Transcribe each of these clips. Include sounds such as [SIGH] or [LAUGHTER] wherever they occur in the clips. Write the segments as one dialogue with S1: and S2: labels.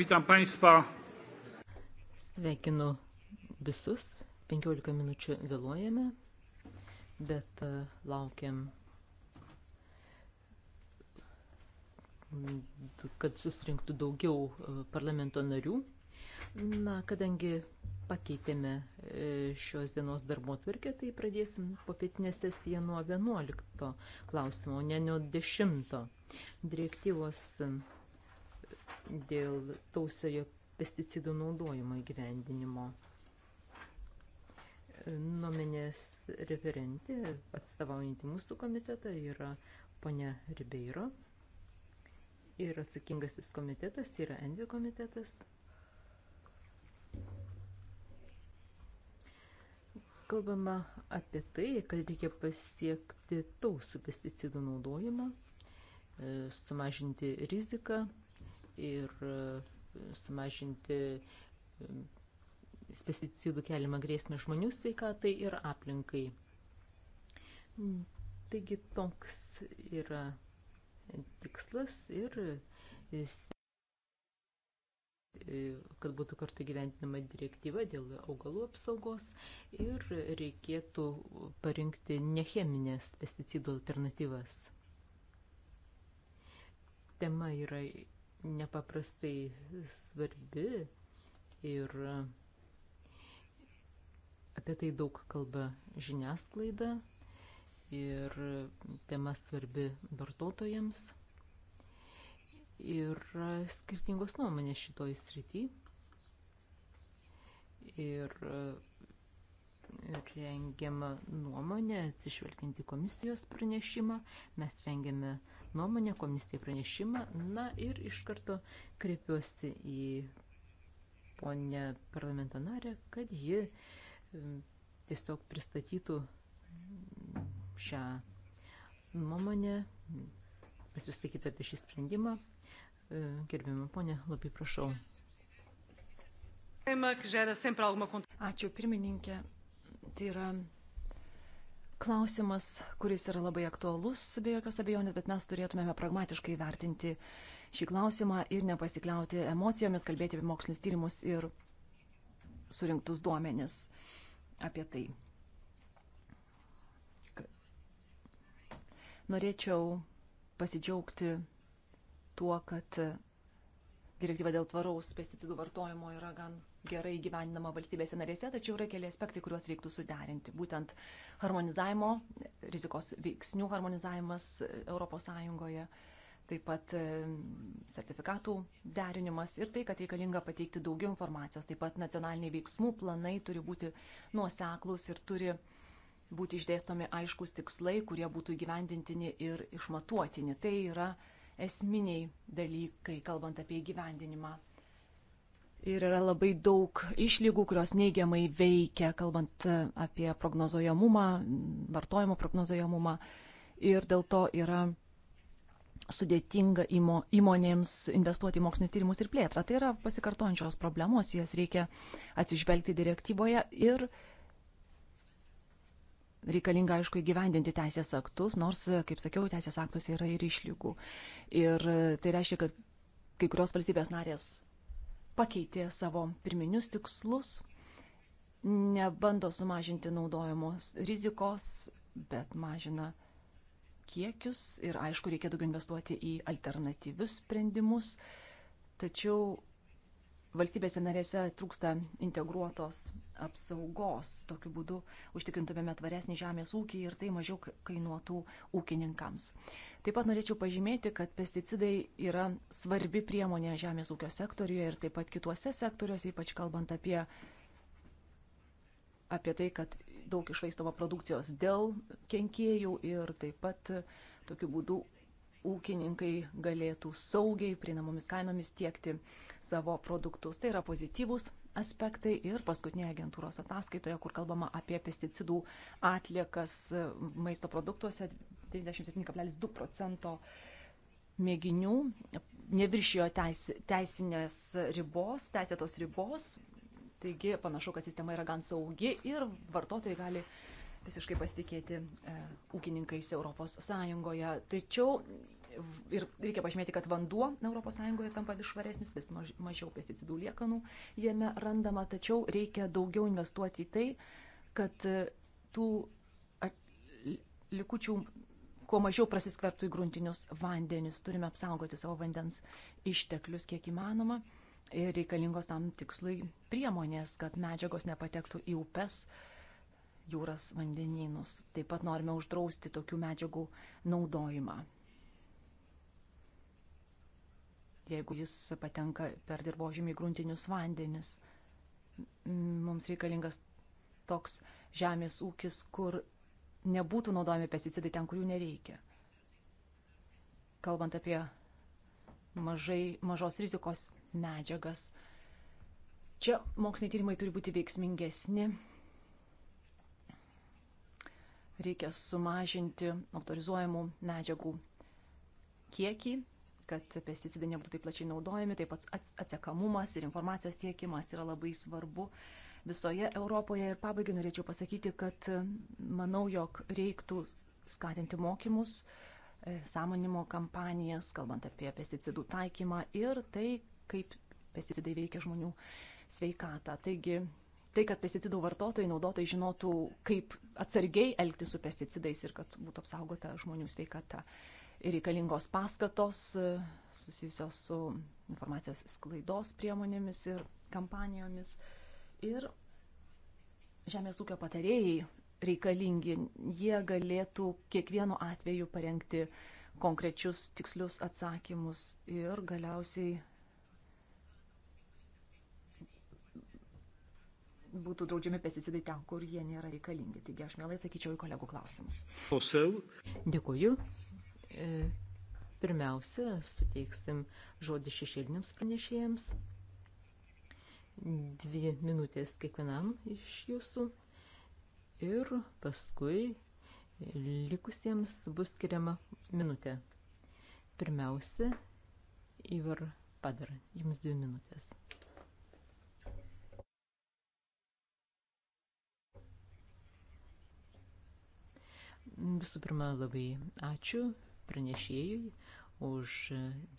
S1: Witam Państwa. Sveikinu visus. 15 minučių vėluojame, bet e, laukiam, mm, kad susirinktų daugiau e, parlamento narių. Na, kadangi pakeitėme e, šios dienos darbo tvarkę, tai pradėsim popietinę sesiją nuo 11 klausimo, ne nuo 10 direktyvos dėl tausiojo pesticidų naudojimo įgyvendinimo. Nuomenės referentė, atstovaujantį mūsų komitetą, yra ponia Ribeiro. Ir atsakingasis komitetas tai yra Envi komitetas. Kalbama apie tai, kad reikia pasiekti tausų pesticidų naudojimą, e, sumažinti riziką ir e, sumažinti e, pesticidų keliamą grėsmę žmonių sveikatai ir aplinkai. Taigi toks yra tikslas ir e, kad būtų kartu gyventinama direktyva dėl augalų apsaugos ir reikėtų parinkti necheminės pesticidų alternatyvas. Tema yra nepaprastai svarbi ir apie tai daug kalba žiniasklaida ir tema svarbi vartotojams. Yra skirtingos nuomonės šitoj srity ir rengiama nuomonė atsižvelgiant į komisijos pranešimą. Mes rengiame uh, nuomonę, komisijai pranešimą. Na ir iš karto kreipiuosi į ponę parlamento narę, kad ji tiesiog pristatytų šią nuomonę, pasisakytų apie šį sprendimą. E, Gerbimą ponę, labai prašau.
S2: Ačiū pirmininkė. Tai yra klausimas, kuris yra labai aktualus, be jokios abejonės, bet mes turėtumėme pragmatiškai vertinti šį klausimą ir nepasikliauti emocijomis, kalbėti apie mokslinius tyrimus ir surinktus duomenis apie tai. Norėčiau pasidžiaugti tuo, kad direktyva dėl tvaraus pesticidų vartojimo yra gan gerai gyvendinama valstybėse narėse, tačiau yra keli aspektai, kuriuos reiktų suderinti. Būtent harmonizavimo, rizikos veiksnių harmonizavimas ES, taip pat e, sertifikatų derinimas ir tai, kad reikalinga pateikti daugiau informacijos. Taip pat nacionaliniai veiksmų planai turi būti nuoseklus ir turi būti išdėstomi aiškus tikslai, kurie būtų įgyvendintini ir išmatuotini. Tai yra esminiai dalykai, kalbant apie įgyvendinimą. Ir yra labai daug išlygų, kurios neigiamai veikia, kalbant e, apie prognozojamumą, vartojimo prognozojamumą. Ir dėl to yra sudėtinga įmo, įmonėms investuoti į mokslinius tyrimus ir plėtrą. Tai yra pasikartojančios problemos, jas reikia atsižvelgti direktyvoje ir reikalinga, aišku, įgyvendinti teisės aktus, nors, kaip sakiau, teisės aktuose yra ir išlygų. Ir e, tai reiškia, kad kai kurios valstybės narės pakeitė savo pirminius tikslus, nebando sumažinti naudojamos rizikos, bet mažina kiekius ir, aišku, reikia daugiau investuoti į alternatyvius sprendimus. Tačiau valstybėse narėse trūksta integruotos apsaugos. Tokiu būdu užtikrintumėme tvaresnį žemės ūkį ir tai mažiau kainuotų ūkininkams. Taip pat norėčiau pažymėti, kad pesticidai yra svarbi priemonė žemės ūkio sektoriuje ir taip pat kituose sektoriuose, ypač kalbant apie, apie tai, kad daug išvaistoma produkcijos dėl kenkėjų ir taip pat tokiu būdu ūkininkai galėtų saugiai, prieinamomis kainomis tiekti savo produktus. Tai yra pozityvus aspektai ir paskutinėje agentūros ataskaitoje, kur kalbama apie pesticidų atliekas maisto produktuose, 37,2 procento mėginių neviršijo teis, teisinės ribos, teisėtos ribos, taigi panašu, kad sistema yra gan saugi ir vartotojai gali uh, visiškai pasitikėti e, ūkininkais ES. Tačiau ir reikia pažymėti, kad vanduo ES tampa vis švaresnis, vis mažiau pesticidų liekanų jame randama, tačiau reikia daugiau investuoti į tai, kad e, tų likučių kuo mažiau prasiskvertų į gruntinius vandenis. Turime apsaugoti savo vandens išteklius kiek įmanoma ir reikalingos tam tikslui priemonės, kad medžiagos nepatektų į upes, uh, jūras vandenynus. Taip pat norime uždrausti tokių medžiagų naudojimą. Jeigu jis patenka per dirbožymį gruntinius vandenis, mums reikalingas toks žemės ūkis, kur nebūtų naudojami pesticidai ten, kur jų nereikia. Kalbant apie mažai, mažos rizikos medžiagas, čia moksliniai tyrimai turi būti veiksmingesni reikia sumažinti autorizuojamų medžiagų kiekį, kad pesticidai nebūtų taip plačiai naudojami, taip pat atsekamumas ir informacijos tiekimas yra labai svarbu visoje Europoje. Ir pabaigai norėčiau pasakyti, kad manau, jog reiktų skatinti mokymus, e, sąmonimo kampanijas, kalbant apie pesticidų taikymą ir tai, kaip pesticidai veikia žmonių sveikatą. Taigi tai, kad pesticidų vartotojai, naudotojai žinotų, kaip atsargiai elgti su pesticidais ir kad būtų apsaugota žmonių sveikata. Ir reikalingos paskatos e, susijusios su informacijos sklaidos priemonėmis ir kampanijomis. Ir žemės ūkio patarėjai reikalingi, jie galėtų kiekvienu atveju parengti konkrečius tikslius atsakymus ir galiausiai būtų draudžiami pesticidai ten, kur jie nėra reikalingi. Taigi aš
S1: mielai atsakyčiau į kolegų klausimus. Dėkuoju. E, pirmiausia, suteiksim žodį šešėliniams pranešėjams. Dvi minutės kiekvienam iš jūsų. Ir paskui likusiems bus skiriama minutė. Pirmiausia, Ivar Padar, jums dvi minutės. Visų pirma, labai ačiū pranešėjui už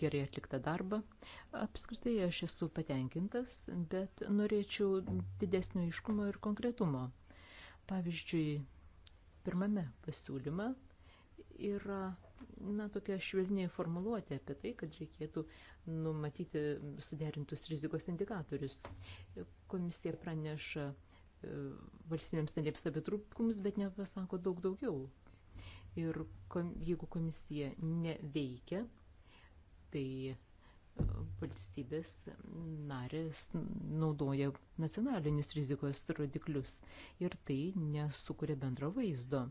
S1: gerai atliktą darbą. Apskritai aš esu patenkintas, bet norėčiau didesnio iškumo ir konkretumo. Pavyzdžiui, pirmame pasiūlyme yra na, tokia švelniai formuluoti apie tai, kad reikėtų numatyti suderintus rizikos indikatorius. Komisija praneša e, valstybėms narėms apie trūkumus, bet nepasako daug daugiau ir kom, jeigu komisija neveikia, tai e, valstybės narės naudoja nacionalinius rizikos rodiklius ir tai nesukuria bendro vaizdo.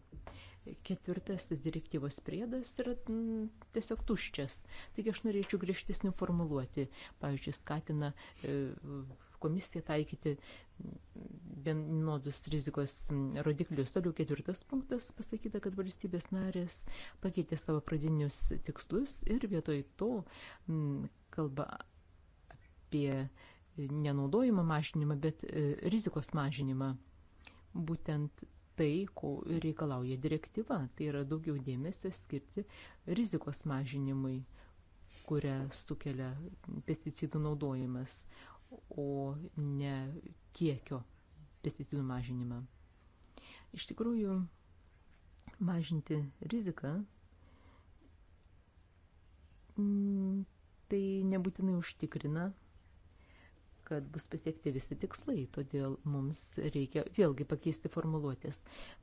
S1: Ketvirtasis direktyvos priedas yra tiesiog tuščias. Taigi aš norėčiau griežtesnių formuluoti. Pavyzdžiui, skatina e, komisija taikyti vienodus rizikos rodiklius. Toliau ketvirtas punktas pasakyta, kad valstybės narės pakeitė savo pradinius tikslus ir vietoj to kalba apie nenaudojimą mažinimą, bet e, rizikos mažinimą. Būtent tai, ko reikalauja direktyva, tai yra daugiau dėmesio skirti rizikos mažinimui kurią sukelia pesticidų naudojimas o ne kiekio pesticidų mažinimą. Iš tikrųjų, mažinti riziką tai nebūtinai užtikrina kad bus pasiekti visi tikslai, todėl mums reikia vėlgi pakeisti formuluotės.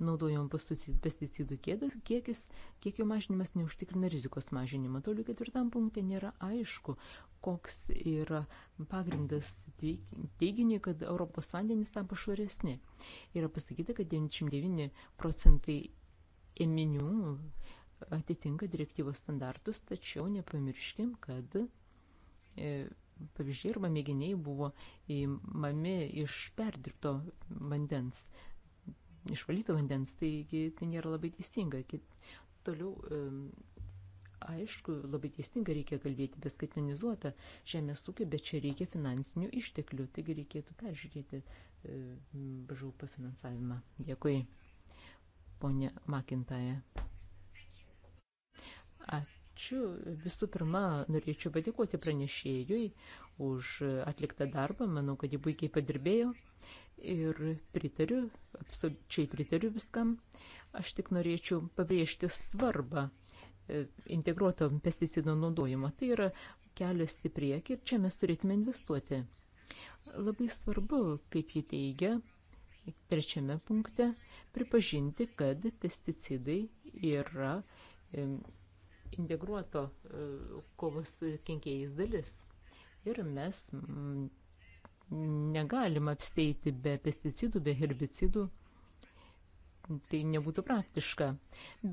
S1: Naudojom pesticidų kiekis, kiekio mažinimas neužtikrina rizikos mažinimo. Toliau ketvirtam punktė nėra aišku, koks yra pagrindas teiginiui, kad Europos vandenys tampa švaresni. Yra pasakyta, kad 99 procentai ėminių atitinka direktyvos standartus, tačiau nepamirškim, kad e, pavyzdžiai arba mėginiai buvo įmami iš perdirbto vandens, išvalyto vandens, taigi tai nėra labai teisinga. Toliau, aišku, labai teisinga reikia kalbėti apie skaitmenizuotą žemės ūkį, bet čia reikia finansinių išteklių, taigi reikėtų peržiūrėti žaupą finansavimą. Dėkui, ponė Makintaja. Ačiū Ačiū. Visų pirma, norėčiau padėkoti pranešėjui už atliktą darbą. Manau, kad jį puikiai padirbėjo ir pritariu, absoliučiai pritariu viskam. Aš tik norėčiau pabrėžti svarbą e, integruoto pesticido naudojimo. Tai yra kelias į priekį ir čia mes turėtume investuoti. Labai svarbu, kaip jį teigia, trečiame punkte, pripažinti, kad pesticidai yra integruoto e, kovos kenkėjais dalis. Ir mes negalim apseiti be pesticidų, be herbicidų. Tai nebūtų praktiška.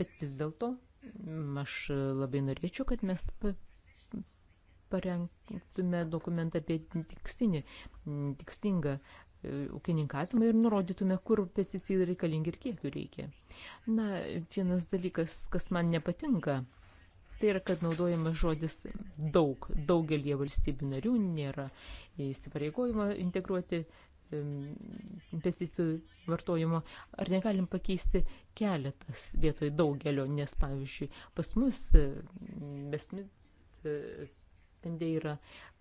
S1: Bet vis dėlto aš labai norėčiau, kad mes parengtume dokumentą apie tikstinį, tikstingą e, ūkininkavimą ir nurodytume, kur pesticidai reikalingi ir kiek jų reikia. Na, vienas dalykas, kas man nepatinka, tai yra, kad naudojamas žodis daug, daugelie valstybių narių nėra įsipareigojimo integruoti pesticidų vartojimo, ar negalim pakeisti keletas vietoj daugelio, nes pavyzdžiui, pas mus Vesmintendė e, e, yra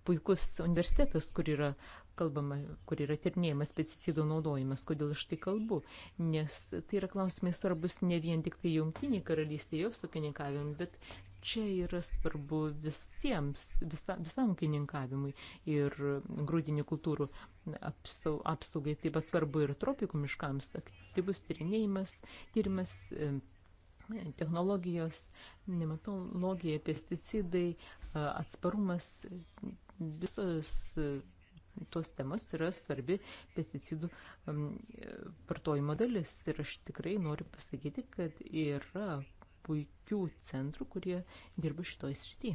S1: puikus universitetas, kur yra kalbama, kur yra tirnėjimas pesticidų naudojimas, kodėl aš tai kalbu, nes tai yra klausimai svarbus ne vien tik tai jungtiniai karalystėje jos ūkininkavim, bet čia yra svarbu visiems, visa, visam kininkavimui ir grūdinių kultūrų apsaugai. Taip pat svarbu ir tropikų miškams aktyvus tyrinėjimas, tyrimas e, technologijos, nematologija, pesticidai, e, atsparumas, visos e, tos temos yra svarbi pesticidų vartojimo dalis. Ir aš tikrai noriu pasakyti, kad yra puikių centrų, kurie dirba šitoj srity.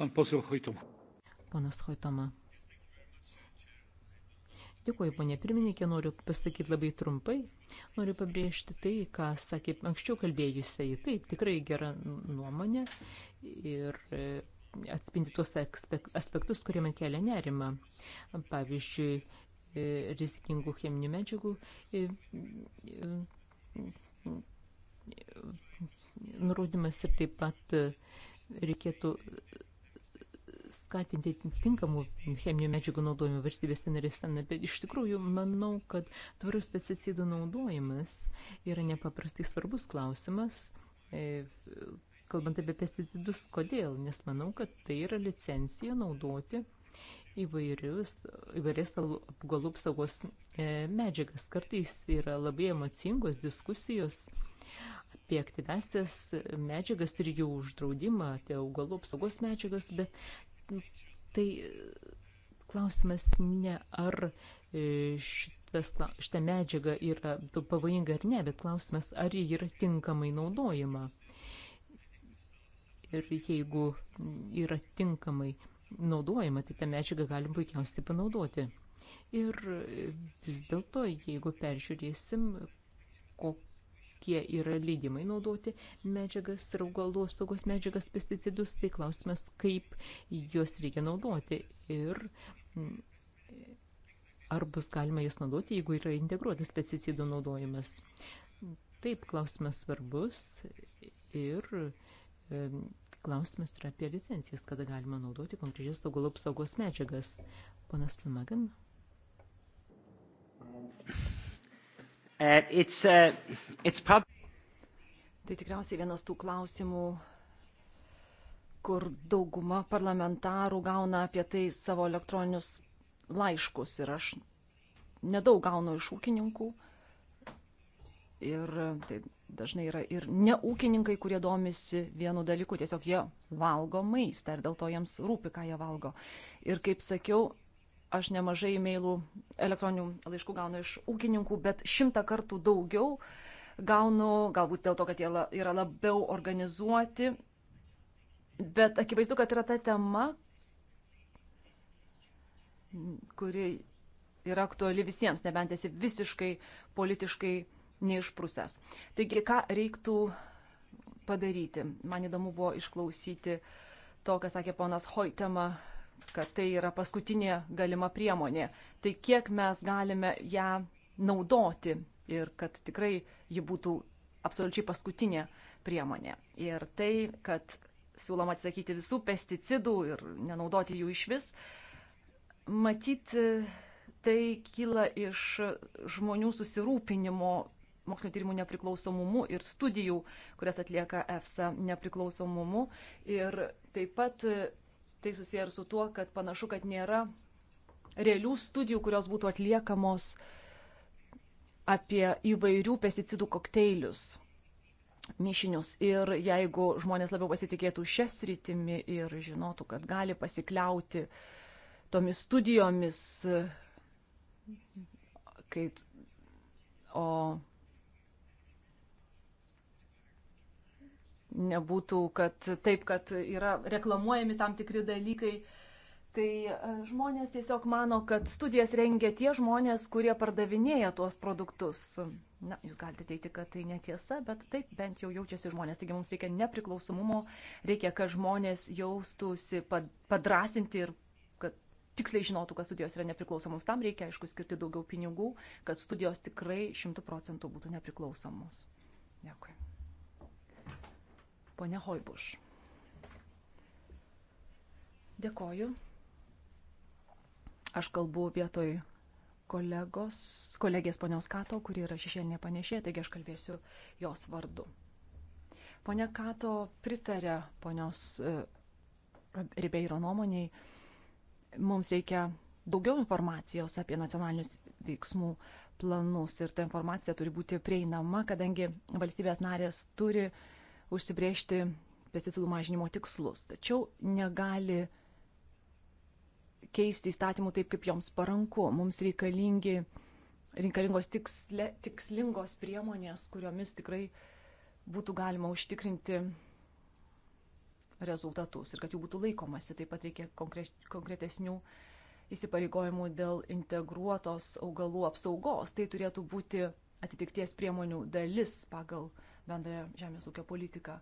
S3: Pan posėl Hoitoma.
S1: Ponas Hoitoma. Dėkuoju, ponė pirmininkė, noriu pasakyti labai trumpai. Noriu pabrėžti tai, ką sakė anksčiau kalbėjusiai. Taip, tikrai gera nuomonė ir e, atspindi tuos aspektus, kurie man kelia nerima. Pavyzdžiui, e, rizikingų cheminių medžiagų e, nurodymas ir taip pat e, reikėtų skatinti tinkamų cheminių medžiagų naudojimą valstybės narėse, bet iš tikrųjų manau, kad tvarus pesticidų naudojimas yra nepaprastai svarbus klausimas. E, kalbant apie pesticidus, kodėl? Nes manau, kad tai yra licencija naudoti įvairius, įvairias augalų apsaugos medžiagas. Kartais yra labai emocingos diskusijos apie aktyvesias medžiagas ir jų uždraudimą, apie augalų apsaugos medžiagas, bet tai klausimas ne ar e, šitas, šita medžiaga yra pavojinga ar ne, bet klausimas ar ji yra tinkamai naudojama. Ir jeigu yra tinkamai naudojama, tai tą medžiagą galim puikiausiai panaudoti. Ir vis dėlto, jeigu peržiūrėsim, kokie yra leidimai naudoti medžiagas ir augalų saugos medžiagas pesticidus, tai klausimas, kaip juos reikia naudoti ir mm, ar bus galima jas naudoti, jeigu yra integruotas pesticidų naudojimas. Taip, klausimas svarbus ir e, klausimas yra apie licencijas, kada galima naudoti konkrečias augalų apsaugos medžiagas. Ponas Lumagan.
S4: Uh, it's, uh, it's prob...
S2: Tai tikriausiai vienas tų klausimų, kur dauguma parlamentarų gauna apie tai savo elektroninius laiškus ir aš nedaug gaunu iš ūkininkų. Ir uh, tai dažnai yra ir ne ūkininkai, kurie domisi vienu dalyku, tiesiog jie valgo maistą ir dėl to jiems rūpi, ką jie valgo. Ir kaip sakiau, Aš nemažai mailų elektroninių laiškų gaunu iš ūkininkų, bet šimtą kartų daugiau gaunu, galbūt dėl to, kad jie yra labiau organizuoti. Bet akivaizdu, kad yra ta tema, kuri yra aktuali visiems, nebent esi visiškai politiškai neišprusęs. Taigi, ką reiktų padaryti? Man įdomu buvo išklausyti to, ką sakė ponas Hoitema kad tai yra paskutinė galima priemonė. Tai kiek mes galime ją naudoti ir kad tikrai ji būtų absoliučiai paskutinė priemonė. Ir tai, kad siūloma atsisakyti visų pesticidų ir nenaudoti jų iš vis, matyt, tai kyla iš žmonių susirūpinimo mokslinio tyrimų nepriklausomumu ir studijų, kurias atlieka EFSA nepriklausomumu. Ir taip pat tai susiję ir su tuo, kad panašu, kad nėra realių studijų, kurios būtų atliekamos apie įvairių pesticidų kokteilius, mišinius. Ir jeigu žmonės labiau pasitikėtų šią sritimį ir žinotų, kad gali pasikliauti tomis studijomis, kai, o nebūtų, kad taip, kad yra reklamuojami tam tikri dalykai. Tai e, žmonės tiesiog mano, kad studijas rengia tie žmonės, kurie pardavinėja tuos produktus. Na, jūs galite teikti, kad tai netiesa, bet taip bent jau jaučiasi žmonės. Taigi mums reikia nepriklausomumo, reikia, kad žmonės jaustųsi padrasinti ir kad tiksliai žinotų, kad studijos yra nepriklausomos. Tam reikia, aišku, skirti daugiau pinigų, kad studijos tikrai šimtų procentų būtų nepriklausomos. Dėkui ponia Hoibuš. Dėkoju. Aš kalbu vietoj kolegos, kolegės ponios Kato, kuri yra šešėlinė panešė, taigi aš kalbėsiu jos vardu. Pone Kato pritarė ponios e, Ribeiro nuomoniai, mums reikia daugiau informacijos apie nacionalinius veiksmų planus ir ta informacija turi būti prieinama, kadangi valstybės narės turi uh, užsibriežti pesticidų mažinimo tikslus, tačiau negali keisti įstatymų taip, kaip joms paranku. Mums reikalingi, reikalingos tiksle, tikslingos priemonės, kuriomis tikrai būtų galima užtikrinti rezultatus ir kad jų būtų laikomasi. Taip pat reikia konkre, konkretesnių įsipareigojimų dėl integruotos augalų apsaugos. Tai turėtų būti atitikties priemonių dalis pagal uh, bendrąją žemės ūkio politiką.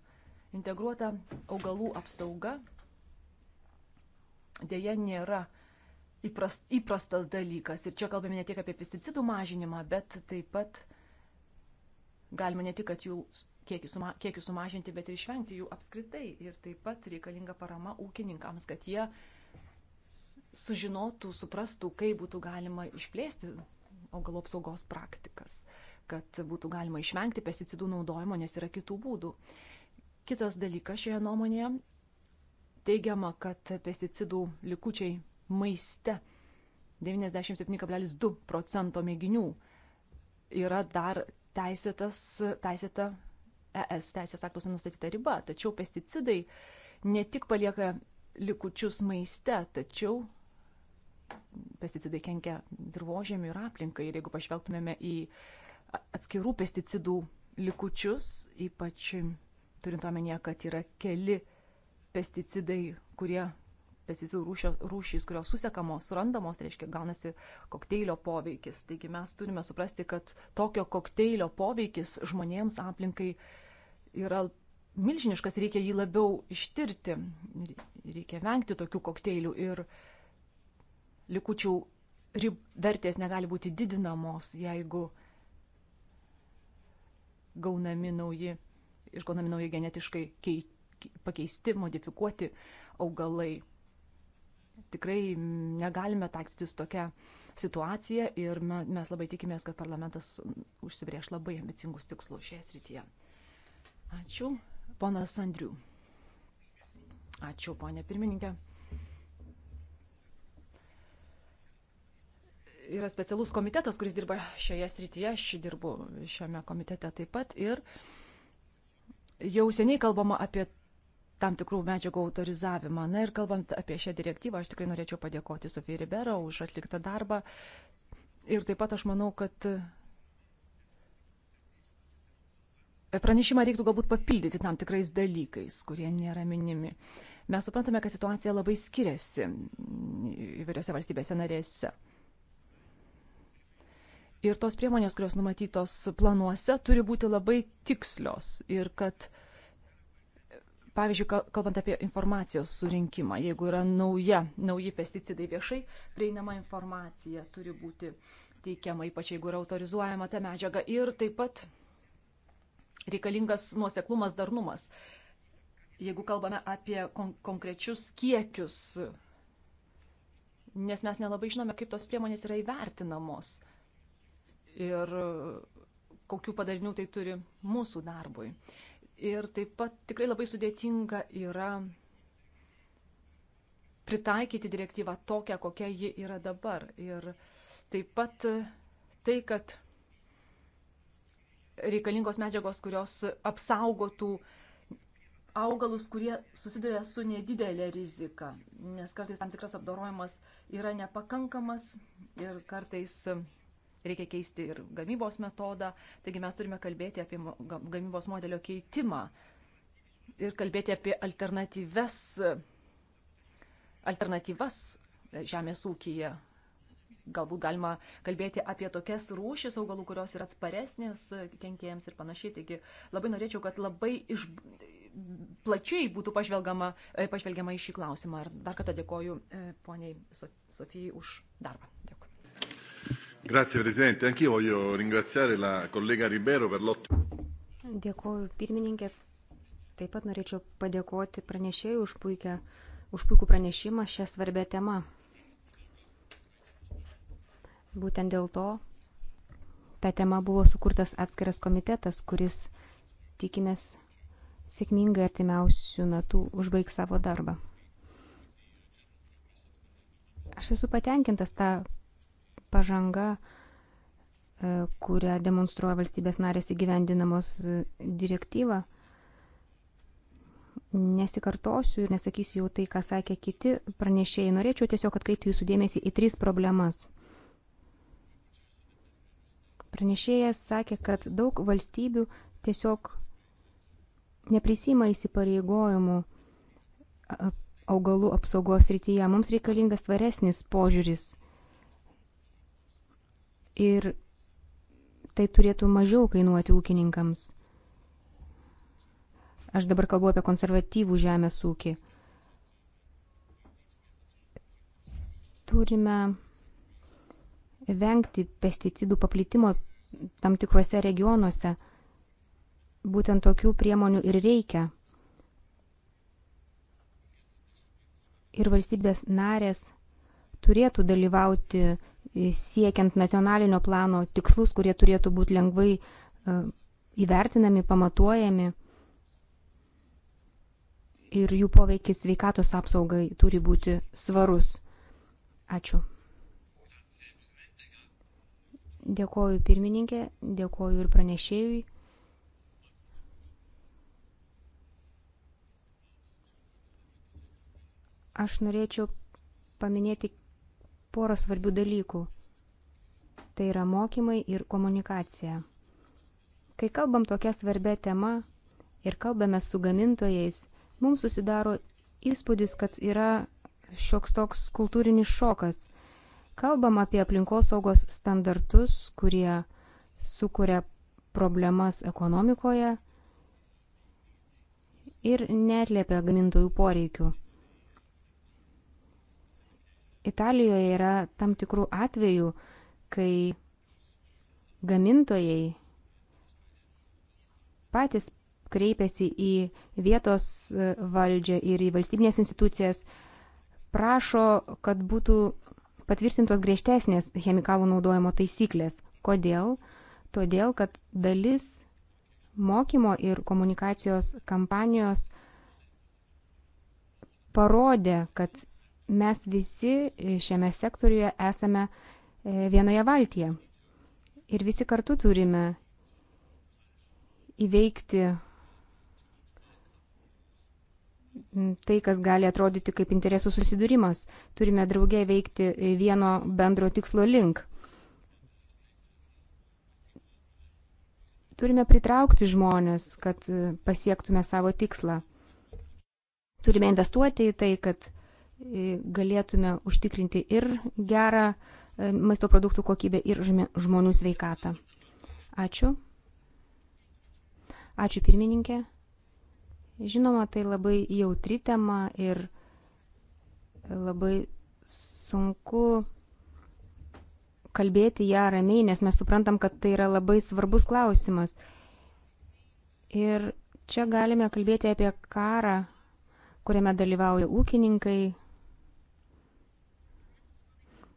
S2: Integruota augalų apsauga dėja nėra įprast, įprastas dalykas. Ir čia kalbame ne tik apie pesticidų mažinimą, bet taip pat galima ne tik, kad jų kiekį, suma, kiekį sumažinti, bet ir išvengti jų apskritai. Ir taip pat reikalinga parama ūkininkams, kad jie sužinotų, suprastų, kaip būtų galima išplėsti augalų apsaugos praktikas. Uh, kad būtų galima išvengti pesticidų naudojimo, nes yra kitų būdų. Kitas dalykas šioje nuomonėje teigiama, kad pesticidų likučiai maiste 97,2 procento mėginių yra dar teisėtas, teisėta ES teisės aktuose nustatyta riba. Tačiau pesticidai ne tik palieka likučius maiste, tačiau pesticidai kenkia dirbožėmiui ir aplinkai. Ir jeigu pažvelgtumėme į atskirų pesticidų likučius, ypač turint omenyje, kad yra keli pesticidai, kurie pesticidų rūšio, rūšys, kurios susekamos, surandamos, reiškia, gaunasi kokteilio poveikis. Taigi mes turime suprasti, kad tokio kokteilio poveikis žmonėms aplinkai yra milžiniškas, reikia jį labiau ištirti, reikia vengti tokių kokteilių ir likučių rib, vertės negali būti didinamos, jeigu gaunami nauji, išgaunami nauji genetiškai kei, pakeisti, modifikuoti augalai. Tikrai negalime takstytis tokią situaciją ir mes labai tikimės, kad parlamentas užsibrieš labai ambicingus tikslus šioje srityje. Ačiū, ponas Andriu. Ačiū, ponė pirmininkė. yra specialus komitetas, kuris dirba šioje srityje, aš dirbu šiame komitete taip pat ir jau seniai kalbama apie tam tikrų medžiagų autorizavimą. Na ir kalbant apie šią direktyvą, aš tikrai norėčiau padėkoti Sofijai Ribero už atliktą darbą. Ir taip pat aš manau, kad pranešimą reiktų galbūt papildyti tam tikrais dalykais, kurie nėra minimi. Mes suprantame, kad situacija labai skiriasi įvairiose valstybėse narėse. Ir tos priemonės, kurios numatytos planuose, turi būti labai tikslios. Ir kad, pavyzdžiui, kalbant apie informacijos surinkimą, jeigu yra nauja, nauji pesticidai viešai, prieinama informacija turi būti teikiama, ypač jeigu yra autorizuojama ta medžiaga. Ir taip pat reikalingas nuoseklumas, darnumas. Jeigu kalbame apie kon konkrečius kiekius, nes mes nelabai žinome, kaip tos priemonės yra įvertinamos ir kokių padarinių tai turi mūsų darbui. Ir taip pat tikrai labai sudėtinga yra pritaikyti direktyvą tokią, kokia ji yra dabar. Ir taip pat tai, kad reikalingos medžiagos, kurios apsaugotų augalus, kurie susiduria su nedidelė rizika, nes kartais tam tikras apdorojimas yra nepakankamas ir kartais reikia keisti ir gamybos metodą. Taigi mes turime kalbėti apie gamybos modelio keitimą ir kalbėti apie alternatyves, alternatyvas žemės ūkyje. Galbūt galima kalbėti apie tokias rūšis augalų, kurios yra atsparesnės kenkėjams ir panašiai. Taigi labai norėčiau, kad labai iš, plačiai būtų pažvelgama, e, pažvelgiama į šį klausimą. Ir dar kartą dėkoju e, poniai
S5: Sofijai už darbą. Dėkui.
S3: Grazie, Presidente. Anch'io voglio ringraziare la collega Ribeiro per l'ottimo.
S5: Dėkuoju pirmininkė. Taip pat norėčiau padėkoti pranešėjui už, puikia, už puikų pranešimą šią svarbę temą. Būtent dėl to ta tema buvo sukurtas atskiras komitetas, kuris tikimės sėkmingai artimiausių metų užbaigs savo darbą. Aš esu patenkintas tą pažanga, e, kurią demonstruoja valstybės narės įgyvendinamos e, direktyvą. Nesikartosiu ir nesakysiu jau tai, ką sakė kiti pranešėjai. Norėčiau tiesiog atkreipti jūsų dėmesį į tris problemas. Pranešėjas sakė, kad daug valstybių tiesiog neprisima įsipareigojimų e, augalų apsaugos rytyje. Mums reikalingas tvaresnis požiūris ir tai turėtų mažiau kainuoti ūkininkams. Aš dabar kalbu apie konservatyvų žemės ūkį. Turime vengti pesticidų paplitimo tam tikrose regionuose. Būtent tokių priemonių ir reikia. Ir valstybės narės turėtų dalyvauti siekiant nacionalinio plano tikslus, kurie turėtų būti lengvai e, įvertinami, pamatuojami ir jų poveikis veikatos apsaugai turi būti svarus. Ačiū. Dėkoju pirmininkė, dėkoju ir pranešėjui. Aš norėčiau paminėti porą svarbių dalykų. Tai yra mokymai ir komunikacija. Kai kalbam tokia svarbia tema ir kalbame su gamintojais, mums susidaro įspūdis, kad yra šioks toks kultūrinis šokas. Kalbam apie aplinkosaugos standartus, kurie sukuria problemas ekonomikoje ir netlėpia gamintojų poreikių. Italijoje yra tam tikrų atvejų, kai gamintojai patys kreipiasi į vietos e, valdžią ir į valstybinės institucijas, prašo, kad būtų patvirtintos griežtesnės chemikalų naudojimo taisyklės. Kodėl? Todėl, kad dalis mokymo ir komunikacijos kampanijos parodė, kad mes visi e, šiame sektoriuje esame e, vienoje valtyje. Ir visi kartu turime įveikti tai, kas gali atrodyti kaip interesų susidūrimas. Turime draugė veikti e, vieno bendro tikslo link. Turime pritraukti žmonės, kad pasiektume savo tikslą. Turime investuoti į tai, kad galėtume užtikrinti ir gerą e, maisto produktų kokybę, ir žmonių sveikatą. Ačiū. Ačiū pirmininkė. Žinoma, tai labai jautri tema ir labai sunku kalbėti ją ramiai, nes mes suprantam, kad tai yra labai svarbus klausimas. Ir čia galime kalbėti apie karą, kuriame dalyvauja ūkininkai,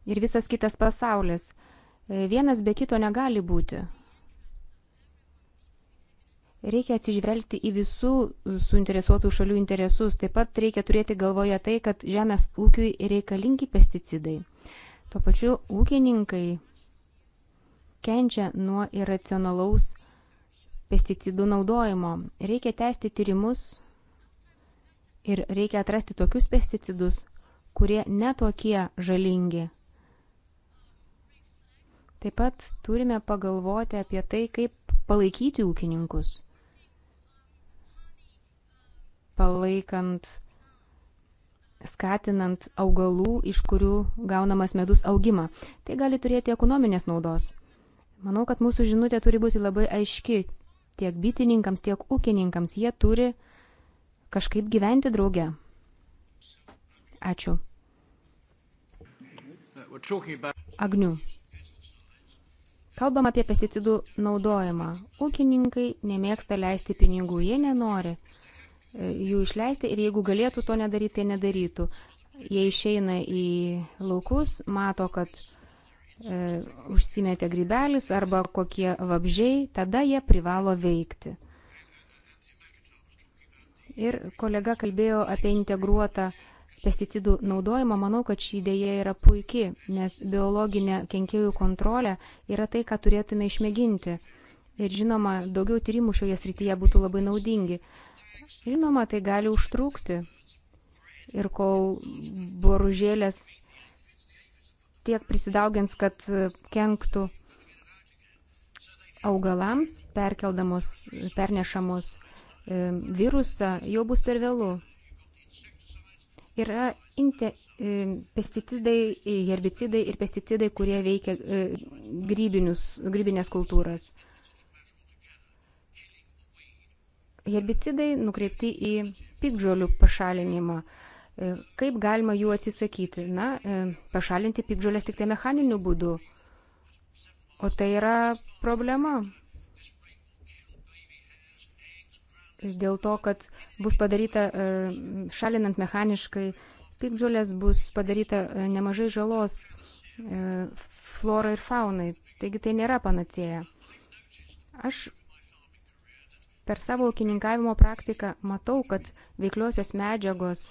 S5: ir visas kitas pasaulis. E, vienas be kito negali būti. Reikia atsižvelgti į visų suinteresuotų šalių interesus. Taip pat reikia turėti galvoje tai, kad žemės ūkiui reikalingi pesticidai. Tuo pačiu ūkininkai kenčia nuo irracionalaus pesticidų naudojimo. Reikia tęsti tyrimus ir reikia atrasti tokius pesticidus, kurie netokie žalingi Taip pat turime pagalvoti apie tai, kaip palaikyti ūkininkus, palaikant, skatinant augalų, iš kurių gaunamas medus augimą. Tai gali turėti ekonominės naudos. Manau, kad mūsų žinutė turi būti labai aiški tiek bitininkams, tiek ūkininkams. Jie turi kažkaip gyventi drauge. Ačiū. Agniu. Kalbam apie pesticidų naudojimą. Ūkininkai nemėgsta leisti pinigų, jie nenori e, jų išleisti ir jeigu galėtų to nedaryti, tai nedarytų. Jie išeina į laukus, mato, kad e, užsimetė grybelis arba kokie vabžiai, tada jie privalo veikti. Ir kolega kalbėjo apie integruotą e, pesticidų naudojimo, manau, kad ši idėja yra puikiai, nes biologinė kenkėjų kontrolė yra tai, ką turėtume išmėginti. Ir žinoma, daugiau tyrimų šioje srityje būtų labai naudingi. Žinoma, tai gali užtrukti. Ir kol boružėlės tiek prisidaugins, kad kenktų augalams, perkeldamos, pernešamos e, virusą, jau bus per vėlų yra inte, e, pesticidai, e, herbicidai ir pesticidai, kurie veikia e, grybinės kultūras. Herbicidai nukreipti į pikdžiolių pašalinimą. Kaip galima jų atsisakyti? Na, pašalinti pikdžiolės tik tai mechaniniu būdu. O tai yra problema. dėl to, kad bus padaryta e, šalinant mechaniškai pikdžiulės, bus padaryta e, nemažai žalos e, florai ir faunai. Taigi tai nėra panacėja. Aš per savo ūkininkavimo praktiką matau, kad veikliosios medžiagos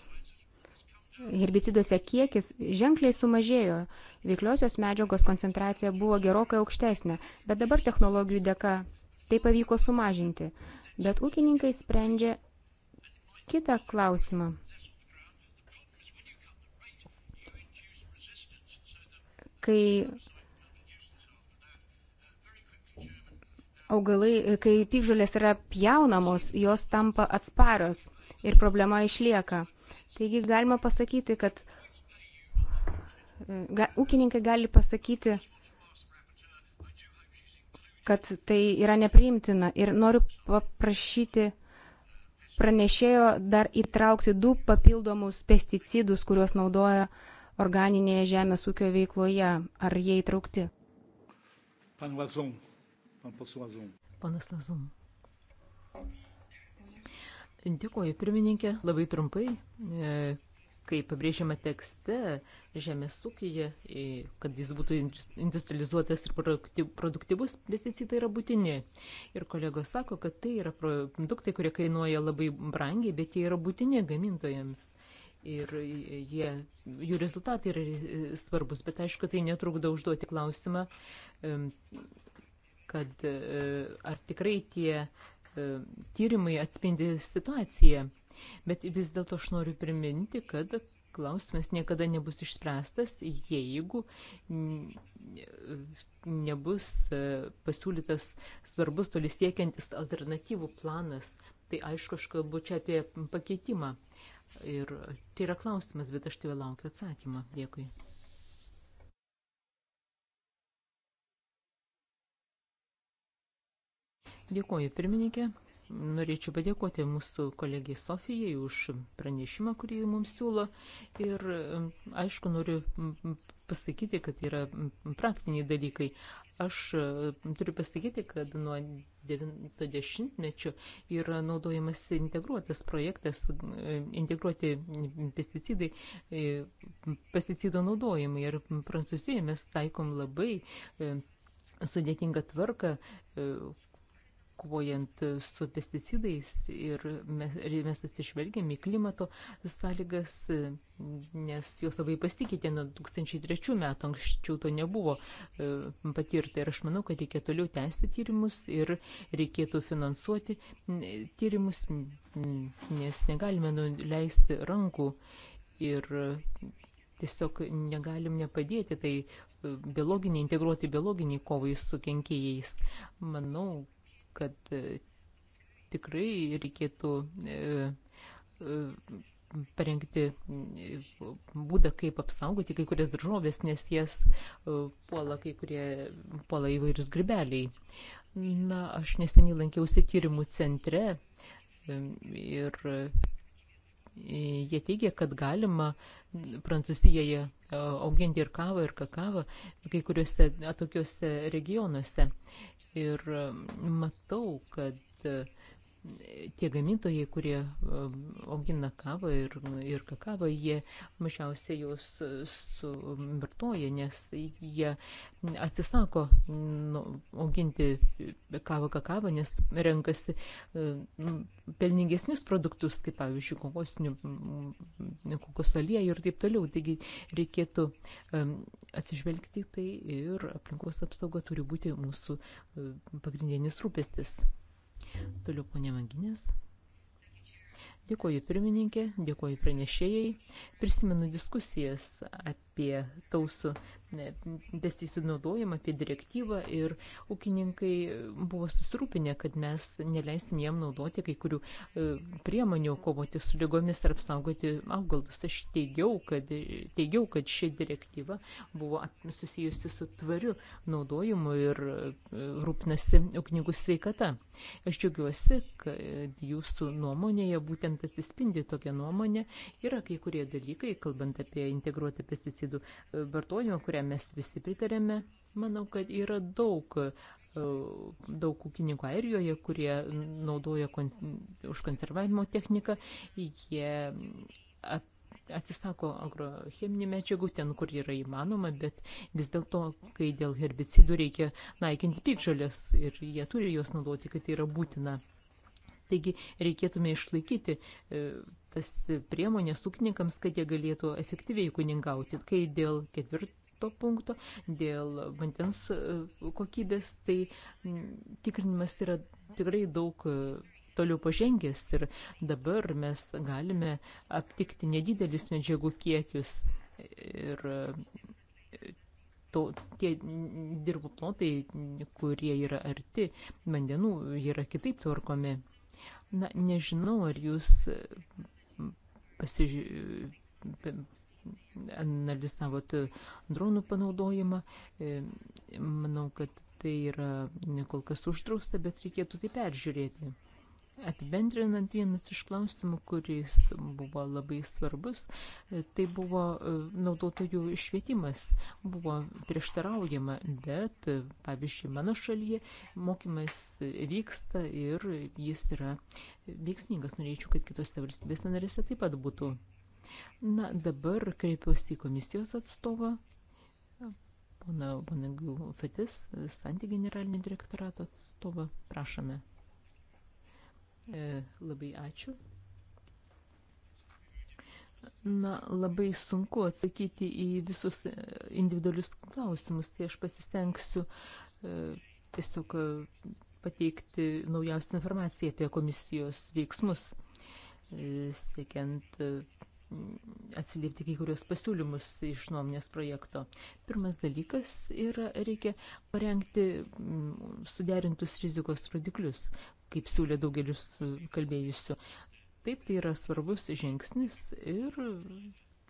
S5: herbiciduose kiekis ženkliai sumažėjo. Veikliosios medžiagos koncentracija buvo gerokai aukštesnė, bet dabar technologijų dėka tai pavyko sumažinti. Bet ūkininkai sprendžia kitą klausimą. Kai augalai, kai pykžolės yra pjaunamos, jos tampa atsparios ir problema išlieka. Taigi galima pasakyti, kad ga, ūkininkai gali pasakyti, kad tai yra nepriimtina. Ir noriu paprašyti pranešėjo dar įtraukti du papildomus pesticidus, kuriuos naudoja organinėje žemės ūkio veikloje. Ar jie įtraukti?
S3: Pan Lazum. Pan Lazum.
S5: Panas Lazum. Dėkuoju, pirmininkė,
S1: labai trumpai. E, kaip pabrėžiama tekste, žemės ūkija, kad jis būtų industrializuotas ir produktyvus, pesticidai yra būtini. Ir kolegos sako, kad tai yra produktai, kurie kainuoja labai brangiai, bet jie yra būtini gamintojams. Ir jie, jų rezultatai yra e, svarbus, bet aišku, tai netrukdo užduoti klausimą, kad e, ar tikrai tie e, tyrimai atspindi situaciją Bet vis dėlto aš noriu priminti, kad klausimas niekada nebus išspręstas, jeigu nebus e, pasiūlytas svarbus tolis tiekiantis alternatyvų planas. Tai aišku, aš kalbu čia apie pakeitimą. Ir tai yra klausimas, bet aš tave laukiu atsakymą. Dėkui. Dėkuoju, pirmininkė norėčiau padėkoti mūsų kolegijai Sofijai už pranešimą, kurį mums siūlo. Ir aišku, noriu pasakyti, kad yra praktiniai dalykai. Aš e, turiu pasakyti, kad nuo 90-mečio yra naudojamas integruotas projektas, e, integruoti pesticidai, e, pesticido naudojimai. Ir Prancūzijoje mes taikom labai sudėtingą tvarką, kovojant su pesticidais ir mes, mes atsižvelgėm į klimato sąlygas, nes jos labai pasikeitė nuo 2003 metų, anksčiau to nebuvo e, patirta ir aš manau, kad reikia toliau tęsti tyrimus ir reikėtų finansuoti tyrimus, nes negalime nuleisti rankų ir tiesiog negalim nepadėti tai biologiniai, integruoti biologiniai kovai su kenkėjais. Manau, kad e, tikrai reikėtų e, e, parengti būdą, kaip apsaugoti kai kurias daržovės, nes jas puola kai kurie puola įvairius gribeliai. Na, aš neseniai lankiausi tyrimų centre ir jie teigia, kad galima Prancūzijoje auginti ir kavą, ir kakavą kai kuriuose atokiuose regionuose ir e, matau, kad e, tie gamintojai, kurie e, augina kavą ir, ir kakavą, jie mažiausiai jos suvartoja, nes jie atsisako nu, auginti kavą kakavą, nes renkasi e, nu, pelningesnius produktus, kaip pavyzdžiui, kokosinių, kokos aliejų ir taip toliau. Taigi reikėtų e, atsižvelgti tai ir aplinkos apsauga turi būti mūsų pagrindinis rūpestis. Toliau ponė Manginės. Dėkuoju pirmininkė, dėkuoju pranešėjai. Prisimenu diskusijas apie tausų besisinaudojama apie direktyvą ir ūkininkai buvo susirūpinę, kad mes neleisim jiem naudoti kai kurių e, priemonių kovoti su lygomis ir apsaugoti augalus. Aš teigiau, kad, teigiau, kad ši direktyva buvo susijusi su tvariu naudojimu ir e, rūpnasi ūkininkų sveikata. Aš džiaugiuosi, kad jūsų nuomonėje būtent atsispindi tokia nuomonė. Yra kai kurie dalykai, kalbant apie integruotą pesticidų e, vartojimą, kurią kurią mes visi pritarėme, manau, kad yra daug, e, daug ūkininkų Airijoje, kurie naudoja kon, užkonservavimo techniką, jie ap, atsisako agrocheminių medžiagų ten, kur yra įmanoma, bet vis dėlto, kai dėl herbicidų reikia naikinti pikžolės ir jie turi juos naudoti, kad tai yra būtina. Taigi reikėtume išlaikyti e, tas priemonės ūkininkams, kad jie galėtų efektyviai kuningauti. Kai dėl ketvirt, penkto punkto dėl vandens e, kokybės, tai tikrinimas yra tikrai daug e, toliau pažengęs ir dabar mes galime aptikti nedidelius medžiagų kiekius ir e, to, tie dirbų plotai, kurie yra arti vandenų, yra kitaip tvarkomi. Na, nežinau, ar jūs pasižiūrėjote analizavot dronų panaudojimą. E, manau, kad tai yra kol kas uždrausta, bet reikėtų tai peržiūrėti. Apibendrinant vienas iš klausimų, kuris buvo labai svarbus, e, tai buvo e, naudotojų švietimas. Buvo prieštaraujama, bet, pavyzdžiui, mano šalyje mokymas vyksta ir jis yra veiksmingas. Norėčiau, kad kitose valstybės narėse taip pat būtų. Na, dabar kreipiuosi į komisijos atstovą, pana Bonagių Fetis, Santi generalinio direktorato atstovą. Prašome. E, labai ačiū. Na, labai sunku atsakyti į visus e, individualius klausimus, tai aš pasistengsiu e, tiesiog e, pateikti naujausią informaciją apie komisijos veiksmus, e, siekiant e, atsiliepti kai kurios pasiūlymus iš nuomonės projekto. Pirmas dalykas yra reikia parengti mm, suderintus rizikos rodiklius, kaip siūlė daugelis kalbėjusių. Taip tai yra svarbus žingsnis ir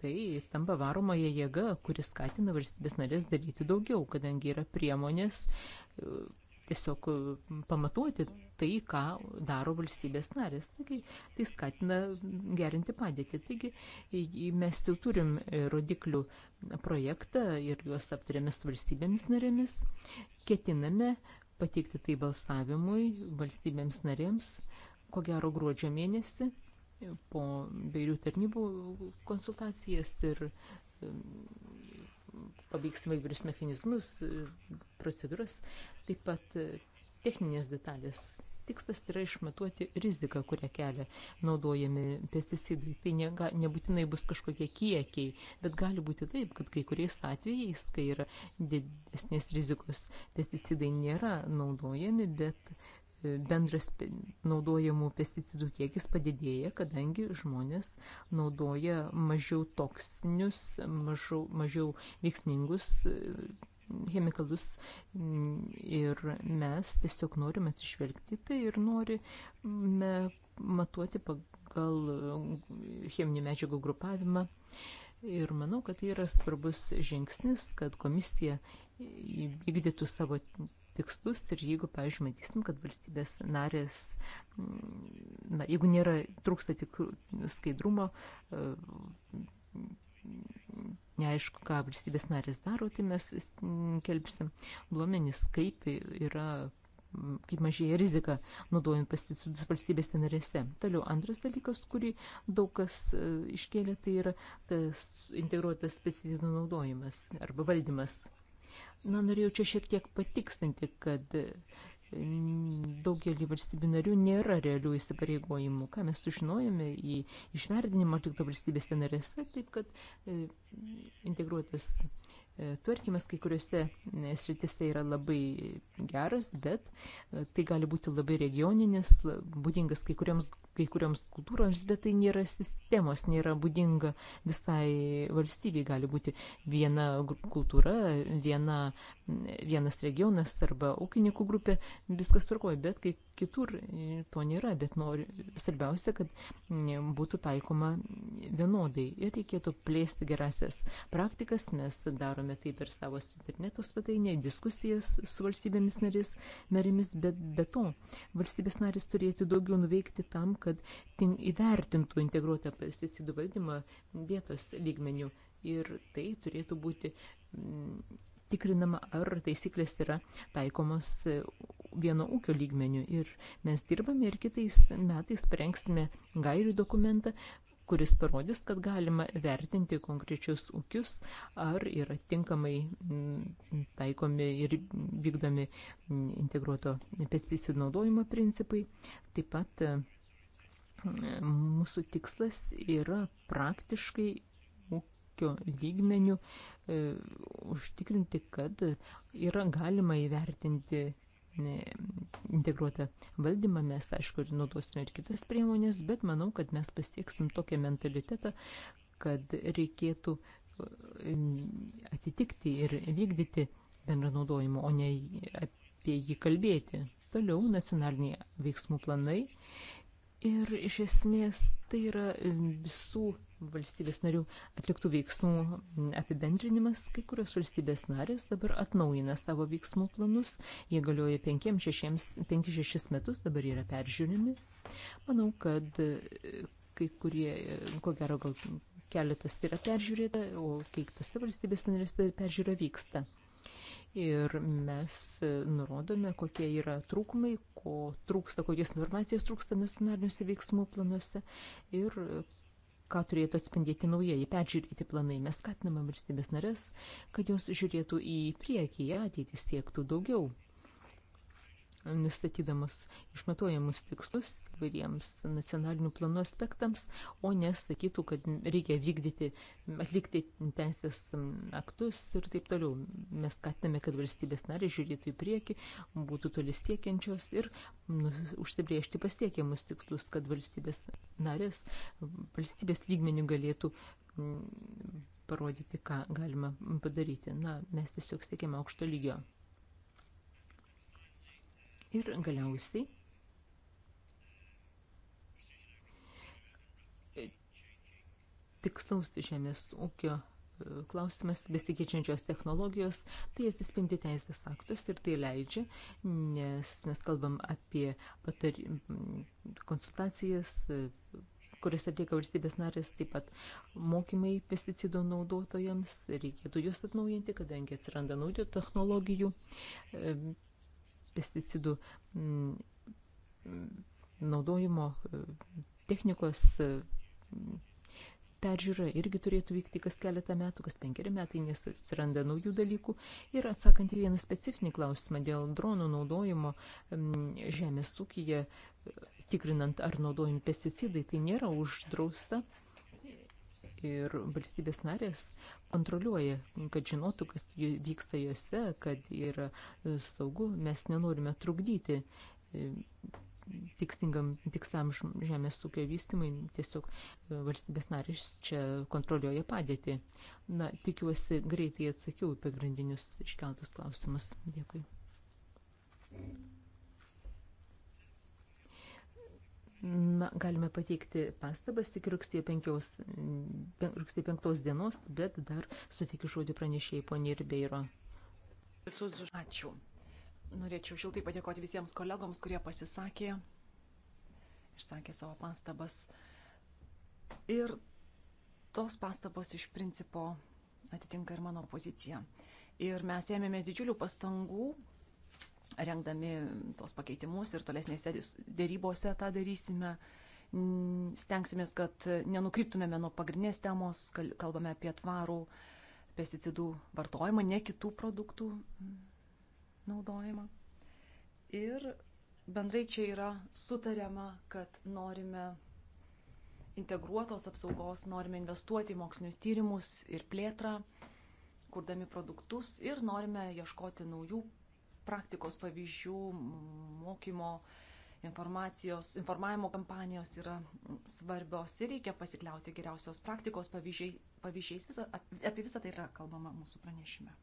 S1: tai tampa varomoje jėga, kuris skatina valstybės narės daryti daugiau, kadangi yra priemonės tiesiog pamatuoti tai, ką daro valstybės narės. Taigi, tai skatina gerinti padėtį. Taigi, mes jau turim rodiklių projektą ir juos aptarėme su valstybėmis narėmis. Ketiname pateikti tai balsavimui valstybėms narėms, ko gero gruodžio mėnesį po vairių tarnybų konsultacijas ir pabaigsime įvairius mechanizmus, procedūras, taip pat e, techninės detalės. Tikslas yra išmatuoti riziką, kurią kelia naudojami pesticidai. Tai ne, nebūtinai bus kažkokie kiekiai, bet gali būti taip, kad kai kuriais atvejais, kai yra didesnės rizikos, pesticidai nėra naudojami, bet bendras naudojamų pesticidų kiekis padidėja, kadangi žmonės naudoja mažiau toksinius, mažiau, mažiau veiksmingus e, chemikalus mm, ir mes tiesiog norime atsižvelgti tai ir norime mm, matuoti pagal e, cheminių medžiagų grupavimą. Ir manau, kad tai yra svarbus žingsnis, kad komisija vykdytų savo tikslus ir jeigu, pavyzdžiui, matysim, kad valstybės narės, mm, na, jeigu nėra, trūksta tik skaidrumo, e, neaišku, ką valstybės narės daro, tai mes mm, kelpsim duomenys, kaip yra mm, kaip mažėja rizika naudojant pesticidus valstybėse narėse. Toliau antras dalykas, kurį daug kas e, iškėlė, tai yra tas integruotas pesticidų naudojimas arba valdymas. Na, norėjau čia šiek tiek patikstinti, kad mm, daugelį valstybių narių nėra realių įsipareigojimų. Ką mes sužinojame į išverdinimą atlikto valstybėse narėse, taip kad e, integruotas e, tvarkymas kai kuriuose sritise yra labai geras, bet e, tai gali būti labai regioninis, būdingas kai kuriams kai kurioms kultūroms, bet tai nėra sistemos, nėra būdinga visai valstybei. Gali būti viena kultūra, viena, vienas regionas arba ūkininkų grupė, viskas tvarkoja, bet kai kitur to nėra, bet nori, svarbiausia, kad būtų taikoma vienodai ir reikėtų plėsti gerasias praktikas, mes darome tai per savo interneto svetainę, diskusijas su valstybėmis narės, narėmis, bet be to valstybės narės turėti daugiau nuveikti tam, kad įvertintų integruotą pesticidų valdymą vietos lygmenių. Ir tai turėtų būti mm, tikrinama, ar taisyklės yra taikomos e, vieno ūkio lygmenių. Ir mes dirbame ir kitais metais prengsime gairių dokumentą, kuris parodys, kad galima vertinti konkrečius ūkius, ar yra tinkamai mm, taikomi ir vykdomi mm, integruoto pesticidų naudojimo principai. Taip pat e, Mūsų tikslas yra praktiškai ūkio lygmenių e, užtikrinti, kad yra galima įvertinti integruotą valdymą, mes aišku ir naudosime ir kitas priemonės, bet manau, kad mes pasieksim tokią mentalitetą, kad reikėtų e, atitikti ir vykdyti bendrą naudojimą, o ne apie jį kalbėti. Toliau nacionaliniai veiksmų planai Ir iš esmės tai yra e, visų valstybės narių atliktų veiksmų apibendrinimas. Kai kurios valstybės narės dabar atnaujina savo veiksmų planus. Jie galioja 5-6 metus, dabar yra peržiūrimi. Manau, kad e, kai kurie, e, ko gero, gal keletas yra peržiūrėta, o kai kitose valstybės narėse peržiūra vyksta ir mes e, nurodome, kokie yra trūkumai, ko trūksta, kokios informacijos trūksta nacionaliniuose veiksmų planuose ir e, ką turėtų atspindėti naujieji peržiūrėti planai. Mes skatiname valstybės narės, kad jos žiūrėtų į priekį, ateitį siektų daugiau nustatydamas išmatuojamus tikslus įvairiems nacionalinių planų aspektams, o nesakytų, kad reikia vykdyti, atlikti teisės aktus ir taip toliau. Mes skatiname, kad valstybės narė žiūrėtų į priekį, būtų toli siekiančios ir nu, užsibriežti pasiekiamus tikslus, kad valstybės narės, valstybės lygmenių galėtų parodyti, ką galima padaryti. Na, mes tiesiog siekiame aukšto lygio. Ir galiausiai e, tikslaus žemės ūkio e, klausimas besikeičiančios technologijos, tai atsispindi teisės aktus ir tai leidžia, nes mes kalbam apie patari, konsultacijas, e, kurias atlieka valstybės narės, taip pat mokymai pesticido naudotojams, reikėtų juos atnaujinti, kadangi atsiranda naujų technologijų. E, pesticidų mm, naudojimo e, technikos e, peržiūra irgi turėtų vykti kas keletą metų, kas penkeri metai, nes atsiranda naujų dalykų. Ir atsakant į vieną specifinį klausimą dėl dronų naudojimo mm, žemės ūkyje, e, tikrinant ar naudojami pesticidai, tai nėra uždrausta ir valstybės narės kontroliuoja, kad žinotų, kas vyksta juose, kad yra e, saugu. Mes nenorime trukdyti e, tikslam žemės ūkio vystymui, tiesiog e, valstybės narys čia kontroliuoja padėtį. Na, tikiuosi greitai atsakiau pagrindinius iškeltus klausimus. Dėkui. Thank you. Na, galime pateikti pastabas tik rugsėjo 5 dienos, bet dar sutikiu žodį pranešėjai poniai ir beiro.
S2: Ačiū. Norėčiau šiltai padėkoti visiems kolegoms, kurie pasisakė, išsakė savo pastabas. Ir tos pastabos iš principo atitinka ir mano poziciją. Ir mes ėmėmės didžiulių pastangų rengdami tos pakeitimus ir tolesnėse dėrybose tą darysime. Stengsimės, kad nenukryptumėme nuo pagrindinės temos, kalbame apie tvarų pesticidų vartojimą, ne kitų produktų naudojimą. Ir bendrai čia yra sutariama, kad norime integruotos apsaugos, norime investuoti į mokslinius tyrimus ir plėtrą, kurdami produktus ir norime ieškoti naujų praktikos pavyzdžių, mokymo, informacijos, informavimo kampanijos yra svarbios ir reikia pasikliauti geriausios praktikos pavyzdžiai, pavyzdžiais. Visa, apie visą tai yra kalbama mūsų pranešime.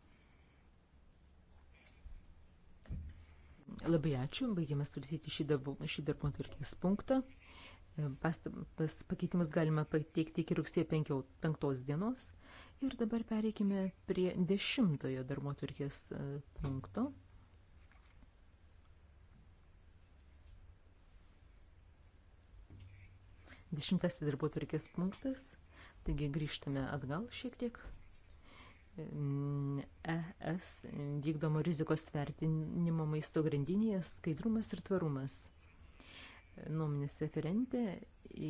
S1: Labai ačiū, baigėme svarstyti šį darbo, šį darbo tvarkės punktą. Pastabas pakeitimus galima pateikti iki rugsėjo 5 dienos. Ir dabar pereikime prie dešimtojo darbo tvarkės e, punkto. Dešimtasis darbo tvarkės punktas. Taigi grįžtame atgal šiek tiek. Mm, ES vykdomo rizikos vertinimo maisto grandinėje skaidrumas ir tvarumas. Nuomonės referentė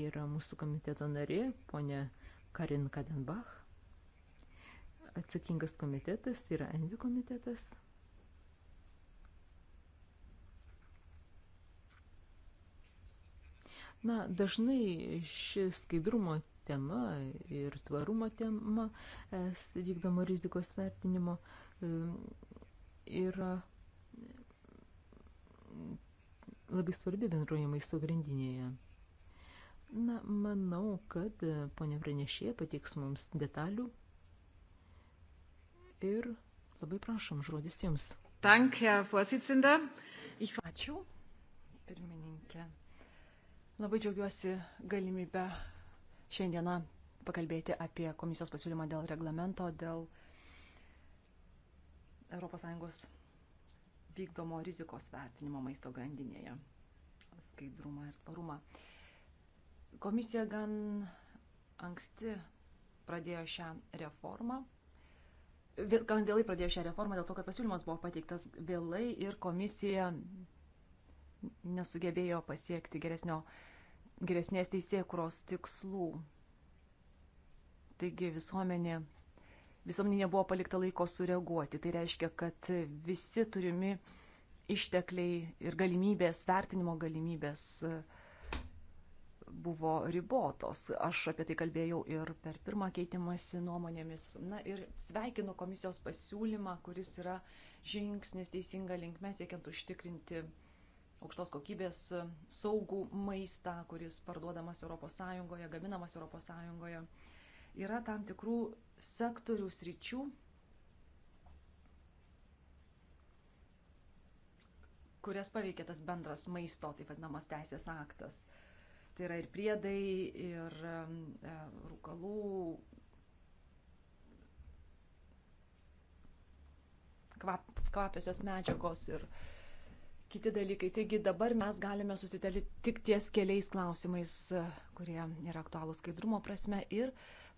S1: yra mūsų komiteto narė, ponė Karin Kadenbach. Atsakingas komitetas yra Endi komitetas. Na, dažnai ši skaidrumo tema ir tvarumo tema es vykdomo rizikos vertinimo e, yra labai svarbi bendroje maisto grandinėje. Na, manau, kad ponia pranešėja patiks mums detalių ir labai prašom, žodis jums.
S2: Dank, Herr Vorsitzender. Ich... Ačiū, pirmininkė. Labai džiaugiuosi galimybę šiandieną pakalbėti apie komisijos pasiūlymą dėl reglamento, dėl ES vykdomo rizikos vertinimo maisto grandinėje, skaidrumą ir tvarumą. Komisija gan anksti pradėjo šią reformą. Gan vėlai pradėjo šią reformą dėl to, kad pasiūlymas buvo pateiktas vėlai ir komisija nesugebėjo pasiekti geresnio uh, geresnės teisėkuros tikslų. Taigi visuomenė, visuomenė nebuvo palikta laiko sureaguoti. Tai reiškia, kad visi turimi ištekliai ir galimybės, vertinimo galimybės e, buvo ribotos. Aš apie tai kalbėjau ir per pirmą keitimąsi nuomonėmis. Na ir sveikinu komisijos pasiūlymą, kuris yra žingsnis teisinga linkme, siekiant užtikrinti aukštos kokybės e, saugų maistą, kuris parduodamas ES, gaminamas ES. Yra tam tikrų sektorių sričių, kurias paveikia tas bendras maisto, taip vadinamas teisės aktas. Tai yra ir priedai, ir e, rūkalų, kvap, kvapiosios medžiagos ir uh, kiti dalykai. Taigi dabar mes galime susitelti tik ties keliais klausimais, kurie yra aktualūs skaidrumo prasme. Ir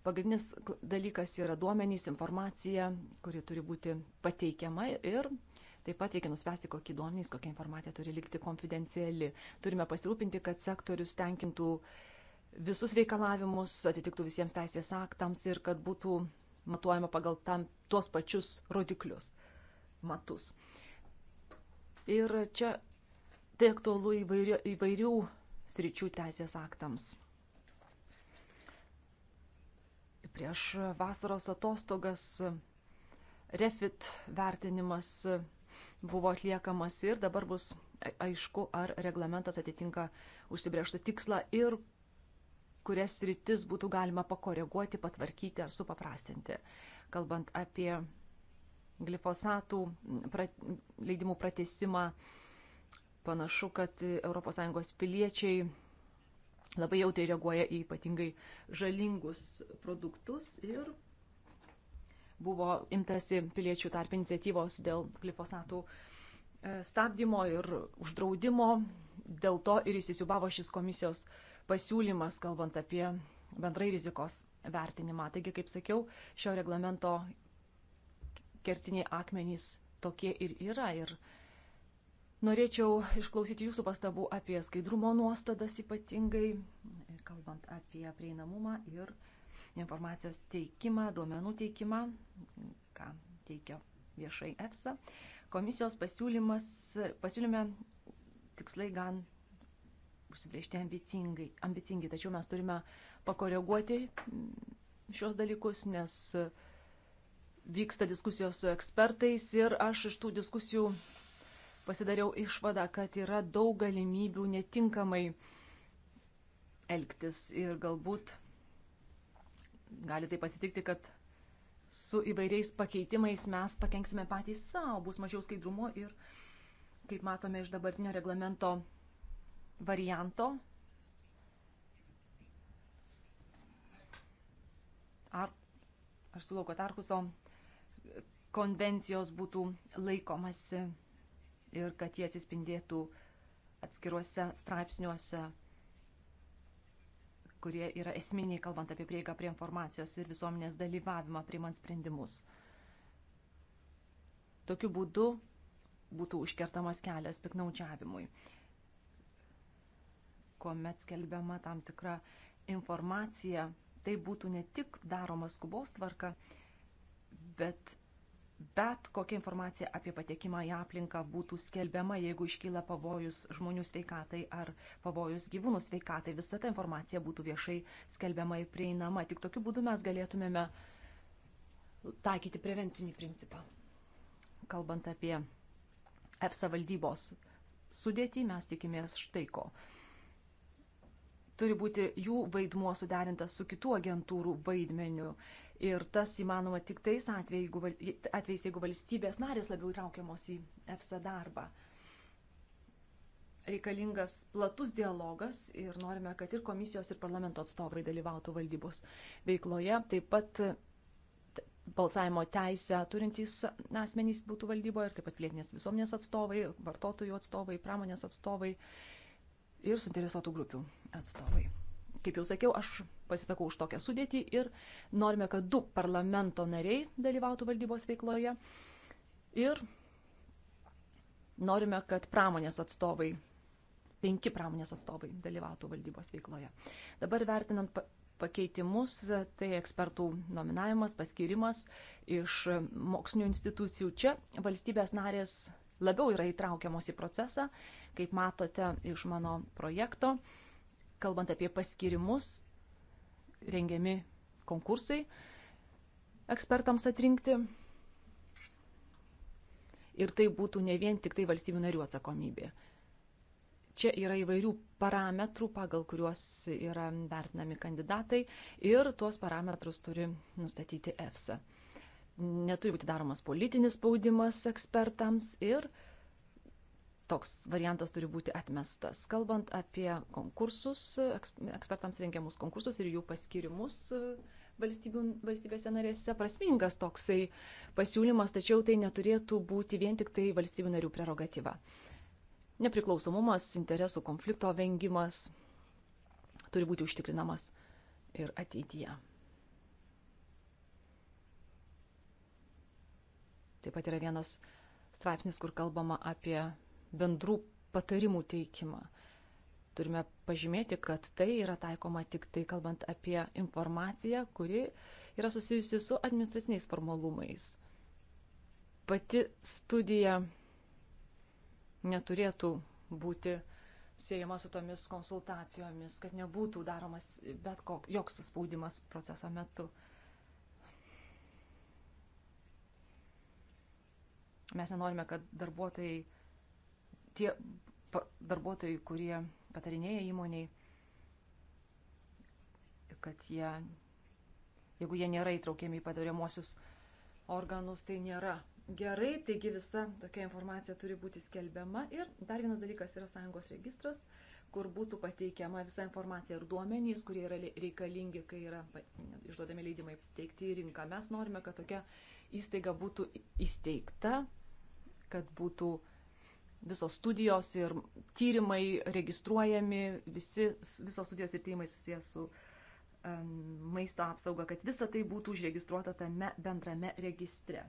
S2: pagrindinis dalykas yra duomenys, informacija, kuri turi būti pateikiama. Ir taip pat reikia nuspręsti, kokie duomenys, kokia informacija turi likti konfidenciali. Turime pasirūpinti, kad sektorius tenkintų visus reikalavimus, atitiktų visiems teisės aktams ir kad būtų matuojama pagal tam tuos pačius rodiklius matus. Ir čia tai aktualu įvairių, įvairių sričių teisės aktams. Prieš vasaros atostogas refit vertinimas buvo atliekamas ir dabar bus aišku, ar reglamentas atitinka užsibriežtą tikslą ir kurias sritis būtų galima pakoreguoti, patvarkyti ar supaprastinti. Kalbant apie glifosatų leidimų pratesimą. Panašu, kad ES piliečiai labai jautriai reaguoja į ypatingai žalingus produktus ir buvo imtasi piliečių tarp iniciatyvos dėl glifosatų e, stabdymo ir uždraudimo. Dėl to ir įsisiubavo šis komisijos pasiūlymas, kalbant apie bendrai rizikos vertinimą. Taigi, kaip sakiau, šio reglamento kertiniai akmenys tokie ir yra. Ir norėčiau išklausyti jūsų pastabų apie skaidrumo nuostadas ypatingai, kalbant apie prieinamumą ir informacijos teikimą, duomenų teikimą, ką teikia viešai EFSA. Komisijos pasiūlyme tikslai gan užsibriežti ambicingai, ambicingi, tačiau mes turime pakoreguoti šios dalykus, nes uh, vyksta diskusijos su ekspertais ir aš iš tų diskusijų pasidariau išvadą, kad yra daug galimybių netinkamai elgtis ir galbūt gali tai pasitikti, kad su įvairiais pakeitimais mes pakenksime patys savo, bus mažiau skaidrumo ir, kaip matome iš dabartinio reglamento varianto, ar, aš siūlau, kad Arkuso konvencijos būtų laikomasi ir kad jie atsispindėtų atskiruose straipsniuose, kurie yra esminiai, kalbant apie prieigą prie informacijos ir visuomenės dalyvavimą priimant sprendimus. Tokiu būdu būtų užkertamas kelias piknaudžiavimui, kuomet skelbiama tam tikra informacija. Tai būtų ne tik daroma skubos tvarka, bet bet kokia informacija apie patekimą į aplinką būtų skelbiama, jeigu iškyla pavojus žmonių sveikatai ar pavojus gyvūnų sveikatai. Visa ta informacija būtų viešai skelbiama ir prieinama. Tik tokiu būdu mes galėtumėme taikyti prevencinį principą. Kalbant apie EFSA valdybos sudėtį, mes tikimės štai ko. Turi būti jų vaidmuo suderintas su kitų agentūrų vaidmeniu Ir tas įmanoma tik tais atvejais, jeigu, atvejais, jeigu valstybės narės labiau įtraukiamos į EFSA darbą. Reikalingas platus dialogas ir norime, kad ir komisijos, ir parlamento atstovai dalyvautų valdybos veikloje. Taip pat balsavimo teisę turintys asmenys būtų valdyboje ir taip pat plėtinės visuomenės atstovai, vartotojų atstovai, pramonės atstovai ir suinteresuotų grupių atstovai. Kaip jau sakiau, aš pasisakau už tokią sudėtį ir norime, kad du parlamento nariai dalyvautų valdybos veikloje ir norime, kad pramonės atstovai, penki pramonės atstovai dalyvautų valdybos veikloje. Dabar vertinant pakeitimus, tai ekspertų nominavimas, paskirimas iš mokslinių institucijų. Čia valstybės narės labiau yra įtraukiamos į procesą, kaip matote iš mano projekto. Kalbant apie paskirimus, rengiami konkursai ekspertams atrinkti. Ir tai būtų ne vien tik tai valstybių narių atsakomybė. Čia yra įvairių parametrų, pagal kuriuos yra vertinami kandidatai ir tuos parametrus turi nustatyti EFSA. Neturi būti daromas politinis spaudimas ekspertams ir uh, toks variantas turi būti atmestas. Kalbant apie konkursus, ekspertams rengiamus konkursus ir jų paskirimus e, valstybėse narėse, prasmingas toksai pasiūlymas, tačiau tai neturėtų būti vien tik tai valstybių narių prerogatyva. Nepriklausomumas, interesų konflikto vengimas turi būti užtikrinamas ir ateityje. Taip pat yra vienas straipsnis, kur kalbama apie bendrų patarimų teikimą. Turime pažymėti, kad tai yra taikoma tik tai kalbant apie informaciją, kuri yra susijusi su administraciniais formalumais. Pati studija neturėtų būti siejama su tomis konsultacijomis, kad nebūtų daromas bet kok, joks spaudimas proceso metu. Mes nenorime, kad darbuotojai tie darbuotojai, kurie patarinėja įmoniai, kad jie, jeigu jie nėra įtraukiami į padariamuosius organus, tai nėra gerai, taigi visa tokia informacija turi būti skelbiama. Ir dar vienas dalykas yra sąjungos registras, kur būtų pateikiama visa informacija ir duomenys, kurie yra reikalingi, kai yra išduodami leidimai teikti į rinką. Mes norime, kad tokia įstaiga būtų įsteigta, kad būtų uh, visos studijos ir tyrimai registruojami, visi, visos studijos ir tyrimai susijęs su um, maisto apsauga, kad visa tai būtų užregistruota tame bendrame registre.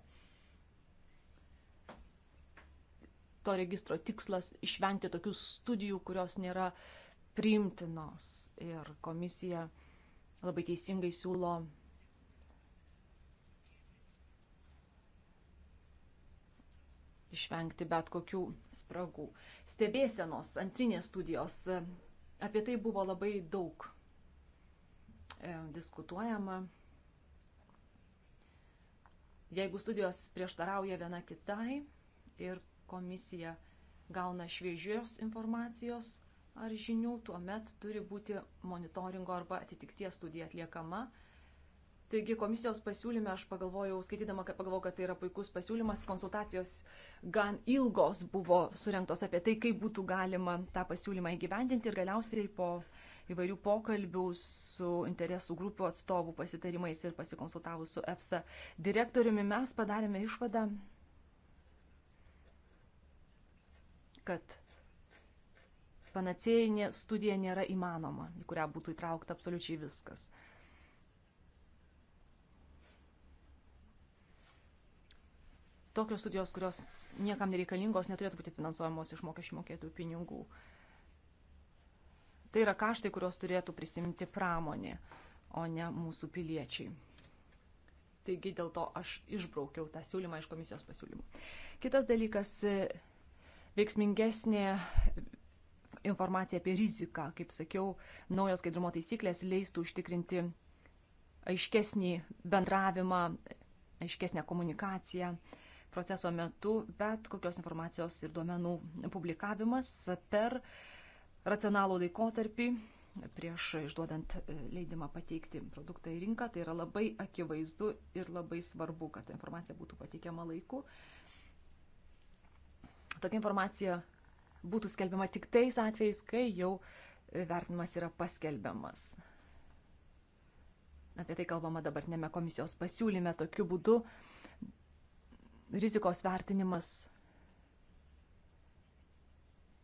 S2: To registro tikslas - išvengti tokių studijų, kurios nėra priimtinos. Ir komisija labai teisingai siūlo išvengti bet kokių spragų. Stebėsenos, antrinės studijos, apie tai buvo labai daug e, diskutuojama. Jeigu studijos prieštarauja viena kitai ir komisija gauna šviežios informacijos ar žinių, tuomet turi būti monitoringo arba atitikties studija atliekama Taigi komisijos pasiūlyme aš pagalvojau, skaitydama, kad pagalvojau, kad tai yra puikus pasiūlymas, konsultacijos gan ilgos buvo surinktos apie tai, kaip būtų galima tą pasiūlymą įgyvendinti ir galiausiai po įvairių pokalbių su interesų grupių atstovų pasitarimais ir pasikonsultavus su EFSA direktoriumi mes padarėme išvadą, kad panacėjinė studija nėra įmanoma, į kurią būtų įtraukta absoliučiai viskas. tokios studijos, kurios niekam nereikalingos, neturėtų būti finansuojamos iš mokesčių mokėtojų pinigų. Tai yra kaštai, kuriuos turėtų prisimti pramonė, o ne mūsų piliečiai. Taigi dėl to aš išbraukiau tą siūlymą iš komisijos pasiūlymų. Kitas dalykas - veiksmingesnė informacija apie riziką. Kaip sakiau, naujos skaidrumo taisyklės leistų užtikrinti aiškesnį bendravimą, aiškesnę komunikaciją. Uh, proceso metu bet kokios informacijos ir duomenų publikavimas per racionalų laikotarpį prieš išduodant e, leidimą pateikti produktą į rinką. Tai yra labai akivaizdu ir labai svarbu, kad informacija būtų pateikiama laiku. Tokia informacija būtų skelbiama tik tais atvejais, kai jau vertinimas yra paskelbiamas. Apie tai kalbama dabartinėme komisijos pasiūlyme. Tokiu būdu uh, rizikos vertinimas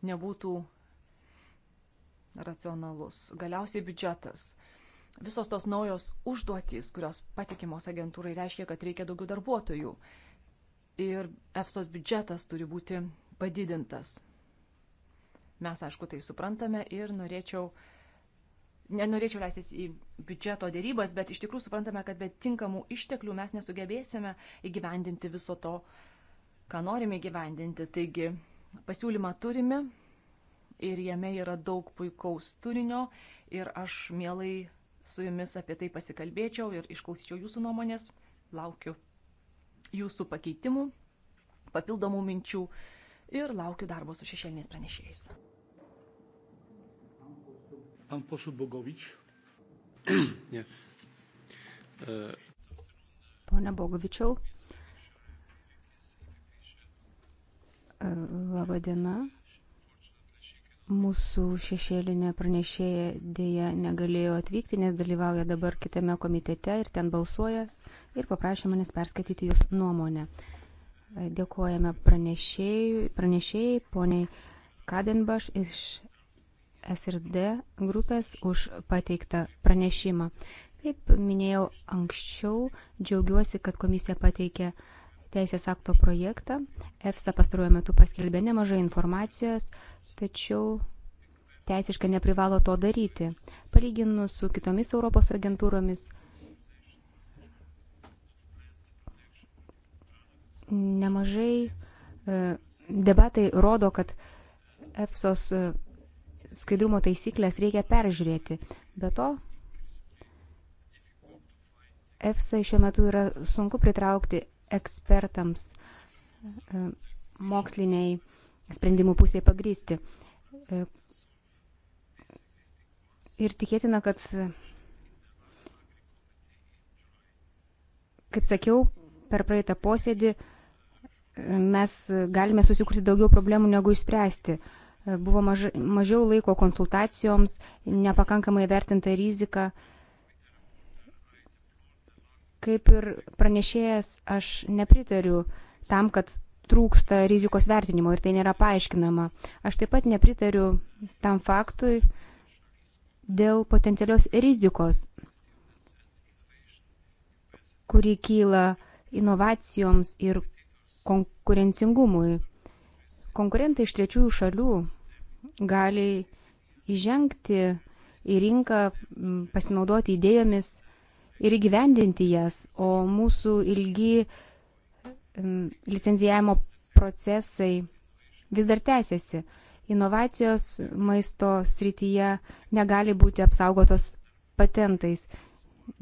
S2: nebūtų racionalus. Galiausiai biudžetas. Visos tos naujos užduotys, kurios patikimos agentūrai, reiškia, kad reikia daugiau darbuotojų. Ir EFSOS biudžetas turi būti padidintas. Mes, aišku, tai suprantame ir norėčiau uh, nenorėčiau leistis į biudžeto dėrybas, bet iš tikrųjų suprantame, kad be tinkamų išteklių mes nesugebėsime įgyvendinti viso to, ką norime įgyvendinti. Taigi pasiūlymą turime ir jame yra daug puikaus turinio ir aš mielai su jumis apie tai pasikalbėčiau ir išklausyčiau jūsų nuomonės, laukiu jūsų pakeitimų, papildomų minčių ir laukiu darbo su šešėliniais pranešėjais.
S3: Pan poseł Bogovič. [CLEARS THROAT] ne.
S5: Pone Bogovičiau. E, Labą dieną. Mūsų šešėlinė pranešėja dėja negalėjo atvykti, nes dalyvauja dabar kitame komitete ir ten balsuoja ir paprašė manęs perskaityti jūs nuomonę. Dėkojame pranešėjai, poniai Kadenbaš iš SRD grupės už pateiktą pranešimą. Kaip minėjau anksčiau, džiaugiuosi, kad komisija pateikė teisės akto projektą. EFSA pastaruoju metu paskelbė nemažai informacijos, tačiau teisiškai neprivalo to daryti. Palyginus su kitomis Europos agentūromis, nemažai e, debatai rodo, kad EFSOS e, skaidrumo taisyklės reikia peržiūrėti. Be to, EFSA šiuo metu yra sunku pritraukti ekspertams e, moksliniai sprendimų pusėje pagrysti. E, ir tikėtina, kad, kaip sakiau, per praeitą posėdį e, mes galime susikurti daugiau problemų negu išspręsti. Buvo maž, mažiau laiko konsultacijoms, nepakankamai vertinta rizika. Kaip ir pranešėjas, aš nepritariu tam, kad trūksta rizikos vertinimo ir tai nėra paaiškinama. Aš taip pat nepritariu tam faktui dėl potencialios rizikos, kuri kyla inovacijoms ir konkurencingumui konkurentai iš trečiųjų šalių gali įžengti į rinką, pasinaudoti idėjomis ir įgyvendinti jas, o mūsų ilgi licenzijavimo procesai vis dar tęsiasi. Inovacijos maisto srityje negali būti apsaugotos patentais.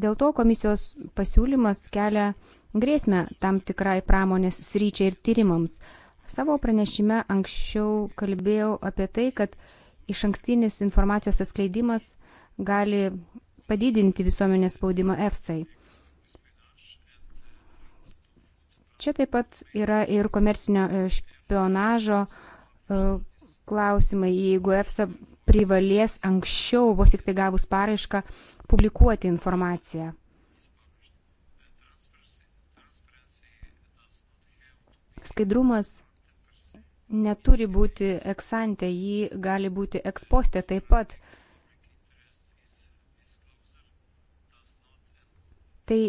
S5: Dėl to komisijos pasiūlymas kelia grėsmę tam tikrai pramonės sryčiai ir tyrimams. Savo pranešime anksčiau kalbėjau apie tai, kad iš ankstinis informacijos atskleidimas gali padidinti visuomenės spaudimą EFSAI. Čia taip pat yra ir komercinio e, špionažo e, klausimai, jeigu EFSA privalės anksčiau, vos tik tai gavus paraišką, publikuoti informaciją. Skaidrumas neturi būti eksante, jį gali būti ekspostė taip pat. Tai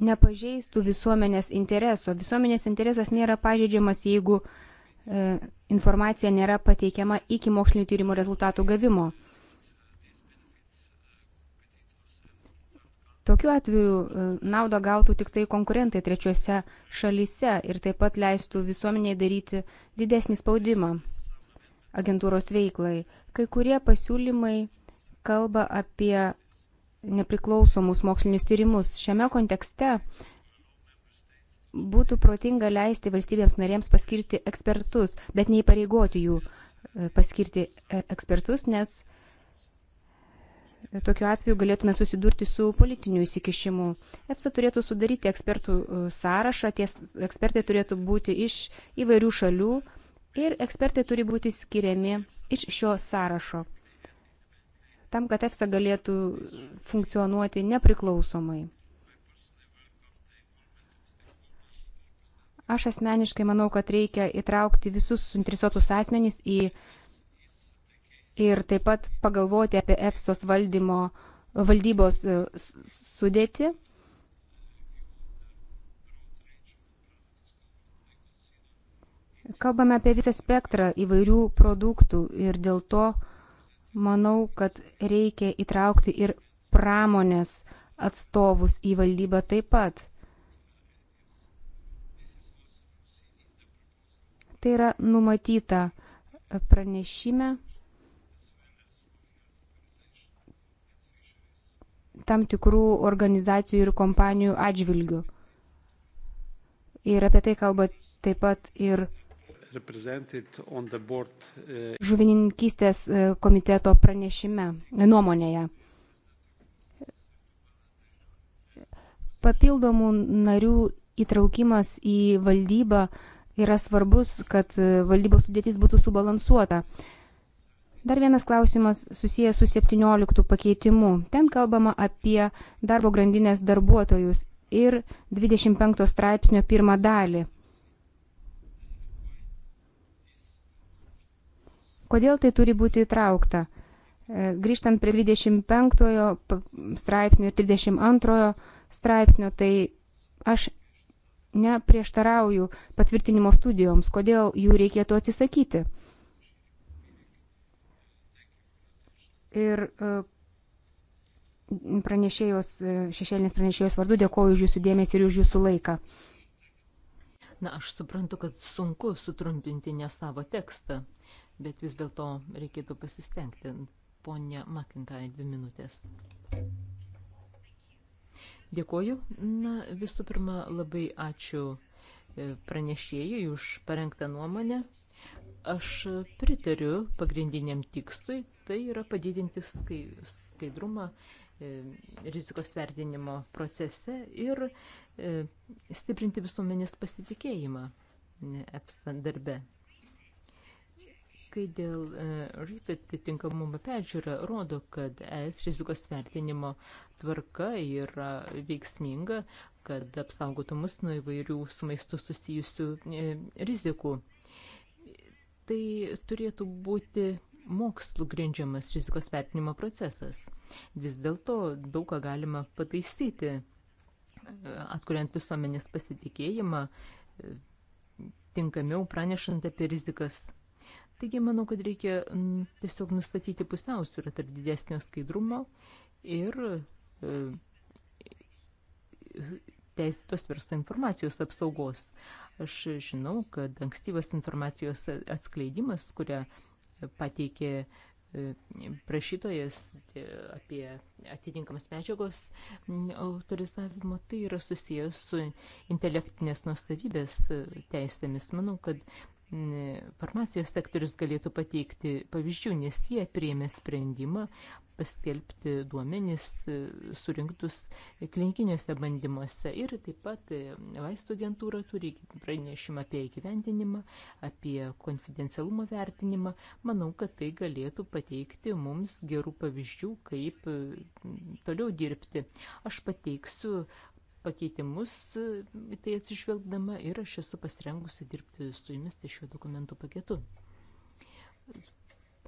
S5: nepažeistų visuomenės intereso. Visuomenės interesas nėra pažeidžiamas, jeigu e, informacija nėra pateikiama iki mokslinio tyrimo rezultatų gavimo. Tokiu atveju e, naudą gautų tik tai konkurentai trečiuose šalyse ir taip pat leistų visuomeniai daryti didesnį spaudimą agentūros veiklai. Kai kurie pasiūlymai kalba apie nepriklausomus mokslinius tyrimus. Šiame kontekste būtų protinga leisti valstybėms narėms paskirti ekspertus, bet neįpareigoti jų e, paskirti e, ekspertus, nes E, tokiu atveju galėtume susidurti su politiniu įsikišimu. EFSA turėtų sudaryti ekspertų e, sąrašą, tie ekspertai turėtų būti iš įvairių šalių ir ekspertai turi būti skiriami iš šio sąrašo, tam, kad EFSA galėtų funkcionuoti nepriklausomai. Aš asmeniškai manau, kad reikia įtraukti visus suinteresuotus asmenys į ir taip pat pagalvoti apie EFSOS valdymo, valdybos e, sudėti. Kalbame apie visą spektrą įvairių produktų ir dėl to manau, kad reikia įtraukti ir pramonės atstovus į valdybą taip pat. Tai yra numatyta pranešime. tam tikrų organizacijų ir kompanijų atžvilgių. Ir apie tai kalba taip pat ir
S3: eh,
S5: žuvininkystės eh, komiteto pranešime, eh, nuomonėje. Papildomų narių įtraukimas į valdybą yra svarbus, kad valdybos sudėtis būtų subalansuota. Dar vienas klausimas susijęs su 17 pakeitimu. Ten kalbama apie darbo grandinės darbuotojus ir 25 straipsnio pirmą dalį. Kodėl tai turi būti įtraukta? E, grįžtant prie 25 straipsnio ir 32 straipsnio, tai aš neprieštarauju patvirtinimo studijoms, kodėl jų reikėtų atsisakyti. Ir e, pranešėjos, e, šešėlinės pranešėjos vardu dėkoju už jūsų dėmesį ir už jūsų laiką.
S1: Na, aš suprantu, kad sunku sutrumpinti ne savo tekstą, bet vis dėlto reikėtų pasistengti. Pone Makintai, dvi minutės. Dėkoju. Na, visų pirma, labai ačiū e, pranešėjai už parengtą nuomonę. Aš pritariu pagrindiniam tikslui, tai yra padidinti skaidrumą e, rizikos vertinimo procese ir e, stiprinti visuomenės pasitikėjimą EPSA darbe. Kai dėl e, RIFIT tinkamumo peržiūra rodo, kad ES rizikos vertinimo tvarka yra veiksminga, kad apsaugotų mus nuo įvairių su maistu susijusių rizikų. Tai turėtų būti mokslų grindžiamas rizikos vertinimo procesas. Vis dėlto daug ką galima pataisyti, atkuriant visuomenės pasitikėjimą, tinkamiau pranešant apie rizikas. Taigi manau, kad reikia tiesiog nustatyti pusiausvyrą tarp didesnio skaidrumo ir e, teisėtos verslo informacijos apsaugos. Aš žinau, kad ankstyvas informacijos atskleidimas, kurią pateikė e, prašytojas e, apie atitinkamas medžiagos autorizavimo, tai yra susijęs su intelektinės nuosavybės e, teisėmis. Manau, kad farmacijos sektorius galėtų pateikti pavyzdžių, nes jie priėmė sprendimą paskelbti duomenis e, surinktus klinikiniuose bandymuose. Ir taip pat e, vaistų agentūra turi pranešimą apie įgyvendinimą, apie konfidencialumo vertinimą. Manau, kad tai galėtų pateikti mums gerų pavyzdžių, kaip e, toliau dirbti. Aš pateiksiu pakeitimus, tai atsižvelgdama ir aš esu pasirengusi dirbti su jumis ties šiuo dokumentų paketu.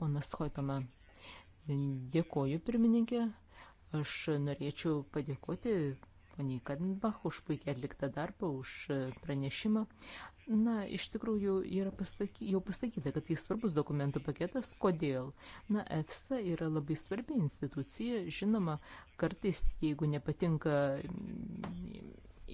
S1: Ponas Hoitoma, Dėkoju, pirmininkė. Aš norėčiau padėkoti poniai Kadenbach už puikiai atliktą darbą, už pranešimą. Na, iš tikrųjų, yra pasaky, jau pasakyta, kad tai svarbus dokumentų paketas. Kodėl? Na, EFSA yra labai svarbi institucija. Žinoma, kartais, jeigu nepatinka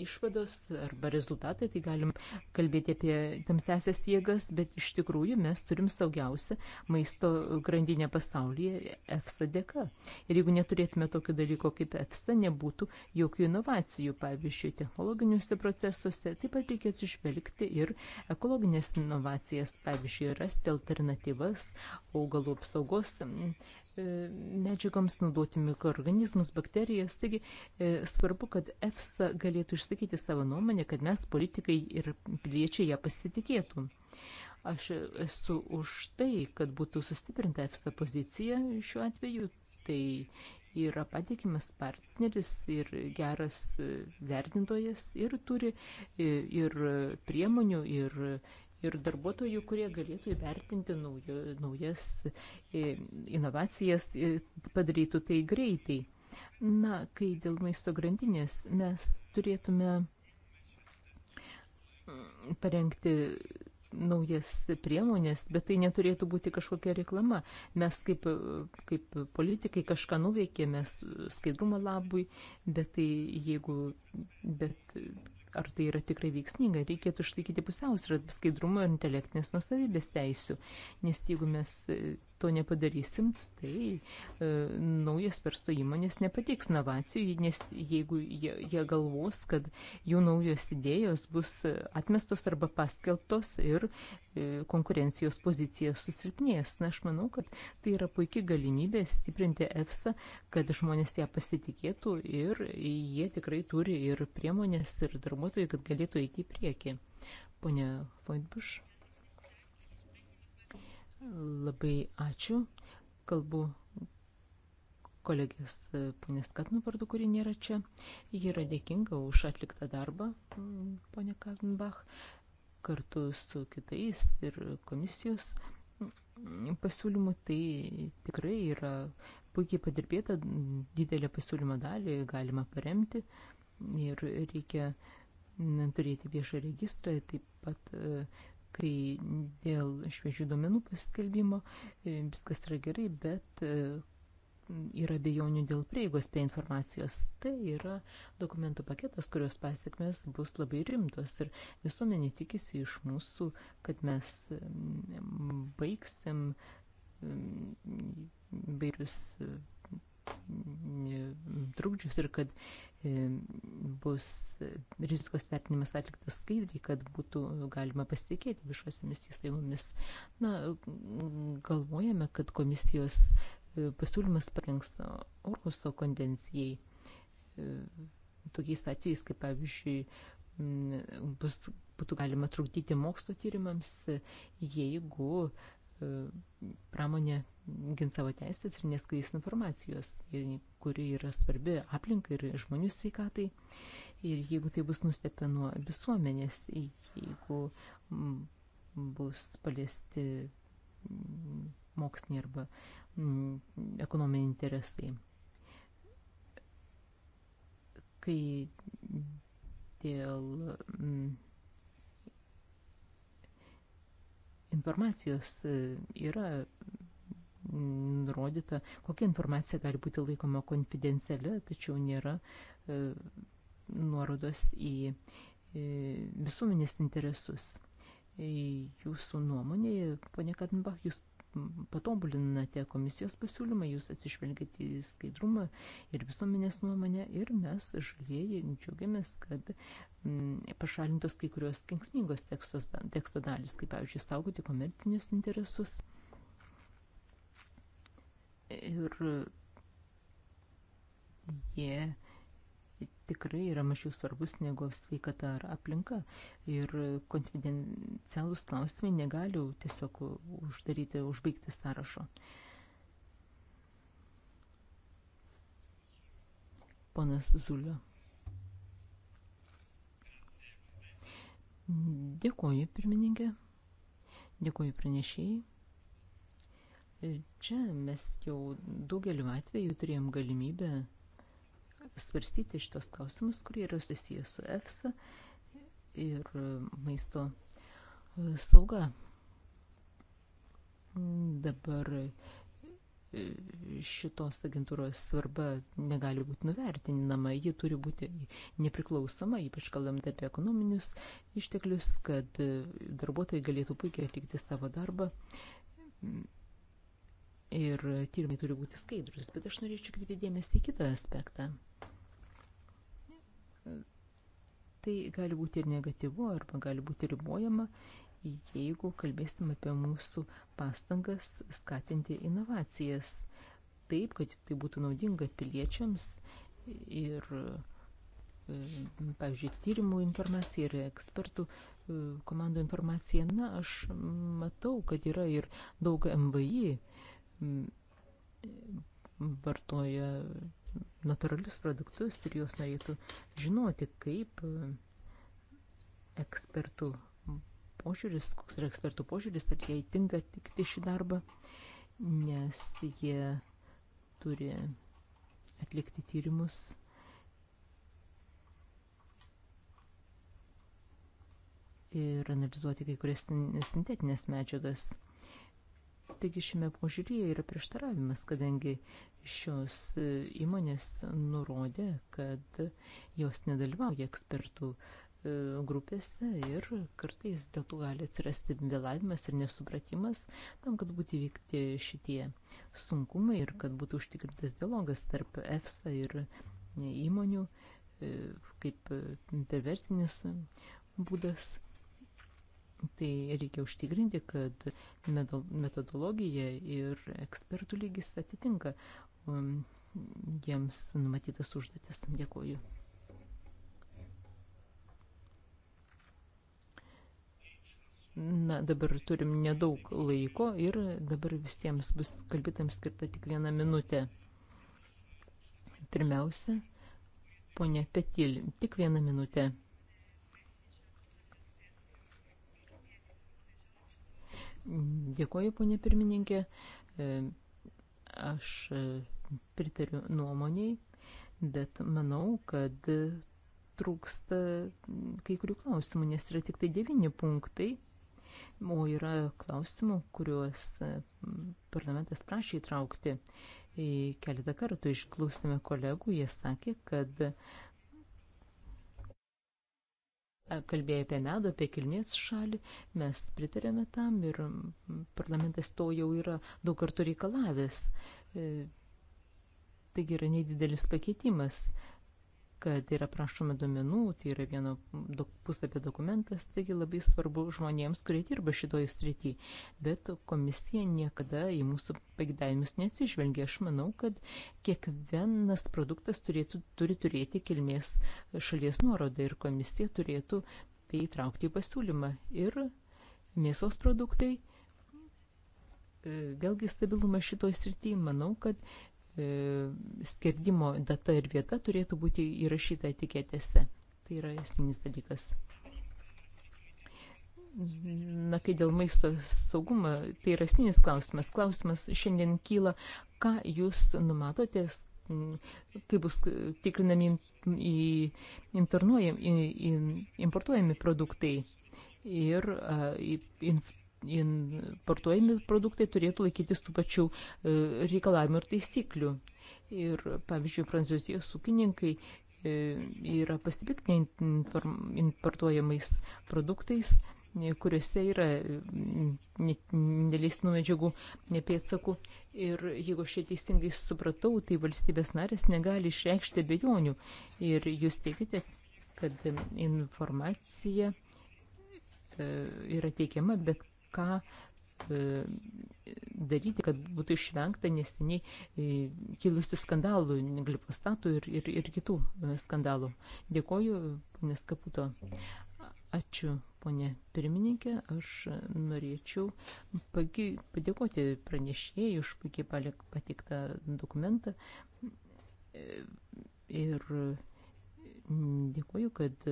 S1: išvados arba rezultatai, tai galim kalbėti apie tamsesias jėgas, bet iš tikrųjų mes turim saugiausią maisto grandinę pasaulyje EFSA dėka. Ir jeigu neturėtume tokio dalyko kaip EFSA, nebūtų jokių inovacijų, pavyzdžiui, technologiniuose procesuose, taip pat reikia atsižvelgti ir ekologinės inovacijas, pavyzdžiui, rasti alternatyvas augalų apsaugos E, medžiagoms, naudoti mikroorganizmus, bakterijas. Taigi e, svarbu, kad EFSA galėtų išsakyti savo nuomonę, kad mes politikai ir piliečiai ją pasitikėtų. Aš esu už tai, kad būtų sustiprinta EFSA pozicija šiuo atveju. Tai yra patikimas partneris ir geras e, vertintojas ir turi ir priemonių, ir ir darbuotojų, kurie galėtų įvertinti naujo, naujas e, inovacijas, e, padarytų tai greitai. Na, kai dėl maisto grandinės mes turėtume mm, parengti naujas priemonės, bet tai neturėtų būti kažkokia reklama. Mes kaip, kaip politikai kažką nuveikėme skaidrumo labui, bet tai jeigu, bet ar tai yra tikrai veiksminga, reikėtų išlaikyti pusiausvyrą skaidrumo ir intelektinės nusavybės teisių. Nes jeigu mes to nepadarysim, tai e, naujas verslo įmonės nepateiks inovacijų, nes jeigu jie, jie galvos, kad jų naujos idėjos bus atmestos arba paskelbtos ir e, konkurencijos pozicija susilpnės. Na, aš manau, kad tai yra puikia galimybė stiprinti EFSA, kad žmonės ją pasitikėtų ir jie tikrai turi ir priemonės, ir darbuotojai, kad galėtų eiti į priekį. Pone Voitbuš. Labai ačiū. Kalbu kolegės e, ponės Katnų vardu, kuri nėra čia. Ji yra dėkinga už atliktą darbą, ponė Kavinbach, kartu su kitais ir komisijos pasiūlymų. Tai tikrai yra puikiai padirbėta, didelę pasiūlymo dalį galima paremti ir reikia turėti viešą registrą, taip pat e, kai dėl šviežių duomenų paskelbimo e, viskas yra gerai, bet e, yra bejonių dėl prieigos prie informacijos. Tai yra dokumentų paketas, kurios pasiekmes bus labai rimtos ir visuomenė tikisi iš mūsų, kad mes mm, baigsim mm, vairius mm, trukdžius ir kad bus e, rizikos vertinimas atliktas skaidriai, kad būtų galima pasitikėti viešosiamis įstaigomis. Na, galvojame, kad komisijos e, pasiūlymas pakenks Orhuso konvencijai. E, tokiais atvejais, kaip pavyzdžiui, bus, būtų galima trukdyti mokslo tyrimams, jeigu pramonė gins savo teisės ir neskleis informacijos. Jei kuri yra svarbi aplinkai ir žmonių sveikatai. Ir jeigu tai bus nustepta nuo visuomenės, jeigu mm, bus paliesti mm, moksliniai arba mm, ekonominiai interesai. Kai dėl informacijos e, yra nurodyta, kokia informacija gali būti laikoma konfidencialia, tačiau nėra e, nuorodos į e, visuomenės interesus. E, jūsų nuomonė, ponė Kadenbach, jūs patobulinate komisijos pasiūlymą, jūs atsižvelgiate į skaidrumą ir visuomenės nuomonę ir mes žalieji džiaugiamės, kad mm, pašalintos kai kurios kenksmingos teksto dalis, kaip pavyzdžiui, saugoti komercinius interesus. Ir jie tikrai yra mažiau svarbus negu sveikata ar aplinka. Ir konfidencialus klausimai negaliu tiesiog uždaryti, užbaigti sąrašo. Ponas Zulio. Dėkuoju, pirmininkė. Dėkuoju pranešėjai. Čia mes jau daugeliu atveju turėjom galimybę svarstyti šitos klausimus, kurie yra susijęs su EFSA ir maisto sauga. Dabar šitos agentūros svarba negali būti nuvertinama, ji turi būti nepriklausoma, ypač kalbant apie ekonominius išteklius, kad darbuotojai galėtų puikiai atlikti savo darbą ir tyrimai turi būti skaidrus, bet aš norėčiau kreipti dėmesį į kitą aspektą. Tai gali būti ir negatyvu, arba gali būti ribojama, jeigu kalbėsim apie mūsų pastangas skatinti inovacijas taip, kad tai būtų naudinga piliečiams ir, pavyzdžiui, tyrimų informacija ir ekspertų komandų informacija. Na, aš matau, kad yra ir daug MVI vartoja natūralius produktus ir jos norėtų žinoti, kaip e, ekspertų požiūris, koks yra ekspertų požiūris, ar jai tinka atlikti šį darbą, nes jie turi atlikti tyrimus. Ir analizuoti kai kurias sintetinės medžiagas. Taigi šiame požiūrėje yra prieštaravimas, kadangi šios e, įmonės nurodė, kad jos nedalyvauja ekspertų e, grupėse ir kartais dėl to gali atsirasti vėlavimas ir nesupratimas tam, kad būtų įvykti šitie sunkumai ir kad būtų užtikrintas dialogas tarp EFSA ir įmonių e, kaip perversinis būdas. Tai reikia užtikrinti, kad metodologija ir ekspertų lygis atitinka um, jiems numatytas užduotis. Dėkuoju. Na, dabar turim nedaug laiko ir dabar visiems bus kalbėtams skirta tik viena minutė. Pirmiausia, ponia Petil, tik vieną minutę. Dėkuoju, ponė pirmininkė. E, aš e, pritariu nuomoniai, bet manau, kad trūksta kai kurių klausimų, nes yra tik tai devyni punktai, o yra klausimų, kuriuos e, parlamentas prašė įtraukti. Keletą kartų išklausėme kolegų, jie sakė, kad kalbėjo apie medų, apie kilmės šalį, mes pritarėme tam ir parlamentas to jau yra daug kartų reikalavęs. E, taigi yra nedidelis pakeitimas kad yra prašoma duomenų, tai yra vieno dok, puslapio dokumentas, taigi labai svarbu žmonėms, kurie dirba šitoje srityje. Bet komisija niekada į mūsų pagėdavimus nesižvelgia. Aš manau, kad kiekvienas produktas turėtų, turi turėti kilmės šalies nuorodą ir komisija turėtų tai įtraukti į pasiūlymą. Ir mėsos produktai e, vėlgi stabilumą šitoje srityje, manau, kad E, skerdimo data ir vieta turėtų būti įrašyta etiketėse. Tai yra esminis dalykas. Na, kai dėl maisto saugumo, tai yra esminis klausimas. Klausimas šiandien kyla, ką jūs numatote, kaip bus tikrinami į, internuojami, į, į, importuojami produktai ir į, in, importuojami produktai turėtų laikytis tų pačių e, reikalavimų ir taisyklių. Ir, pavyzdžiui, prancūzijos ūkininkai e, yra pasipiktinę importuojamais produktais, e, kuriuose yra neleistinų medžiagų pėdsakų. Ir jeigu aš čia teisingai supratau, tai valstybės narės negali išreikšti abejonių. Ir jūs teikite, kad informacija yra teikiama, bet ką e, daryti, kad būtų išvengta neseniai e, kilusių skandalų, glifostatų ir, ir, ir kitų e, skandalų. Dėkoju, ponės Kaputo. Ačiū, ponė pirmininkė. Aš norėčiau pagi, padėkoti pranešėjai už puikiai patiktą dokumentą. Ir dėkoju, kad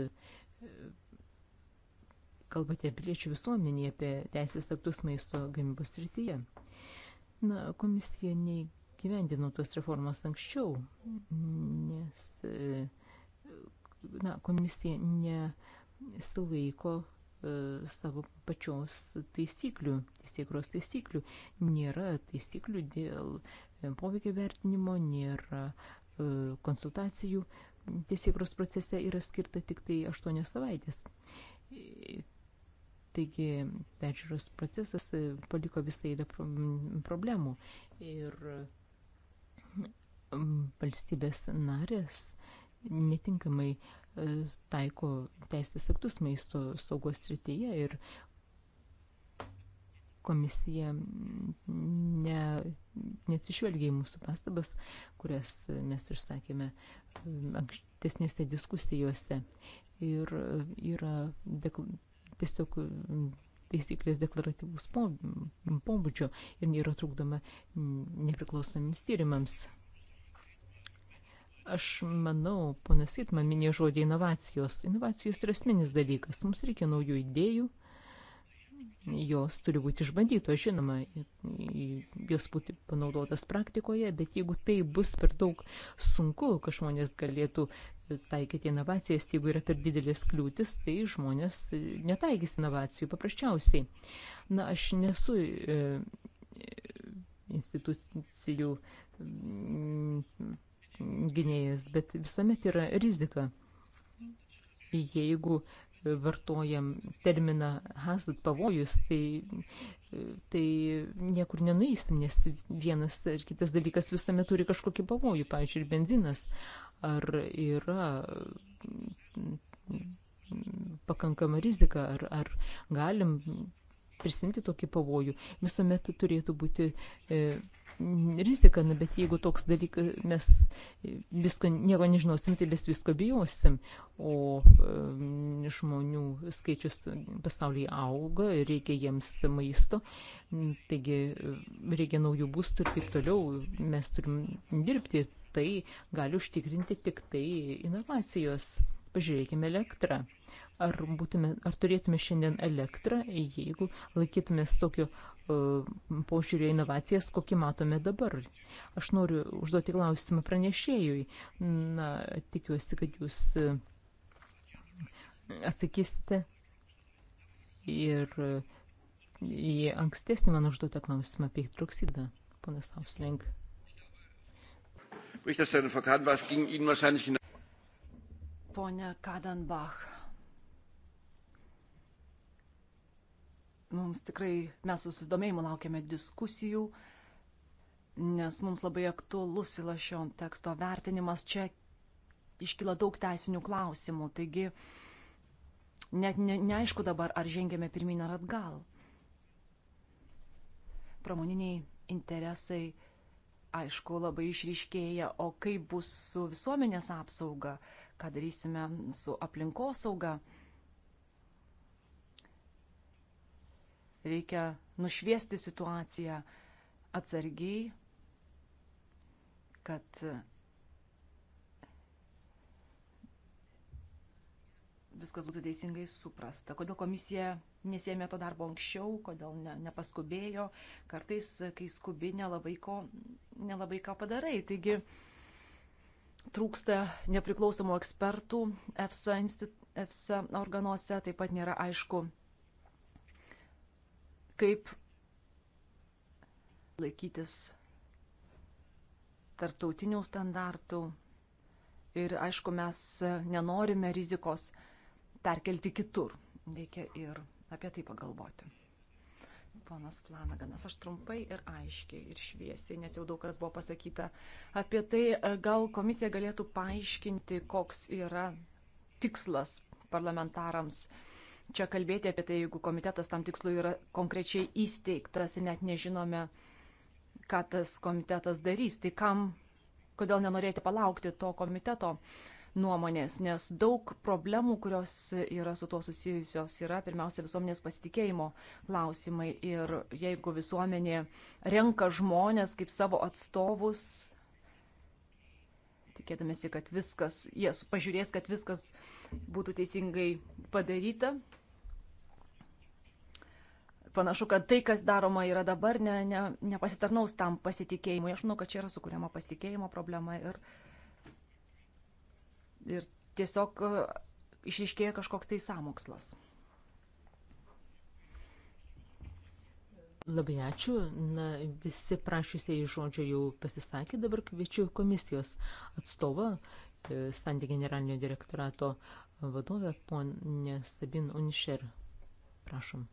S1: kalbate piliečių visuomenį apie teisės aktus maisto gamybos srityje. Na, komisija neįgyvendino tos reformos anksčiau, nes e, na, komisija nesilaiko e, savo pačios taisyklių, teisėkros taisyklių. Nėra taisyklių dėl e, poveikio vertinimo, nėra konsultacijų. Teisėkros procese yra skirta tik tai 8 savaitės. Taigi peržiūros procesas e, paliko visą eilę problemų ir valstybės narės netinkamai e, taiko teisės aktus maisto saugos srityje ir komisija ne, neatsižvelgia į mūsų pastabas, kurias mes išsakėme e, ankstesnėse diskusijose. Ir yra dekl tiesiog mm, taisyklės deklaratyvus mm, pobūdžio ir yra trukdoma mm, nepriklausomiems tyrimams. Aš manau, ponas Itman minė žodį inovacijos. Inovacijos yra esminis dalykas. Mums reikia naujų idėjų, jos turi būti išbandytos, žinoma, jos būti panaudotas praktikoje, bet jeigu tai bus per daug sunku, kad žmonės galėtų e, taikyti inovacijas, jeigu yra per didelės kliūtis, tai žmonės e, netaikys inovacijų paprasčiausiai. Na, aš nesu e, e institucijų gynėjas, bet visuomet yra rizika. Jeigu vartojam terminą hazard pavojus, tai, tai niekur nenueisim, nes vienas ar kitas dalykas visame turi kažkokį pavojų, pavyzdžiui, ir benzinas, ar yra pakankama rizika, ar, ar galim prisimti tokį pavojų. Visuomet turėtų būti e, rizika, na, bet jeigu toks dalykas, mes visko, nieko nežinosim, tai mes visko bijosim. O e, žmonių skaičius pasaulyje auga, reikia jiems maisto, taigi reikia naujų būstų ir taip toliau. Mes turim dirbti, tai gali užtikrinti tik tai inovacijos. Pažiūrėkime elektrą ar, būtume, ar turėtume šiandien elektrą, jeigu laikytumės tokio uh, požiūrio inovacijas, kokį matome dabar. Aš noriu užduoti klausimą pranešėjui. Na, tikiuosi, kad jūs e, atsakysite ir e, į ankstesnį man užduotą klausimą apie hidroksidą, ponas Auslink.
S2: Pone Kadenbach, Mums tikrai mes susidomėjimu laukiame diskusijų, nes mums labai aktuolus yra šio teksto vertinimas. Čia iškyla daug teisinių klausimų, taigi net ne, neaišku dabar, ar žengėme pirmin ar atgal. Pramoniniai interesai aišku, labai išryškėja, o kaip bus su visuomenės apsauga, ką darysime su aplinkosauga. sauga Reikia nušviesti situaciją atsargiai, kad viskas būtų teisingai suprasta. Kodėl komisija nesėmė to darbo anksčiau, kodėl ne, nepaskubėjo. Kartais, kai skubi, nelabai, ko, nelabai ką padarai. Taigi trūksta nepriklausomų ekspertų EFSA, institu, EFSA organuose, taip pat nėra aišku kaip laikytis tarptautinių standartų. Ir aišku, mes nenorime rizikos perkelti kitur. Reikia ir apie tai pagalvoti. Ponas Planaganas, aš trumpai ir aiškiai ir šviesiai, nes jau daug kas buvo pasakyta apie tai, gal komisija galėtų paaiškinti, koks yra tikslas parlamentarams uh, čia kalbėti apie tai, jeigu komitetas tam tikslu yra konkrečiai įsteigtas ir net nežinome, ką tas komitetas darys. Tai kam, kodėl nenorėti palaukti to komiteto nuomonės, nes daug problemų, kurios yra su tuo susijusios, yra pirmiausia visuomenės pasitikėjimo klausimai. Ir jeigu visuomenė renka žmonės kaip savo atstovus, tikėdamėsi, kad viskas, jie pažiūrės, kad viskas būtų teisingai padaryta, panašu, kad tai, kas daroma yra dabar, ne, ne, nepasitarnaus tam pasitikėjimui. Aš manau, kad čia yra sukūriama pasitikėjimo problema ir, ir tiesiog e, išriškėja kažkoks tai samokslas.
S1: Labai ačiū. Na, visi prašysiai žodžio jau pasisakė. Dabar kviečiu komisijos atstovą, e, Sandi generalinio direktorato vadovę, ponę Sabin Unšer. Prašom.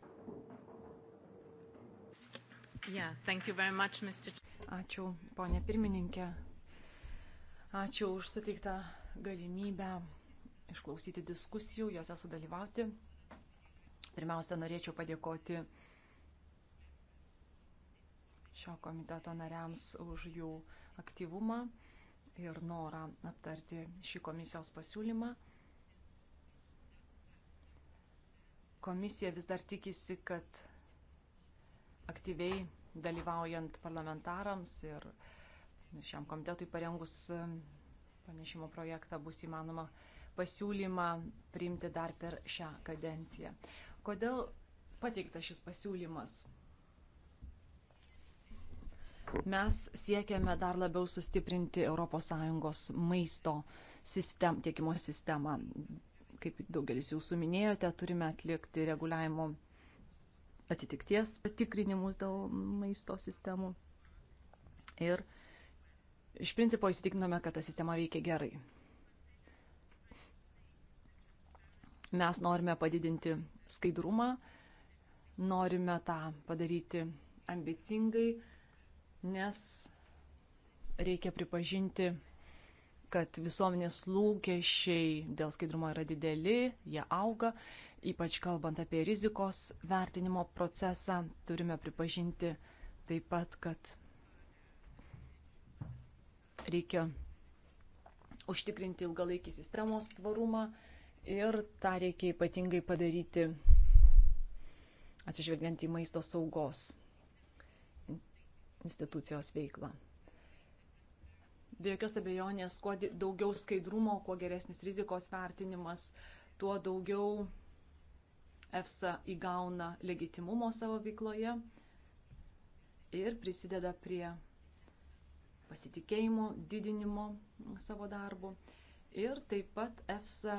S5: Yeah, much,
S2: Mr. Ačiū, ponė pirmininkė. Ačiū už suteiktą galimybę išklausyti diskusijų, juose sudalyvauti. Pirmiausia, norėčiau padėkoti šio komiteto nariams už jų aktyvumą ir norą aptarti šį komisijos pasiūlymą. Komisija vis dar tikisi, kad aktyviai dalyvaujant parlamentarams ir šiam komitetui parengus e, panešimo projektą bus įmanoma pasiūlymą priimti dar per šią kadenciją. Kodėl pateiktas šis pasiūlymas? Mes siekiame dar labiau sustiprinti ES maisto sistem, tiekimo sistemą. Kaip daugelis jūsų minėjote, turime atlikti reguliavimo atitikties patikrinimus dėl maisto sistemų. Ir iš principo įsitikinome, kad ta sistema veikia gerai. Mes norime padidinti skaidrumą, norime tą padaryti ambicingai, nes reikia pripažinti, kad visuomenės lūkesčiai dėl skaidrumo yra dideli, jie auga Ypač kalbant apie rizikos vertinimo procesą, turime pripažinti taip pat, kad reikia užtikrinti ilgalaikį sistemos tvarumą ir tą reikia ypatingai padaryti atsižvelgiant į maisto saugos institucijos veiklą. Be jokios abejonės, kuo daugiau skaidrumo, kuo geresnis rizikos vertinimas, tuo daugiau EFSA įgauna legitimumo savo veikloje ir prisideda prie pasitikėjimo didinimo savo darbu. Ir taip pat EFSA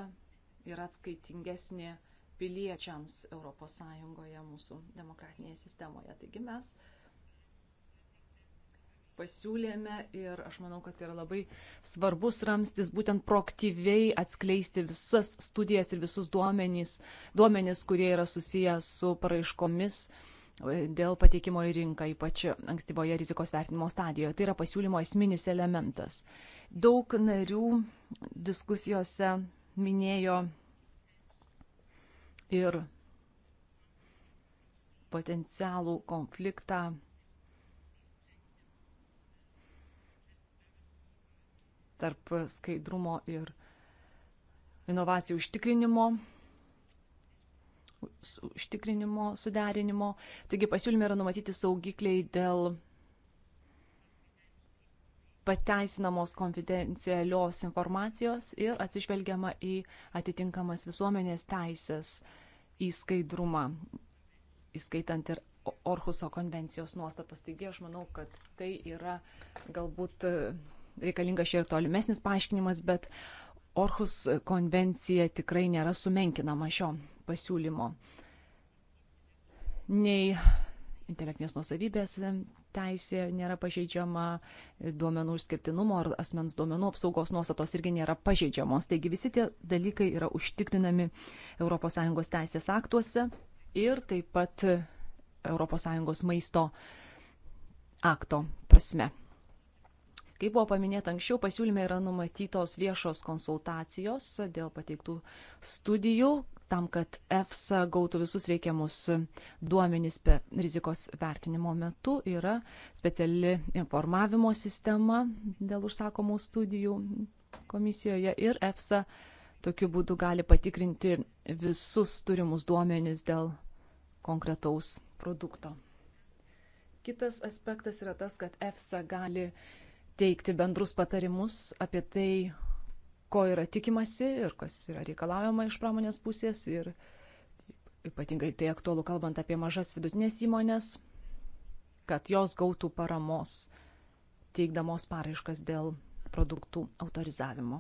S2: yra atskaitingesnė piliečiams ES mūsų demokratinėje sistemoje. Taigi mes pasiūlėme ir aš manau, kad tai yra labai svarbus ramstis būtent proaktyviai atskleisti visas studijas ir visus duomenys, duomenys kurie yra susiję su paraiškomis e, dėl pateikimo į rinką, ypač ankstyvoje rizikos vertinimo stadijoje. Tai yra pasiūlymo esminis elementas. Daug narių diskusijose minėjo ir potencialų konfliktą tarp skaidrumo ir inovacijų užtikrinimo, užtikrinimo, suderinimo. Taigi pasiūlyme yra numatyti saugikliai dėl pateisinamos konfidencialios informacijos ir atsižvelgiama į atitinkamas visuomenės teisės į skaidrumą, įskaitant ir Orhuso konvencijos nuostatas. Taigi aš manau, kad tai yra galbūt reikalingas čia ir tolimesnis paaiškinimas, bet Orhus konvencija tikrai nėra sumenkinama šio pasiūlymo. Nei intelektinės nusavybės teisė nėra pažeidžiama, duomenų išskirtinumo ar asmens duomenų apsaugos nuostatos irgi nėra pažeidžiamos. Taigi visi tie dalykai yra užtikrinami ES teisės aktuose ir taip pat ES maisto akto prasme. Kaip buvo paminėta anksčiau, pasiūlyme yra numatytos viešos konsultacijos dėl pateiktų studijų, tam, kad EFSA gautų visus reikiamus duomenys rizikos vertinimo metu, yra speciali informavimo sistema dėl užsakomų studijų komisijoje ir EFSA tokiu būdu gali patikrinti visus turimus duomenys dėl konkretaus produkto. Kitas aspektas yra tas, kad EFSA gali teikti bendrus patarimus apie tai, ko yra tikimasi ir kas yra reikalaujama iš pramonės pusės. Ir ypatingai tai aktualu kalbant apie mažas vidutinės įmonės, kad jos gautų paramos teikdamos paraiškas dėl produktų autorizavimo.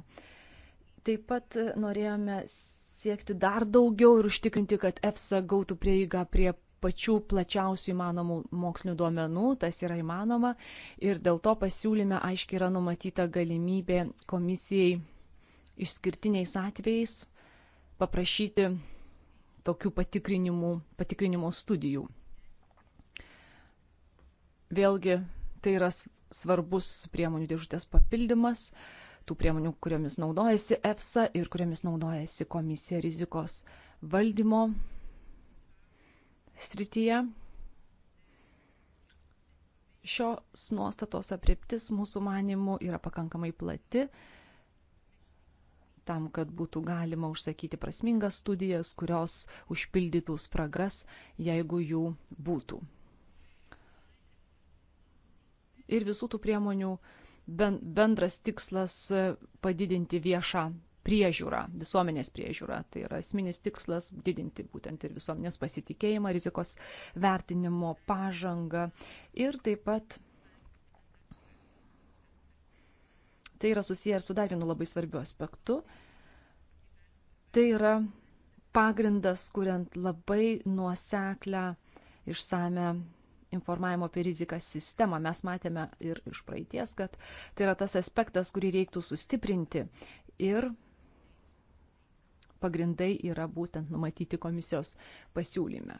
S2: Taip pat norėjome siekti dar daugiau ir užtikrinti, kad EFSA gautų prieigą prie pačių plačiausių įmanomų mokslinių duomenų, tas yra įmanoma ir dėl to pasiūlyme aiškiai yra numatyta galimybė komisijai išskirtiniais atvejais paprašyti tokių patikrinimų, patikrinimo studijų. Vėlgi, tai yra svarbus priemonių dėžutės papildymas, tų priemonių, kuriomis naudojasi EFSA ir kuriomis naudojasi komisija rizikos valdymo srityje. Šios nuostatos apriptis mūsų manimų yra pakankamai plati tam, kad būtų galima užsakyti prasmingas studijas, kurios užpildytų spragas, jeigu jų būtų. Ir visų tų priemonių bendras tikslas padidinti viešą priežiūrą, visuomenės priežiūrą. Tai yra esminis tikslas - didinti būtent ir visuomenės pasitikėjimą, rizikos vertinimo pažangą ir taip pat tai yra susiję ir su dar vienu labai svarbiu aspektu. Tai yra pagrindas, kuriant labai nuoseklę, išsame informavimo apie riziką sistemą. Mes matėme ir iš praeities, kad tai yra tas aspektas, kurį reiktų sustiprinti ir pagrindai yra būtent numatyti komisijos pasiūlyme.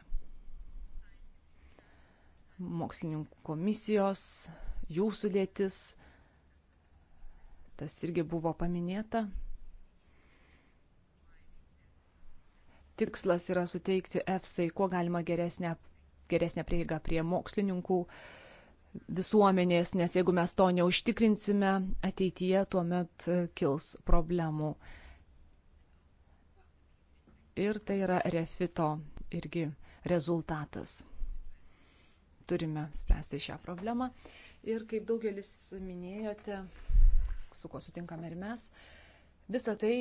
S2: Mokslininkų komisijos, jų sudėtis, tas irgi buvo paminėta. Tikslas yra suteikti EFSA kuo galima geresnę, geresnę prieigą prie mokslininkų visuomenės, nes jeigu mes to neužtikrinsime ateityje, tuomet kils problemų ir tai yra refito irgi rezultatas. Turime spręsti šią problemą. Ir kaip daugelis minėjote, su kuo sutinkame ir mes, visa tai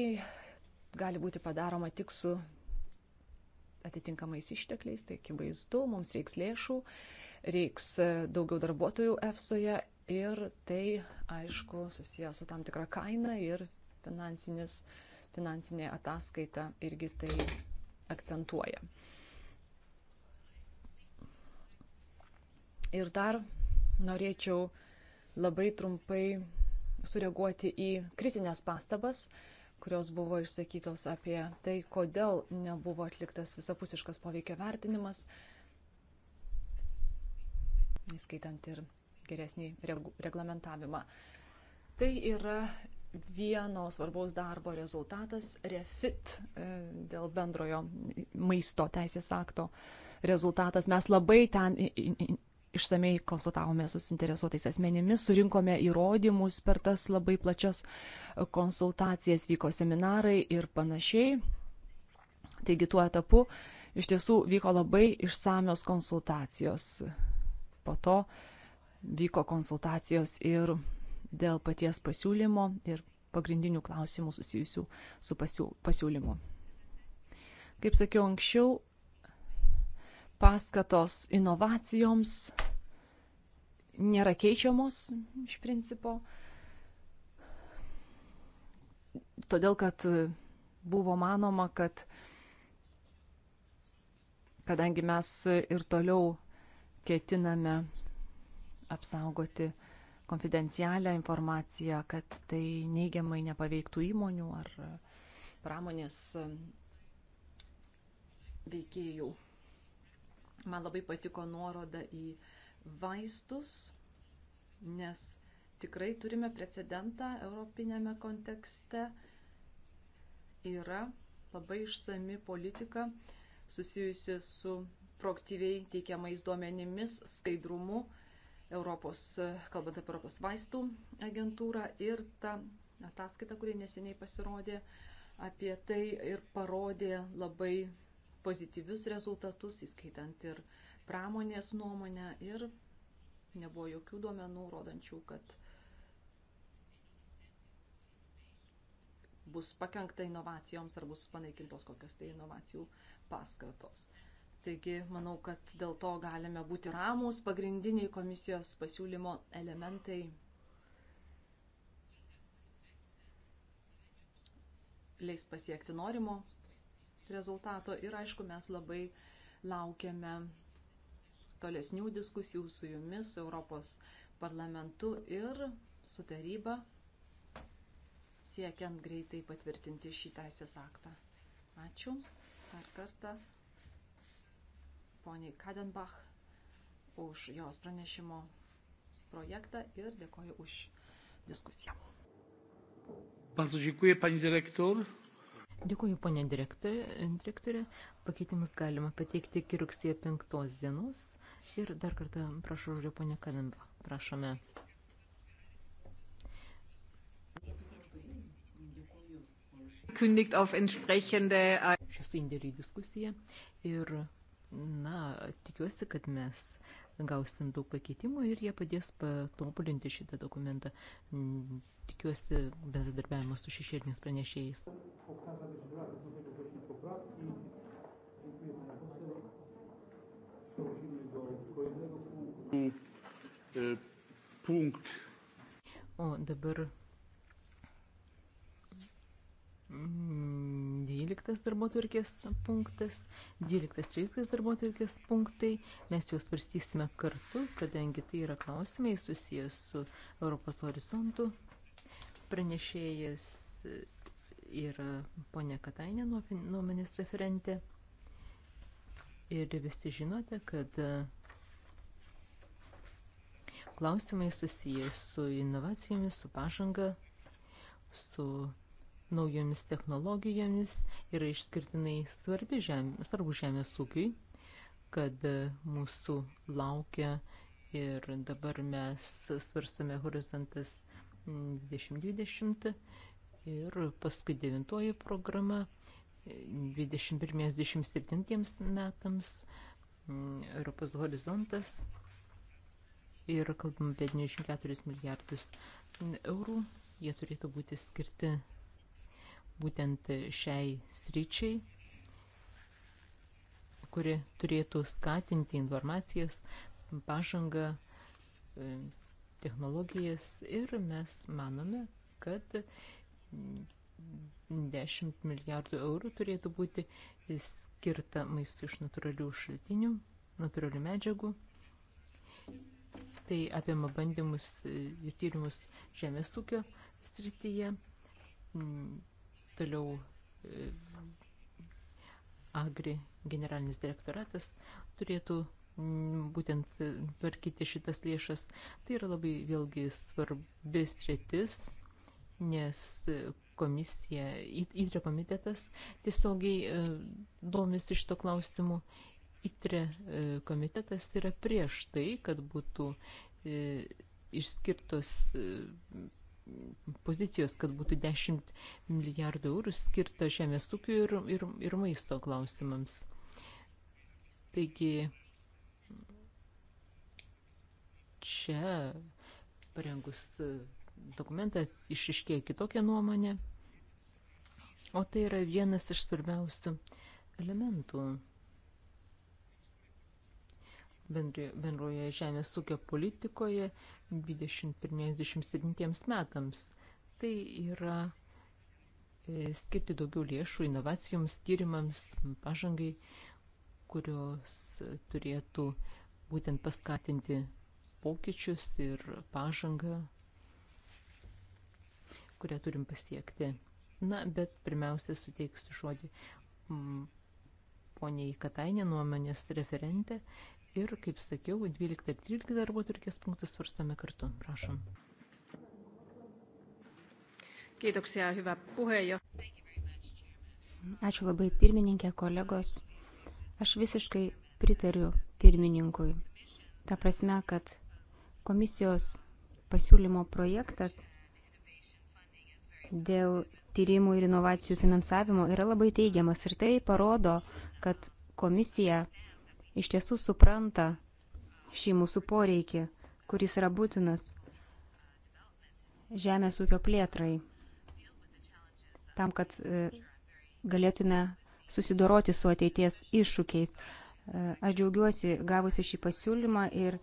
S2: gali būti padaroma tik su atitinkamais ištekliais, tai akivaizdu, mums reiks lėšų, reiks daugiau darbuotojų EFSOje ir tai, aišku, susijęs su tam tikra kaina ir finansinis uh, finansinė ataskaita irgi tai akcentuoja. Ir dar norėčiau labai trumpai sureaguoti į kritinės pastabas, kurios buvo išsakytos apie tai, kodėl nebuvo atliktas visapusiškas poveikio vertinimas, įskaitant ir geresnį reglamentavimą. Tai yra vieno svarbaus darbo rezultatas - refit e, dėl bendrojo maisto teisės akto rezultatas. Mes labai ten išsamei konsultavome su suinteresuotais asmenimis, surinkome įrodymus per tas labai plačias konsultacijas, vyko seminarai ir panašiai. Taigi tuo etapu iš tiesų vyko labai išsamios konsultacijos. Po to vyko konsultacijos ir dėl paties pasiūlymo ir pagrindinių klausimų susijusių su pasiūlymu. Kaip sakiau anksčiau, paskatos inovacijoms nėra keičiamos iš principo, todėl kad buvo manoma, kad kadangi mes ir toliau ketiname apsaugoti konfidencialią informaciją, kad tai neigiamai nepaveiktų įmonių ar pramonės veikėjų. Man labai patiko nuoroda į vaistus, nes tikrai turime precedentą europinėme kontekste. Yra labai išsami politika susijusi su proaktyviai teikiamais duomenimis, skaidrumu, Europos, kalbant apie Europos vaistų agentūrą ir ta ataskaita, kuri neseniai pasirodė apie tai ir parodė labai pozityvius rezultatus, įskaitant ir pramonės nuomonę ir nebuvo jokių duomenų rodančių, kad bus pakengta inovacijoms ar bus panaikintos kokios tai inovacijų paskatos. Taigi manau, kad dėl to galime būti ramūs. Pagrindiniai komisijos pasiūlymo elementai leis pasiekti norimo rezultato ir aišku, mes labai laukiame tolesnių diskusijų su jumis, Europos parlamentu ir su taryba, siekiant greitai patvirtinti šį teisės aktą. Ačiū dar kartą poniai Kadenbach už jos pranešimo projektą
S1: ir dėkoju už
S3: diskusiją. Bardzo dziękuję, pani dyrektor.
S1: Dėkuoju, ponė direktorė. Pakeitimus galima pateikti iki rugsėjo 5 dienos. Ir dar kartą prašau žodžio, ponė Kadenbach. Prašome. kündigt auf entsprechende. Äh, Aš esu indėlį į diskusiją ir Na, tikiuosi, kad mes gausim daug pakeitimų ir jie padės patobulinti šitą dokumentą. Mm, tikiuosi bendradarbiavimo su šešėliniais pranešėjais. E, punkt. O dabar 12 mm, darbo turkės punktas, 12-13 darbo turkės punktai. Mes juos svarstysime kartu, kadangi tai yra klausimai susijęs su Europos horizontu. Pranešėjas yra ponė Katainė, nuomenės referentė. Ir visi žinote, kad e, klausimai susijęs su inovacijomis, su pažanga, su naujomis technologijomis yra išskirtinai svarbi žemė, svarbu žemės ūkiui, kad e, mūsų laukia ir dabar mes svarstame horizontas 2020 ir paskui devintoji programa 21-27 e, metams Europos horizontas ir kalbam apie 94 milijardus eurų, jie turėtų būti skirti būtent šiai sričiai, kuri turėtų skatinti informacijas, pažangą, e, technologijas ir mes manome, kad 10 milijardų eurų turėtų būti skirta maistų iš natūralių šaltinių, natūralių medžiagų. Tai apima bandymus ir tyrimus žemės ūkio srityje, mm, Toliau e, Agri generalinis direktoratas turėtų būtent e, tvarkyti šitas lėšas. Tai yra labai vėlgi svarbis rytis, nes e, komisija, įtrė komitetas tiesiogiai domisi šito klausimu. Įtrė komitetas yra prieš tai, kad būtų išskirtos pozicijos, kad būtų 10 milijardų eurų skirta žemės ūkiui ir, ir, ir maisto klausimams. Taigi čia parengus dokumentą išiškėjo kitokią nuomonę, o tai yra vienas iš svarbiausių elementų bendroje žemės ūkio politikoje 21-27 metams. Tai yra e, skirti daugiau lėšų inovacijoms, tyrimams, pažangai, kurios turėtų būtent paskatinti pokyčius ir pažangą, kurią turim pasiekti. Na, bet pirmiausia, suteiksiu žodį poniai Katainė nuomonės referentė ir, kaip sakiau, 12 ir 13 darbo turkės punktus svarstame kartu. Prašom. Kiitoksia, hyvä puheenjohtaja.
S5: Ačiū labai pirmininkė, kolegos. Aš visiškai pritariu pirmininkui. Ta prasme, kad komisijos pasiūlymo projektas dėl tyrimų ir inovacijų finansavimo yra labai teigiamas ir tai parodo, kad komisija iš tiesų supranta šį mūsų poreikį, kuris yra būtinas žemės ūkio plėtrai, tam, kad e, galėtume susidoroti su ateities iššūkiais. E, aš džiaugiuosi gavusi šį pasiūlymą ir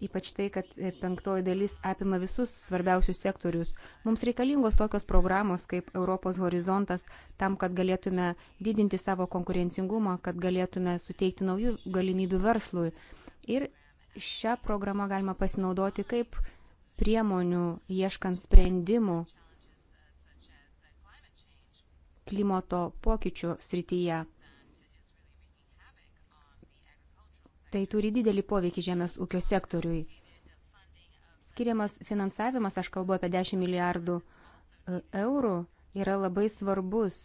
S5: Ypač tai, kad e, penktoji dalis apima visus svarbiausius sektorius. Mums reikalingos tokios programos kaip Europos horizontas tam, kad galėtume didinti savo konkurencingumą, kad galėtume suteikti naujų galimybių verslui. Ir šią programą galima pasinaudoti kaip priemonių ieškant sprendimų klimato pokyčių srityje. Tai turi didelį poveikį žemės ūkio sektoriui. Skiriamas finansavimas, aš kalbu apie 10 milijardų e, eurų, yra labai svarbus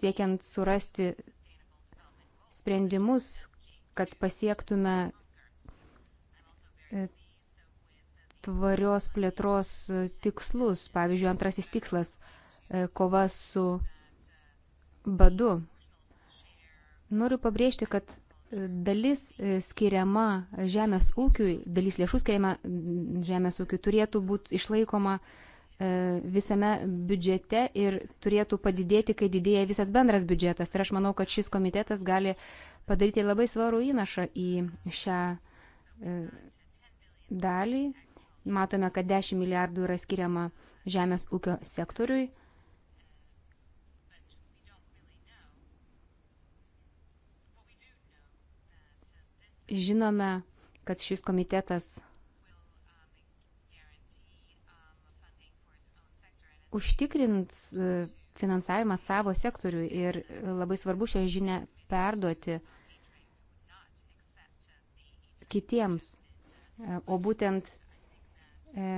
S5: siekiant surasti sprendimus, kad pasiektume e, tvarios plėtros e, tikslus. Pavyzdžiui, antrasis tikslas - kova su badu. Noriu pabrėžti, kad dalis e, skiriama žemės ūkiui, dalis lėšų skiriama žemės ūkiui turėtų būti išlaikoma e, visame biudžete ir turėtų padidėti, kai didėja visas bendras biudžetas. Ir aš manau, kad šis komitetas gali padaryti labai svarų įnašą į šią e, dalį. Matome, kad 10 milijardų yra skiriama žemės ūkio sektoriui. Žinome, kad šis komitetas užtikrins e, finansavimą savo sektoriui ir labai svarbu šią žinę perduoti kitiems, e, o būtent e,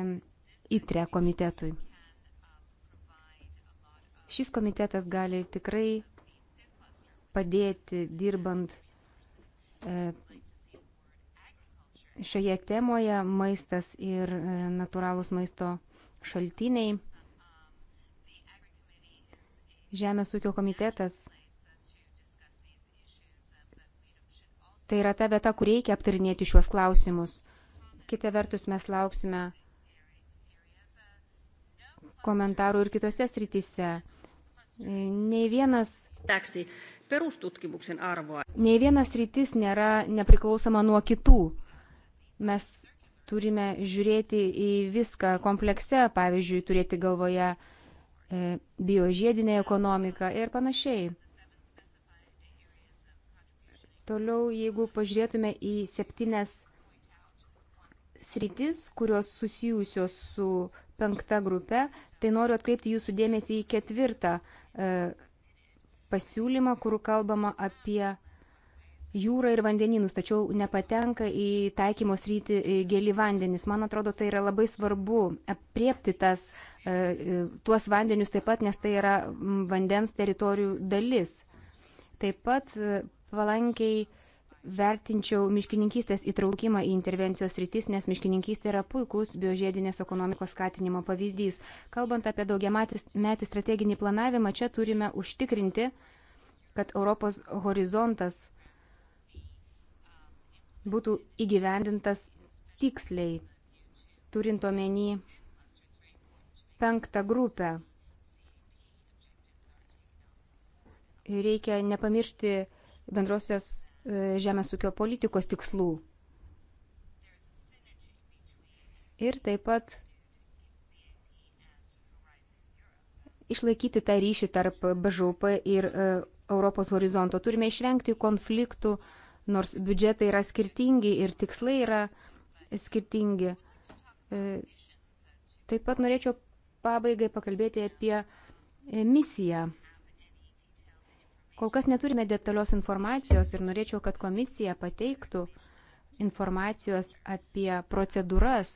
S5: ITRE komitetui. Šis komitetas gali tikrai padėti dirbant Šioje temoje maistas ir e, natūralūs maisto šaltiniai. Žemės ūkio komitetas. Tai yra ta vieta, kur reikia aptarinėti šiuos klausimus. Kita vertus, mes lauksime komentarų ir kitose srityse. E, nei vienas.
S2: Taksi perustutkimuksen arvoa.
S5: Nei vienas rytis nėra nepriklausoma nuo kitų. Mes turime žiūrėti į viską komplekse, pavyzdžiui, turėti galvoje e, biožiedinę ekonomiką ir panašiai. Toliau, jeigu pažiūrėtume į septynes sritis, kurios susijusios su penkta grupe, tai noriu atkreipti jūsų dėmesį į ketvirtą e, pasiūlymą, kur kalbama apie jūrą ir vandenynus, tačiau nepatenka į taikymos rytį gėlį vandenis. Man atrodo, tai yra labai svarbu apriepti tas, e, e, tuos vandenius taip pat, nes tai yra vandens teritorijų dalis. Taip pat e, palankiai vertinčiau miškininkystės įtraukimą į intervencijos rytis, nes miškininkystė yra puikus biožėdinės ekonomikos skatinimo pavyzdys. Kalbant apie daugiametį strateginį planavimą, čia turime užtikrinti, kad Europos horizontas būtų įgyvendintas tiksliai, turint omeny penktą grupę. Reikia nepamiršti bendrosios e, žemės ūkio politikos tikslų. Ir taip pat išlaikyti tą ryšį tarp BŽP ir e, Europos horizonto. Turime išvengti konfliktų uh, nors biudžetai yra skirtingi ir tikslai yra skirtingi. E, taip pat norėčiau pabaigai pakalbėti apie e, misiją. Kol kas neturime detalios informacijos ir norėčiau, kad komisija pateiktų informacijos apie procedūras.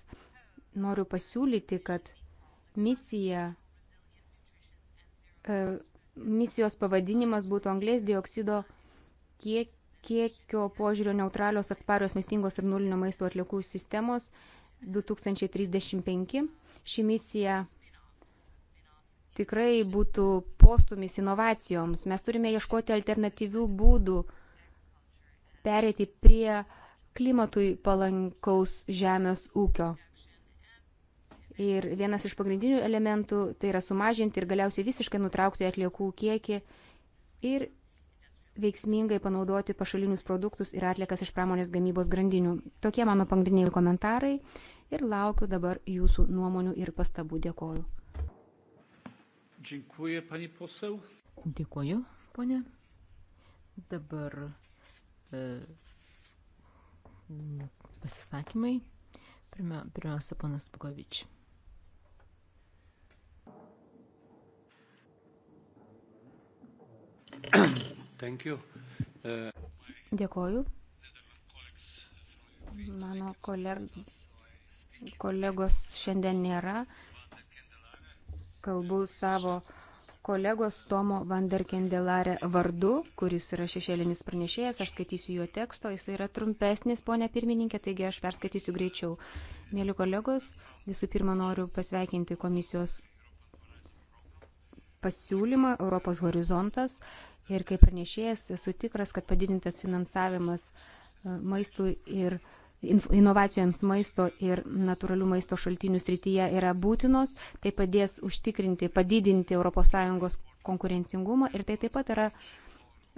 S5: Noriu pasiūlyti, kad misija, e, misijos pavadinimas būtų anglės dioksido kiek kiekio požiūrio neutralios atsparios maistingos ir nulinio maisto atliekų sistemos 2035. Ši misija tikrai būtų postumis inovacijoms. Mes turime ieškoti alternatyvių būdų perėti prie klimatui palankaus žemės ūkio. Ir vienas iš pagrindinių elementų tai yra sumažinti ir galiausiai visiškai nutraukti atliekų kiekį ir veiksmingai panaudoti pašalinius produktus ir atliekas iš pramonės gamybos grandinių. Tokie mano pagrindiniai komentarai ir laukiu dabar jūsų nuomonių ir pastabų. Dėkoju.
S3: Dziękuję, pani poseł. Dėkoju, ponė. Dabar e,
S1: pasisakymai. Pirmia, pirmiausia, ponas Bukovič.
S3: [COUGHS] Thank you. Uh...
S5: Dėkoju. Mano koleg... kolegos šiandien nėra. Kalbu savo kolegos Tomo Vanderkendelare vardu, kuris yra šešėlinis pranešėjas, aš skaitysiu jo teksto, jis yra trumpesnis, ponė pirmininkė, taigi aš perskaitysiu greičiau. Mėly kolegos, visų pirma noriu pasveikinti komisijos pasiūlymą Europos horizontas ir kaip pranešėjas esu tikras, kad padidintas finansavimas e, maistui ir inovacijoms maisto ir natūralių maisto šaltinių srityje yra būtinos, tai padės užtikrinti, padidinti ES konkurencingumą ir tai taip pat yra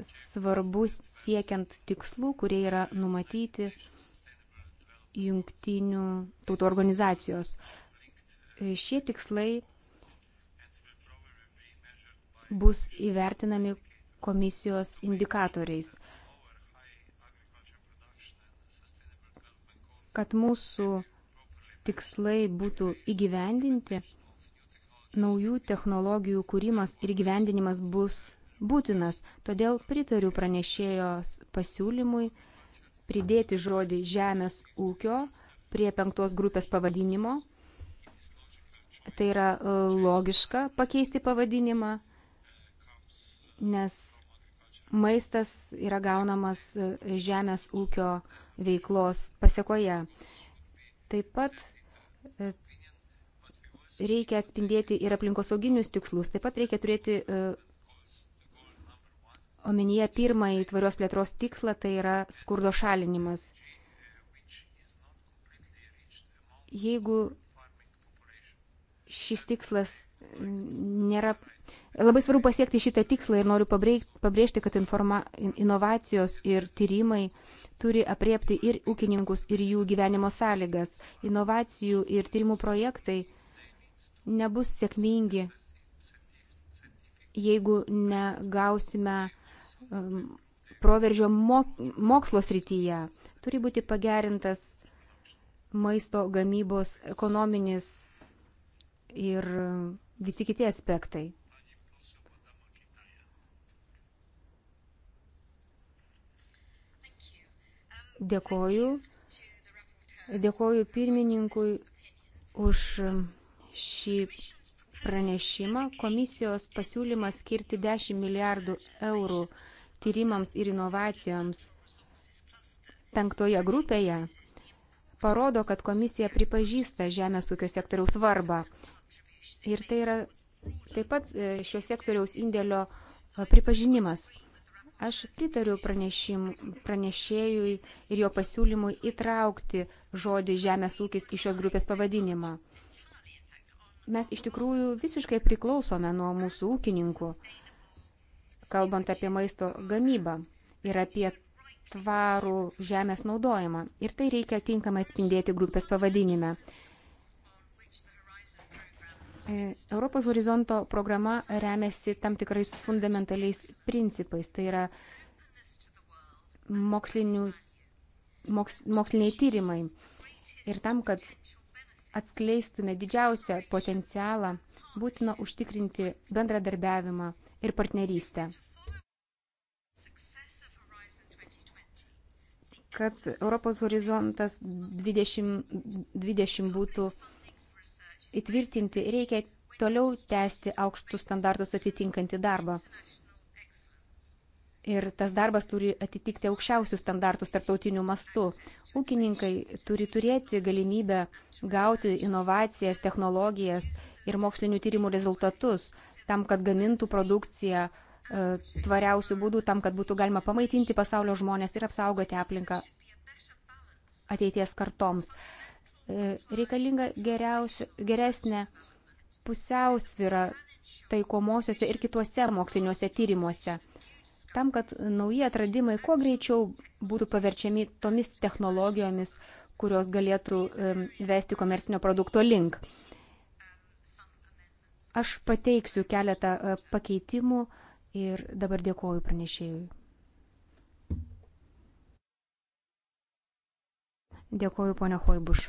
S5: svarbus siekiant tikslų, kurie yra numatyti jungtinių tautų organizacijos. E, šie tikslai bus įvertinami komisijos indikatoriais, kad mūsų tikslai būtų įgyvendinti, naujų technologijų kūrimas ir gyvendinimas bus būtinas. Todėl pritariu pranešėjos pasiūlymui pridėti žodį žemės ūkio prie penktos grupės pavadinimo. Tai yra e, logiška pakeisti pavadinimą nes maistas yra gaunamas e, žemės ūkio veiklos pasiekoje. Taip pat e, reikia atspindėti ir aplinkosauginius tikslus. Taip pat reikia turėti e, omenyje pirmąjį tvarios plėtros tikslą, tai yra skurdo šalinimas. Jeigu šis tikslas nėra Labai svarbu pasiekti šitą tikslą ir noriu pabrėžti, kad informa, inovacijos ir tyrimai turi apriepti ir ūkininkus, ir jų gyvenimo sąlygas. Inovacijų ir tyrimų projektai nebus sėkmingi, jeigu negausime um, proveržio mok, mokslo srityje. Turi būti pagerintas maisto gamybos ekonominis ir visi kiti aspektai. Dėkoju. Dėkoju pirmininkui už šį pranešimą. Komisijos pasiūlymas skirti 10 milijardų eurų tyrimams ir inovacijoms penktoje grupėje parodo, kad komisija pripažįsta žemės ūkio sektoriaus svarbą. Ir tai yra taip pat e, šio sektoriaus indėlio e, pripažinimas. Aš pritariu pranešėjui ir jo pasiūlymui įtraukti žodį žemės ūkis į šios grupės pavadinimą. Mes iš tikrųjų visiškai priklausome nuo mūsų ūkininkų, kalbant apie maisto gamybą ir apie tvarų žemės naudojimą. Ir tai reikia tinkamai atspindėti grupės pavadinime. E, Europos horizonto programa remiasi tam tikrais fundamentaliais principais. Tai yra moks, moksliniai tyrimai. Ir tam, kad atskleistume didžiausią potencialą, būtina užtikrinti bendradarbiavimą ir partnerystę. Kad Europos horizontas 2020 būtų įtvirtinti, reikia toliau tęsti aukštus standartus atitinkantį darbą. Ir tas darbas turi atitikti aukščiausius standartus tarptautiniu mastu. Ūkininkai turi turėti galimybę gauti inovacijas, technologijas ir mokslinių tyrimų rezultatus tam, kad gamintų produkciją e, tvariausių būdų, tam, kad būtų galima pamaitinti pasaulio žmonės ir apsaugoti aplinką ateities kartoms. E, reikalinga geriausia, geresnė pusiausvyra taikomosiuose ir kituose moksliniuose tyrimuose, tam, kad nauji atradimai kuo greičiau būtų paverčiami tomis technologijomis, kurios galėtų vesti komercinio produkto link. Aš pateiksiu keletą e, pakeitimų ir dabar dėkoju pranešėjui. Dėkoju, ponia Hoibuš.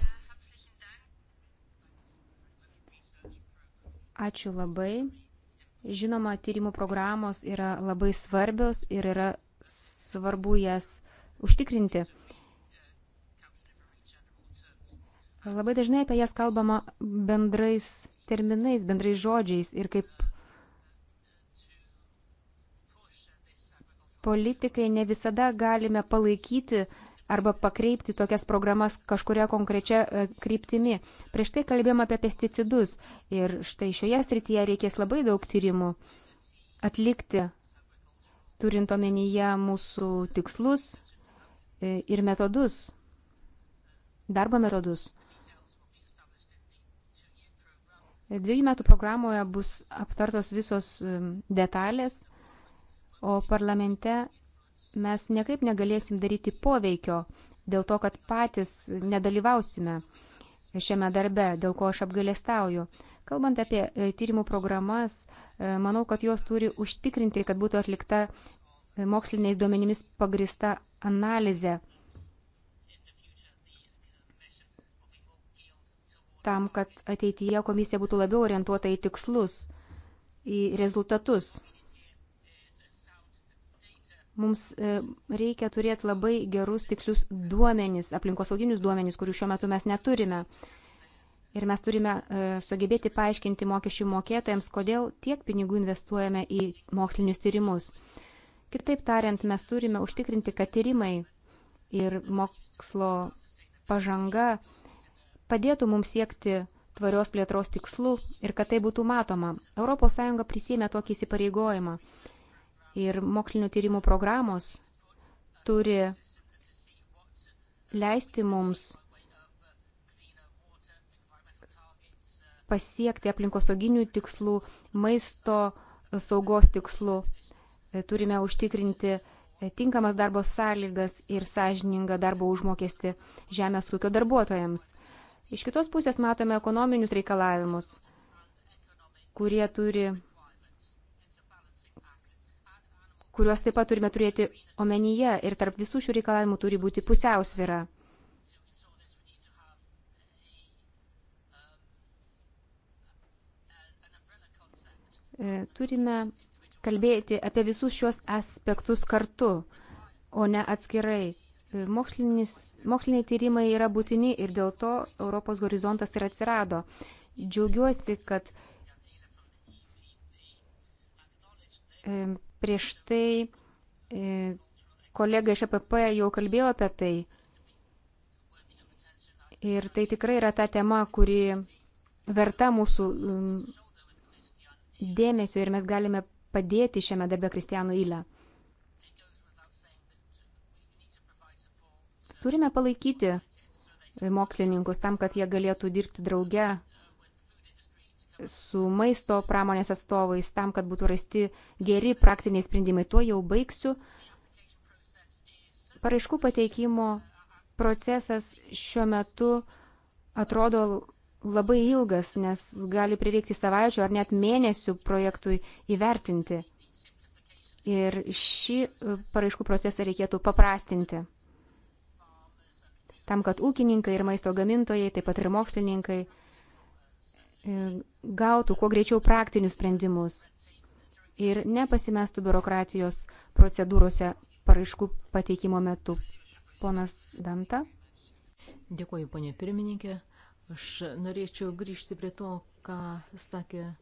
S5: Ačiū labai. Žinoma, tyrimų programos yra labai svarbios ir yra svarbu jas užtikrinti. Labai dažnai apie jas kalbama bendrais terminais, bendrais žodžiais ir kaip politikai ne visada galime palaikyti uh, arba pakreipti tokias programas kažkuria konkrečia e, kryptimi. Prieš tai kalbėjom apie pesticidus ir štai šioje srityje reikės labai daug tyrimų atlikti, turint omenyje mūsų tikslus e, ir metodus, darbo metodus. Dviejų metų programoje bus aptartos visos e, detalės, o parlamente mes niekaip negalėsim daryti poveikio dėl to, kad patys nedalyvausime šiame darbe, dėl ko aš apgailestauju. Kalbant apie e, tyrimų programas, e, manau, kad jos turi užtikrinti, kad būtų atlikta e, moksliniais duomenimis pagrista analizė tam, kad ateityje komisija būtų labiau orientuota į tikslus, į rezultatus. Mums e, reikia turėti labai gerus tikslius duomenys, aplinkosauginius duomenys, kurių šiuo metu mes neturime. Ir mes turime e, sugebėti paaiškinti mokesčių mokėtojams, kodėl tiek pinigų investuojame į mokslinius tyrimus. Kitaip tariant, mes turime užtikrinti, kad tyrimai ir mokslo pažanga padėtų mums siekti tvarios plėtros tikslų ir kad tai būtų matoma. ES prisėmė tokį įsipareigojimą ir mokslinio tyrimų programos turi leisti mums pasiekti aplinkosauginių tikslų, maisto saugos tikslų. Turime užtikrinti tinkamas darbo sąlygas ir sąžiningą darbo užmokesti žemės ūkio darbuotojams. Iš kitos pusės matome ekonominius reikalavimus, kurie turi kuriuos taip pat turime turėti omenyje ir tarp visų šių reikalavimų turi būti pusiausvira. E, turime kalbėti apie visus šiuos aspektus kartu, o ne atskirai. E, moksliniai tyrimai yra būtini ir dėl to Europos horizontas ir atsirado. Džiaugiuosi, kad e, Prieš tai e, kolega iš APP jau kalbėjo apie tai. Ir tai tikrai yra ta tema, kuri verta mūsų dėmesio ir mes galime padėti šiame darbe Kristijanų Ilę. Turime palaikyti mokslininkus tam, kad jie galėtų dirbti drauge su maisto pramonės atstovais tam, kad būtų rasti geri praktiniai sprendimai. Tuo jau baigsiu. Paraiškų pateikimo procesas šiuo metu atrodo labai ilgas, nes gali prireikti savaičių ar net mėnesių projektui įvertinti. Ir šį e, paraiškų procesą reikėtų paprastinti. Tam, kad ūkininkai ir maisto gamintojai, taip pat ir mokslininkai E, gautų kuo greičiau praktinius sprendimus ir nepasimestų biurokratijos procedūrose paraiškų pateikimo metu. Ponas Danta.
S1: Dėkuoju, ponė pirmininkė. Aš norėčiau grįžti prie to, ką sakė e,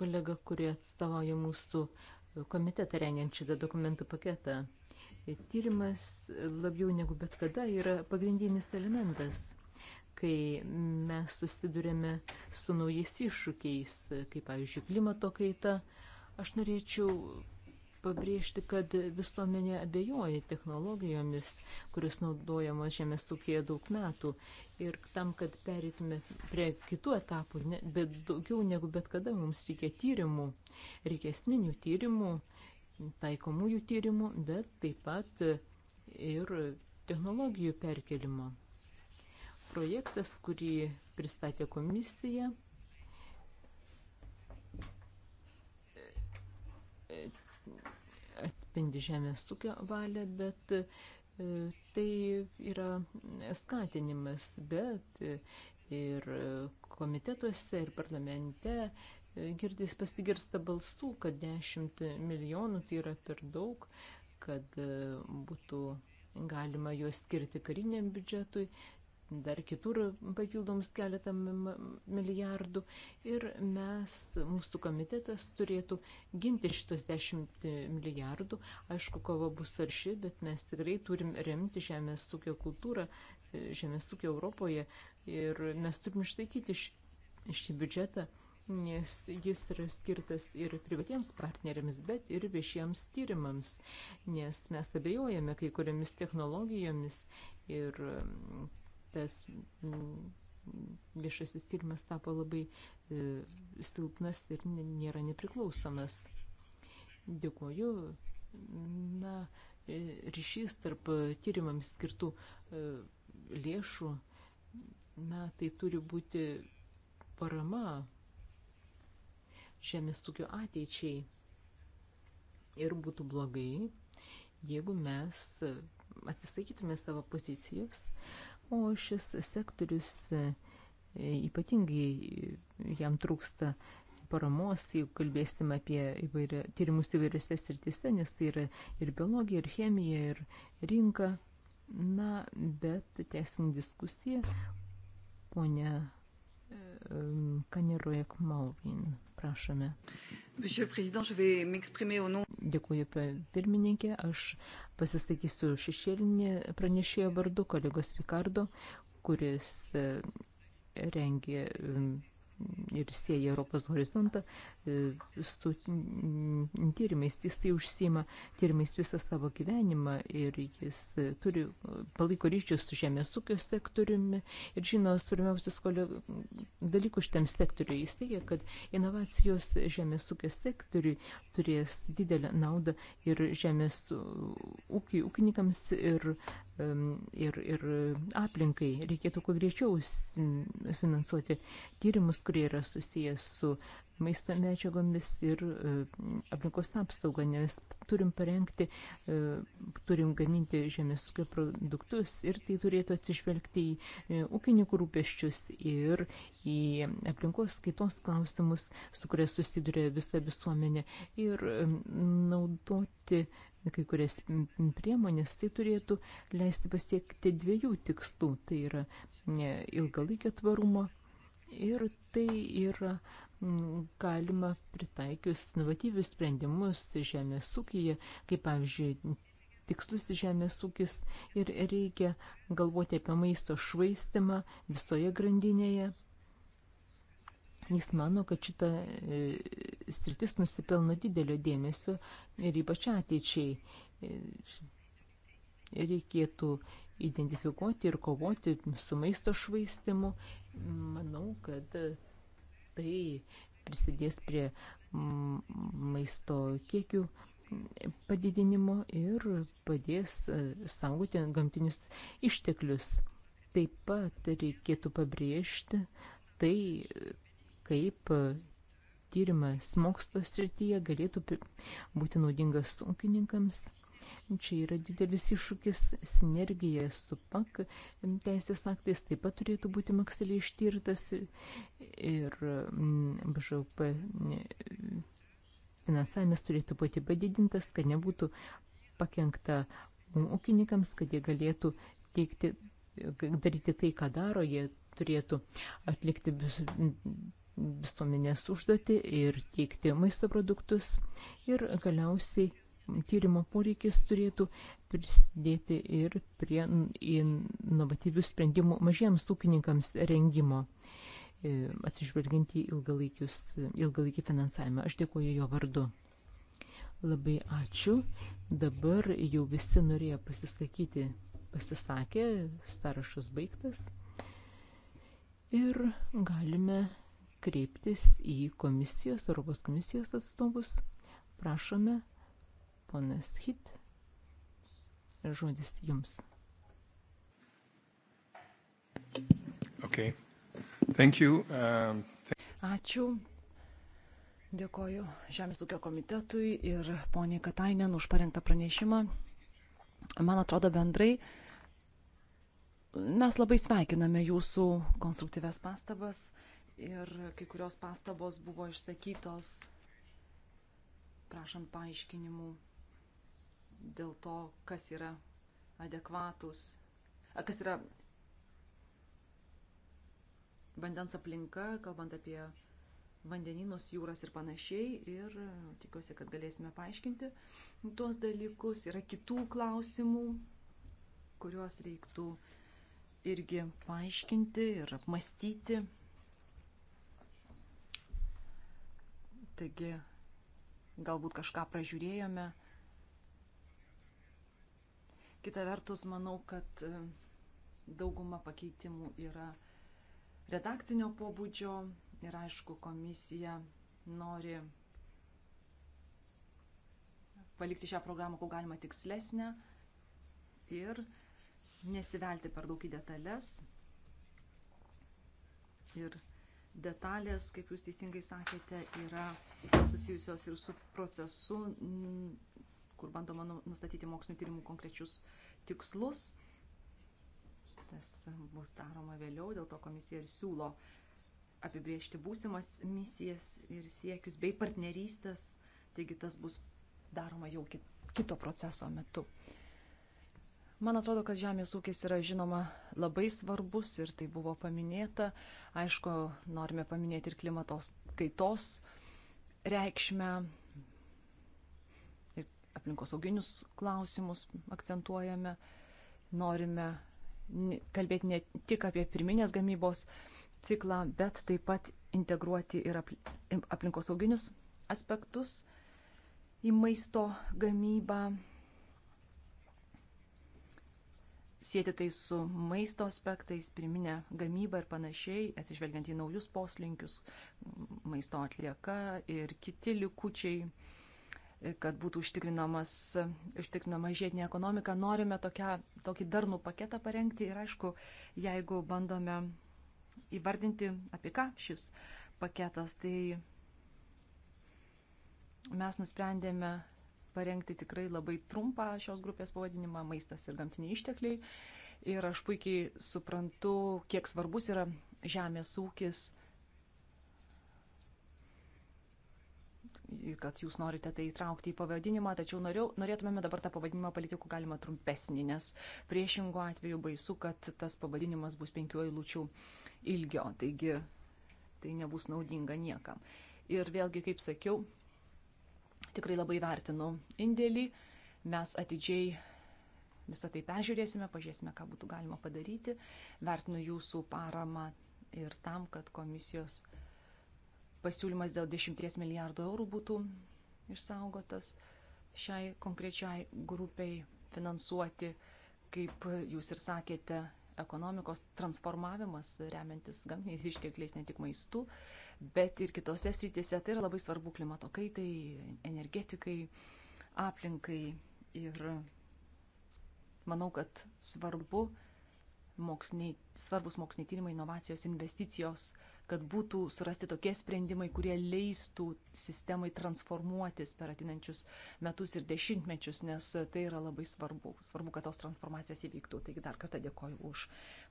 S1: kolega, kurie atstovauja mūsų komitetą rengiant šitą dokumentų paketą. Tyrimas labiau negu bet kada yra pagrindinis elementas – kai mes susidurėme su naujais iššūkiais, kaip pavyzdžiui klimato kaita, aš norėčiau pabrėžti, kad visuomenė abejoja technologijomis, kuris naudojamos žemės ūkėje daug metų. Ir tam, kad perėtume prie kitų etapų, ne, bet daugiau negu bet kada mums reikia tyrimų, reikia esminių tyrimų, taikomųjų tyrimų, bet taip pat ir technologijų perkelimo projektas, kurį pristatė komisija. atspindi žemės ūkio valią, bet e, tai yra skatinimas, bet e, ir komitetuose, ir parlamente e, girdys pasigirsta balsų, kad 10 milijonų tai yra per daug, kad būtų galima juos skirti kariniam biudžetui, dar kitur papildoms keletą milijardų ir mes, mūsų komitetas turėtų ginti šitos 10 milijardų. Aišku, kova bus arši, bet mes tikrai turim remti žemės ūkio kultūrą, e, žemės ūkio Europoje ir mes turim išlaikyti šį, šį biudžetą nes jis yra skirtas ir privatiems partneriams, bet ir viešiems tyrimams, nes mes abejojame kai kuriamis technologijomis ir tas mm, viešasis tyrimas tapo labai e, silpnas ir nėra nepriklausomas. Dėkuoju. Na, e, ryšys tarp tyrimams skirtų e, lėšų, na, tai turi būti parama žemės ūkio ateičiai. Ir būtų blogai, jeigu mes atsisakytume savo pozicijos, o šis sektorius e, ypatingai jam trūksta paramos, jeigu kalbėsim apie įvairia, tyrimus įvairiose srityse, nes tai yra ir biologija, ir chemija, ir rinka. Na, bet tęsim diskusiją, ponia e, Kaneroje Kmalvin. Prašome. Dėkuoju pirmininkė, aš pasisakysiu šešėlinį pranešėjo vardu kolegos Rikardo, kuris e, rengė ir sieja Europos horizontą e, su tyrimais. Jis tai užsima tyrimais visą savo gyvenimą ir jis turi, palaiko ryšius su žemės ūkio sektoriumi ir žino svarbiausius dalykus šitam sektoriui. Jis teigia, kad inovacijos žemės ūkio sektoriui turės didelę naudą ir žemės ūkiai, ūkininkams ir ir, ir aplinkai. Reikėtų kuo greičiau finansuoti tyrimus, kurie yra susijęs su maisto medžiagomis ir e, aplinkos apsauga, nes turim parengti, e, turim gaminti žemės ūkio produktus ir tai turėtų atsižvelgti į e, ūkininkų rūpeščius ir į aplinkos skaitos klausimus, su kuria susiduria visa visuomenė ir naudoti kai kurias priemonės, tai turėtų leisti pasiekti dviejų tikslų. Tai yra ilgalaikio tvarumo ir tai yra galima pritaikius inovatyvius sprendimus žemės ūkyje, kaip pavyzdžiui, tikslus žemės ūkis ir reikia galvoti apie maisto švaistimą visoje grandinėje Jis mano, kad šita e, sritis nusipelno didelio dėmesio ir ypač ateičiai. E, reikėtų identifikuoti ir kovoti su maisto švaistimu. Manau, kad tai prisidės prie mm, maisto kiekių e, padidinimo ir padės saugoti gamtinius išteklius. Taip pat reikėtų pabrėžti tai, kaip e, tyrimas mokslo srityje galėtų būti naudingas ūkininkams. Čia yra didelis iššūkis, sinergija su PAK teisės aktais taip pat turėtų būti maksimaliai ištirtas ir mm, BŽP finansavimas turėtų būti padidintas, kad nebūtų pakengta ūkininkams, kad jie galėtų teikti, daryti tai, ką daro, jie turėtų atlikti visuomenės užduotį ir teikti maisto produktus ir galiausiai tyrimo poreikis turėtų prisidėti ir prie inovatyvių sprendimų mažiems ūkininkams rengimo, e, atsižvelgiant į ilgalaikį finansavimą. Aš dėkuoju jo vardu. Labai ačiū. Dabar jau visi norėjo pasisakyti, pasisakė, sąrašas baigtas. Ir galime kreiptis į komisijos, Europos komisijos atstovus. Prašome, ponas Hit, žodis jums.
S3: Okay. Thank you. Um, th
S1: Ačiū. Dėkoju
S2: Žemės ūkio komitetui ir poniai Katainen už parengtą pranešimą. Man atrodo bendrai, mes labai sveikiname jūsų konstruktyves pastabas ir kai kurios pastabos buvo išsakytos, prašant paaiškinimų dėl to, kas yra adekvatus, kas yra vandens aplinka, kalbant apie vandeninus, jūras ir panašiai. Ir e, tikiuosi, kad galėsime paaiškinti tuos dalykus. Yra kitų klausimų, kuriuos reiktų irgi paaiškinti ir apmastyti. Taigi, galbūt kažką pražiūrėjome. Kita vertus, manau, kad e, dauguma pakeitimų yra redakcinio pobūdžio ir aišku, komisija nori palikti šią programą, kuo galima tikslesnę ir nesivelti per daug į detalės. Ir detalės, kaip jūs teisingai sakėte, yra susijusios ir su procesu, kur bandoma nu, nustatyti mokslinio tyrimų konkrečius tikslus. Tas bus daroma vėliau, dėl to komisija ir siūlo apibriežti būsimas misijas ir siekius bei partnerystės, taigi tas bus daroma jau kito proceso metu. Uh, Man atrodo, kad žemės ūkis yra žinoma labai svarbus ir tai buvo paminėta. Aišku, norime paminėti ir klimatos kaitos reikšmę ir aplinkosauginius klausimus akcentuojame. Norime kalbėti ne tik apie pirminės gamybos ciklą, bet taip pat integruoti ir aplinkosauginius aspektus į maisto gamybą sėti tai su maisto aspektais, pirminė gamyba ir panašiai, atsižvelgiant į naujus poslinkius, maisto atlieka ir kiti likučiai kad būtų užtikrinama žiedinė ekonomika. Norime tokia, tokį darnų paketą parengti ir aišku, jeigu bandome įvardinti, apie ką šis paketas, tai mes nusprendėme parengti tikrai labai trumpą šios grupės pavadinimą - maistas ir gamtiniai ištekliai. Ir aš puikiai suprantu, kiek svarbus yra žemės ūkis kad jūs norite tai įtraukti į pavadinimą, tačiau noriu, norėtumėme dabar tą pavadinimą palikti kuo galima trumpesnį, nes priešingų atveju baisu, kad tas pavadinimas bus penkių eilučių ilgio, taigi tai nebus naudinga niekam. Ir vėlgi, kaip sakiau, Tikrai labai vertinu indėlį. Mes atidžiai visą tai peržiūrėsime, pažiūrėsime, ką būtų galima padaryti. Vertinu jūsų paramą ir tam, kad komisijos pasiūlymas dėl 10 milijardų eurų būtų išsaugotas šiai konkrečiai grupiai finansuoti, kaip jūs ir sakėte, ekonomikos transformavimas remiantis gamtiniais ištekliais, ne tik maistu, bet ir kitose srityse. Tai yra labai svarbu klimato kaitai, energetikai, aplinkai ir manau, kad svarbu moksliniai, svarbus moksliniai tyrimai, inovacijos, investicijos, kad būtų surasti tokie sprendimai, kurie leistų sistemai transformuotis per atinančius metus ir dešimtmečius, nes tai yra labai svarbu. Svarbu, kad tos transformacijos įvyktų. Taigi dar kartą dėkoju už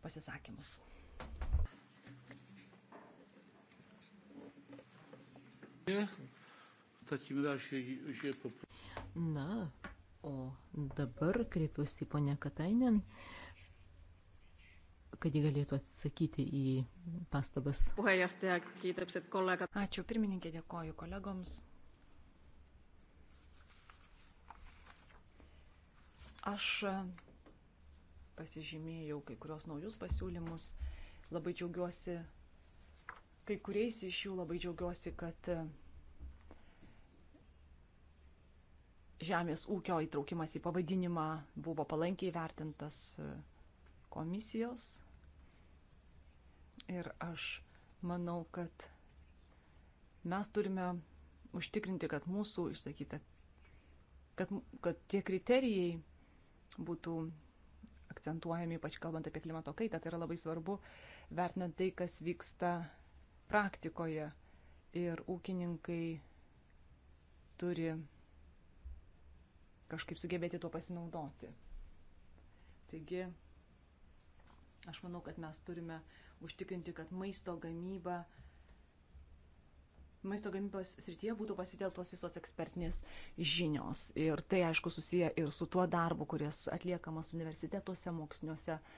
S2: pasisakymus.
S1: Na, o dabar kreipiuosi į ponę Katainen, kad ji galėtų atsakyti į pastabas.
S2: Ačiū pirmininkė, dėkoju kolegoms. Aš pasižymėjau kai kurios naujus pasiūlymus. Labai džiaugiuosi kai kuriais iš jų labai džiaugiuosi, kad e, žemės ūkio įtraukimas į pavadinimą buvo palankiai vertintas e, komisijos. Ir aš manau, kad mes turime užtikrinti, kad mūsų išsakyta, kad, kad tie kriterijai būtų akcentuojami, ypač kalbant apie klimato kaitą, tai yra labai svarbu vertinant tai, kas vyksta praktikoje ir ūkininkai turi kažkaip sugebėti tuo pasinaudoti. Taigi, aš manau, kad mes turime užtikrinti, kad maisto gamyba, maisto gamybos srityje būtų pasiteltos visos ekspertinės žinios. Ir tai, aišku, susiję ir su tuo darbu, kuris atliekamas universitetuose, moksliniuose uh,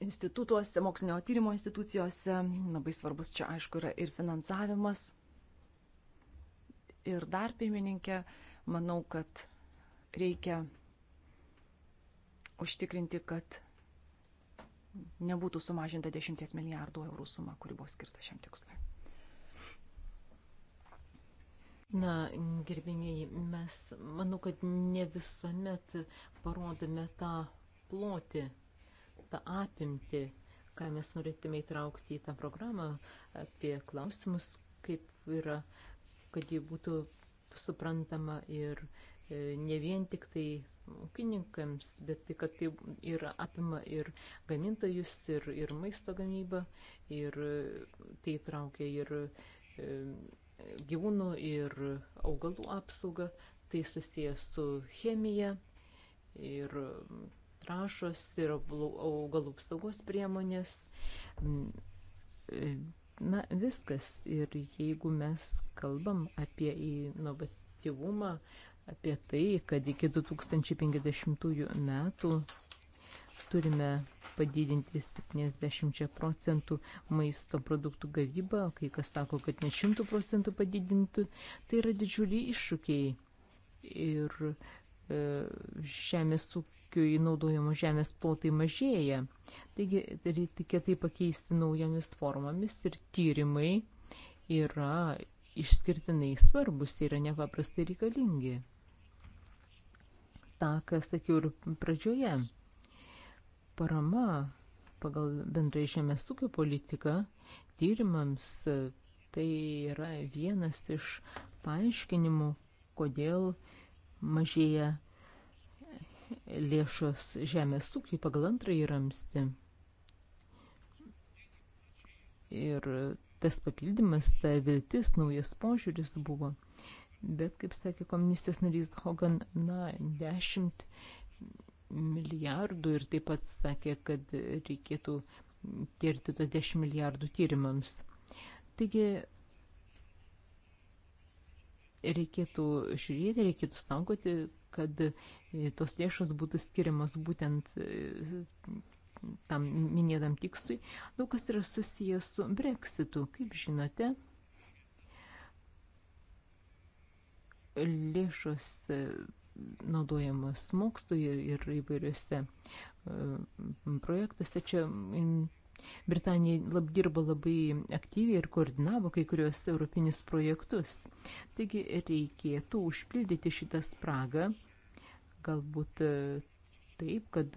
S2: institutuose, mokslinio tyrimo institucijose. Labai svarbus čia, aišku, yra ir finansavimas. Ir dar, pirmininkė, manau, kad reikia užtikrinti, kad nebūtų sumažinta
S1: 10 milijardų eurų suma, kuri buvo skirta šiam tikslui. Na, gerbėmėjai, mes, manau, kad ne visuomet parodome tą plotį tą apimti, ką mes norėtume įtraukti į tą programą, apie klausimus, kaip yra, kad ji būtų suprantama ir e, ne vien tik tai ūkininkams, bet tai, kad tai yra apima ir gamintojus, ir, ir maisto gamybą, ir e, tai traukia ir e, gyvūnų, ir augalų apsaugą, tai susijęs su chemija ir trašos ir augalų apsaugos priemonės. Mm, e, na, viskas. Ir jeigu mes kalbam apie inovatyvumą, apie tai, kad iki 2050 metų turime padidinti 70 procentų maisto produktų gavybą, kai kas sako, kad ne 100 procentų padidintų, tai yra didžiuliai iššūkiai. Ir E, žemės ūkiui naudojamo žemės plotai mažėja. Taigi reikia tai pakeisti naujomis formomis ir tyrimai yra išskirtinai svarbus, yra nepaprastai reikalingi. Ta, ką sakiau ir pradžioje, parama pagal bendrai žemės ūkio politiką tyrimams e, tai yra vienas iš paaiškinimų, kodėl uh, mažėja lėšos žemės ūkiai pagal antrąjį ramstį. Ir tas papildymas, ta viltis, naujas požiūris buvo. Bet, kaip sakė komunistijos narys Hogan, na, 10 milijardų ir taip pat sakė, kad reikėtų tirti tą 10 milijardų tyrimams. Taigi reikėtų žiūrėti, reikėtų sankoti, kad e, tos lėšos būtų skiriamas būtent e, tam minėtam tikslui. Daug kas yra susijęs su breksitu, kaip žinote. Lėšos e, naudojamos mokslo ir, ir įvairiuose projektuose. Čia Britanija labdirbo labai aktyviai ir koordinavo kai kurios europinius projektus. Taigi reikėtų užpildyti šitą spragą, galbūt e, taip, kad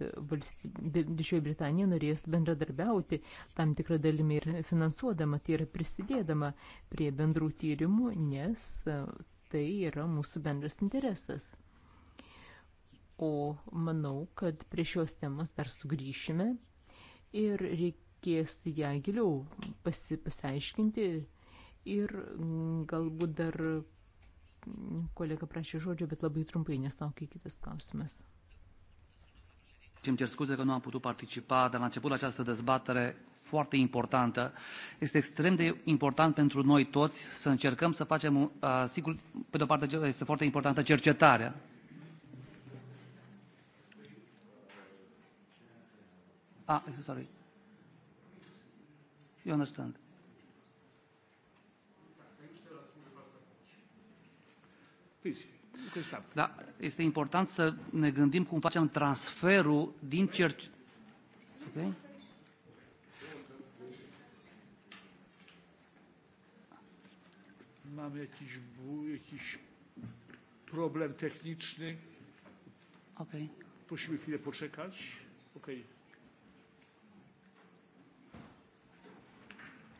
S1: Didžioji Britanija norės bendradarbiauti tam tikrą dalimi ir finansuodama, tai yra prisidėdama prie bendrų tyrimų, nes e, tai yra mūsų bendras interesas. O manau, kad prie šios temos dar sugrįšime ir reik, reikės ją giliau pasi, pasiaiškinti ir mm, galbūt dar kolega prašė žodžio, bet labai trumpai, nes laukia kitas klausimas.
S2: Îmi cer scuze că nu am putut participa, dar la început la această dezbatere foarte importantă. Este extrem de important pentru noi toți să încercăm să facem, uh, sigur, pe de-o parte este foarte importantă cercetarea.
S3: Ah, sorry. You understand? Da, este important să ne gândim cum facem transferul din cerci. Okay? Mamy jakiś, jakiś problem techniczny. Okay. Prosimy chwilę poczekać. Okay.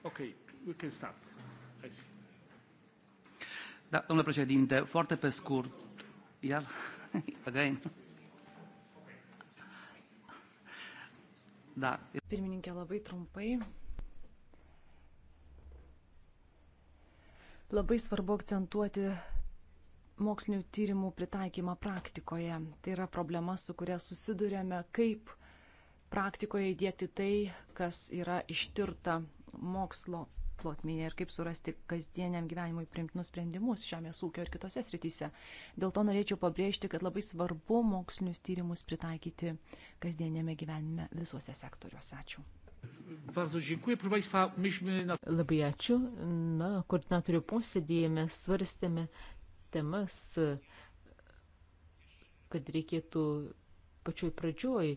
S3: Okay, we can start. Da, domnule președinte, foarte pe scurt, iar, [LAUGHS] again.
S2: Da. Pirmininkė, labai trumpai. Labai svarbu akcentuoti mokslinių tyrimų pritaikymą praktikoje. Tai yra problema, su kuria susidurėme, kaip praktikoje įdėkti tai, kas yra ištirta mokslo plotmėje ir kaip surasti kasdieniam gyvenimui primtinus sprendimus žemės ūkio ir kitose srityse. Dėl to norėčiau pabrėžti, kad labai svarbu mokslinius tyrimus pritaikyti kasdienėme gyvenime visuose sektoriuose. Ačiū.
S3: Bardzo
S1: dziękuję. Proszę Państwa, myśmy... Na... Labai ačiū. Na, koordinatorių posėdėje mes svarstėme temas, kad reikėtų pačioj pradžioj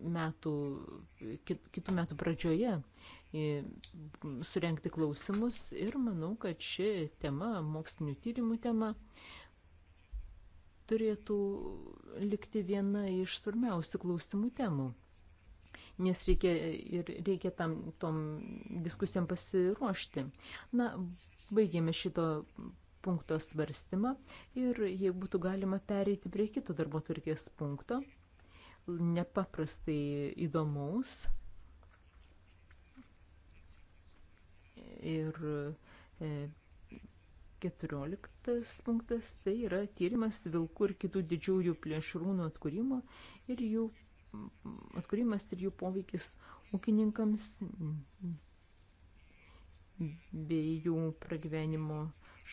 S1: metų, kitų metų pradžioje surenkti klausimus ir manau, kad ši tema, mokslinių tyrimų tema, turėtų likti viena iš svarbiausių klausimų temų. Nes reikia, ir reikia tam tom diskusijom pasiruošti. Na, baigėme šito punkto svarstymą ir jeigu būtų galima pereiti prie kito darbo turkės punkto nepaprastai įdomaus. Ir 14 e, punktas tai yra tyrimas vilkų ir kitų didžiųjų plėšrūnų atkūrimo ir jų atkūrimas ir jų poveikis ūkininkams bei jų pragyvenimo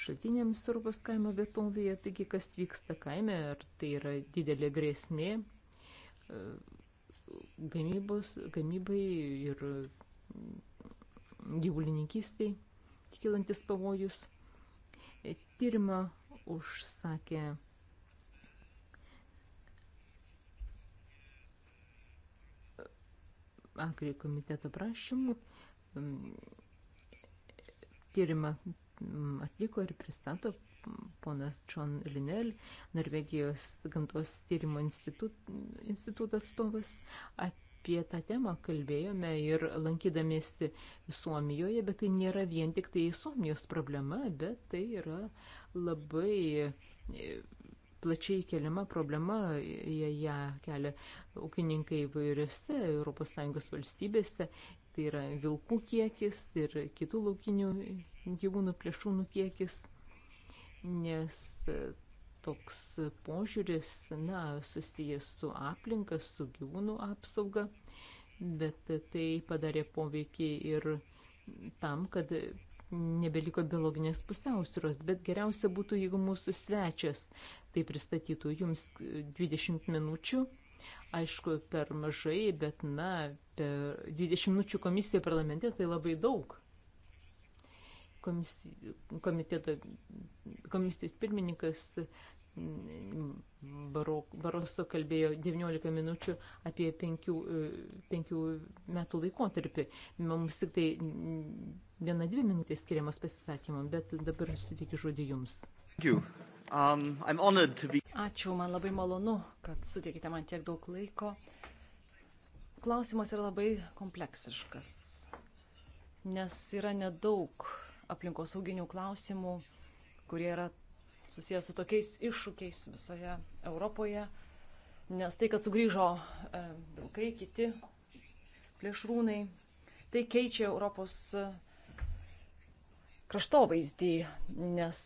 S1: šaltiniams Europos kaimo vietovėje, taigi kas vyksta kaime, ar tai yra didelė grėsmė, gamybos, gamybai ir gyvulininkystiai kilantis pavojus. Tyrimą užsakė Agri komiteto prašymų. Tyrimą atliko ir pristato ponas John Linel, Norvegijos gamtos tyrimo instituto institut atstovas, apie tą temą kalbėjome ir lankydamėsi Suomijoje, bet tai nėra vien tik tai Suomijos problema, bet tai yra labai e, plačiai keliama problema, jie ją kelia ūkininkai įvairiose ES valstybėse, tai yra vilkų kiekis ir kitų laukinių gyvūnų plėšrūnų kiekis nes e, toks požiūris, na, susijęs su aplinka, su gyvūnų apsauga, bet tai padarė poveikį ir tam, kad nebeliko biologinės pusiausvyros, bet geriausia būtų, jeigu mūsų svečias tai pristatytų jums 20 minučių. Aišku, per mažai, bet na, per 20 minučių komisija parlamente tai labai daug komiteto, komisijos pirmininkas mm, Baroso kalbėjo 19 minučių apie 5, 5 metų laikotarpį. Mums tik tai mm, viena dvi minutės skiriamas pasisakymam, bet dabar suteikiu žodį jums.
S2: Um, be... Ačiū, man labai malonu, kad suteikite man tiek daug laiko. Klausimas yra labai kompleksiškas, nes yra nedaug aplinkosauginių klausimų, kurie yra susijęs su tokiais iššūkiais visoje Europoje. Nes tai, kad sugrįžo vilkai, e, kiti plėšrūnai, tai keičia Europos kraštovaizdį, nes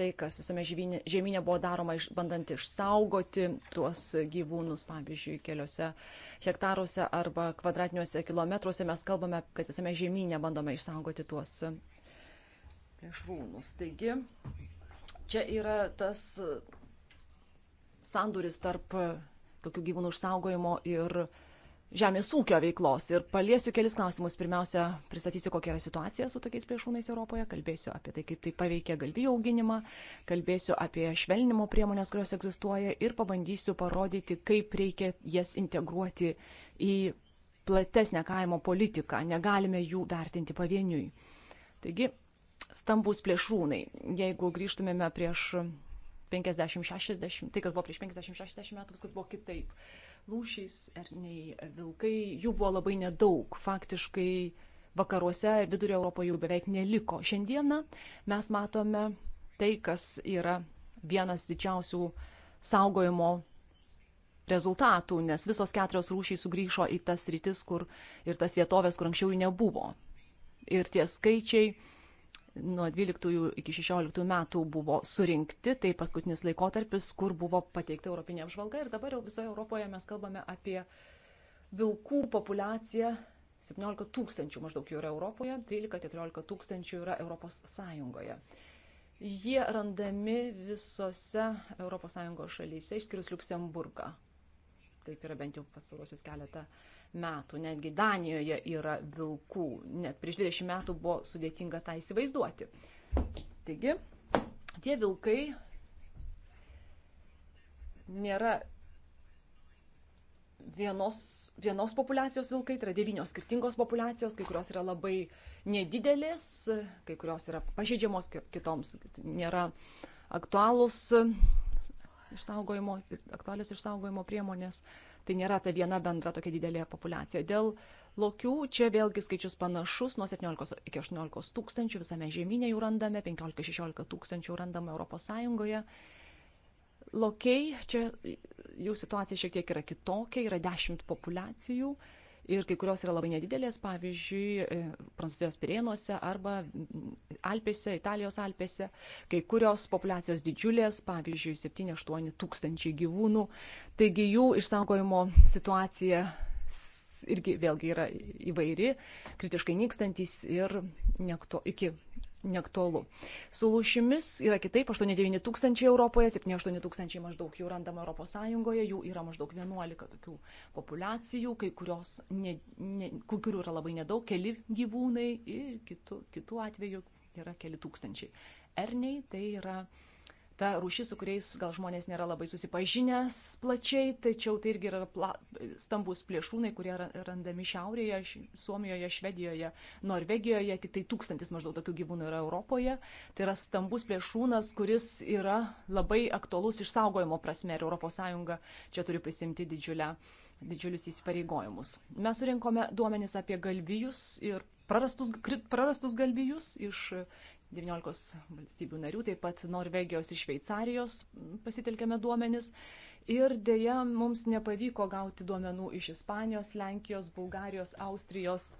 S2: tai, kas visame žemynė buvo daroma, bandant išsaugoti tuos gyvūnus, pavyzdžiui, keliose hektaruose arba kvadratiniuose kilometruose, mes kalbame, kad visame žemynė bandome išsaugoti tuos plėšrūnus. Taigi, čia yra tas sanduris tarp tokių gyvūnų išsaugojimo ir žemės ūkio veiklos. Ir paliesiu kelis klausimus. Pirmiausia, pristatysiu, kokia yra situacija su tokiais plėšrūnais Europoje, kalbėsiu apie tai, kaip tai paveikia galvijų auginimą, kalbėsiu apie švelnimo priemonės, kurios egzistuoja ir pabandysiu parodyti, kaip reikia jas integruoti į platesnę kaimo politiką. Negalime jų vertinti pavieniui. Taigi, stambus plėšrūnai. Jeigu grįžtumėme prieš 50-60, tai kas buvo prieš 50-60 metų, viskas buvo kitaip. Lūšys, erniai, vilkai, jų buvo labai nedaug. Faktiškai vakaruose ir vidurio Europoje jų beveik neliko. Šiandieną mes matome tai, kas yra vienas didžiausių saugojimo rezultatų, nes visos keturios rūšys sugrįžo į tas rytis kur, ir tas vietovės, kur anksčiau jų nebuvo. Ir tie skaičiai nuo 12 iki 16 metų buvo surinkti, tai paskutinis laikotarpis, kur buvo pateikta Europinė apžvalga ir dabar jau visoje Europoje mes kalbame apie vilkų populaciją. 17 tūkstančių maždaug jų yra Europoje, 13-14 tūkstančių yra Europos Sąjungoje. Jie randami visose ES šalyse, išskyrus Luksemburgą. Taip yra bent jau pastarosius keletą metų metų. Netgi Danijoje yra vilkų. Net prieš 20 metų buvo sudėtinga tą įsivaizduoti. Taigi, tie vilkai nėra vienos, vienos populiacijos vilkai, tai yra devynios skirtingos populiacijos, kai kurios yra labai nedidelės, kai kurios yra pažeidžiamos, kitoms nėra aktualūs išsaugojimo, aktualios išsaugojimo priemonės. Uh, tai nėra ta viena bendra tokia didelė populiacija. Dėl lokių čia vėlgi skaičius panašus, nuo 17 iki 18 tūkstančių visame žemynė jų randame, 15-16 tūkstančių randame Europos Sąjungoje. Lokiai, čia jų situacija šiek tiek yra kitokia, yra 10 populiacijų, ir kai kurios yra labai nedidelės, pavyzdžiui, e, Prancūzijos Pirėnuose arba Alpėse, Italijos Alpėse, kai kurios populiacijos didžiulės, pavyzdžiui, 7-8 tūkstančiai gyvūnų, taigi jų išsaugojimo situacija irgi vėlgi yra įvairi, kritiškai nykstantis ir nekto, iki neaktualu. Su lūšimis yra kitaip, 8-9 tūkstančiai Europoje, 7-8 tūkstančiai maždaug jų randama Europos Sąjungoje, jų yra maždaug 11 tokių populiacijų, kai kurios, ne, ne, kurių yra labai nedaug, keli gyvūnai ir kitų, kitų atveju yra keli tūkstančiai. Erniai tai yra ta rūšis, su kuriais gal žmonės nėra labai susipažinęs plačiai, tačiau tai irgi yra pla, stambus plėšrūnai, kurie randami Šiaurėje, Suomijoje, Švedijoje, Norvegijoje, tik tai tūkstantis maždaug tokių gyvūnų yra Europoje. Tai yra stambus plėšrūnas, kuris yra labai aktualus išsaugojimo prasme ir ES čia turi prisimti didžiulę, didžiulius įsipareigojimus. Mes surinkome duomenis apie galvijus ir prarastus, prarastus galvijus iš 19 valstybių narių, taip pat Norvegijos ir Šveicarijos pasitelkėme duomenis. Ir dėja, mums nepavyko gauti duomenų iš Ispanijos, Lenkijos, Bulgarijos, Austrijos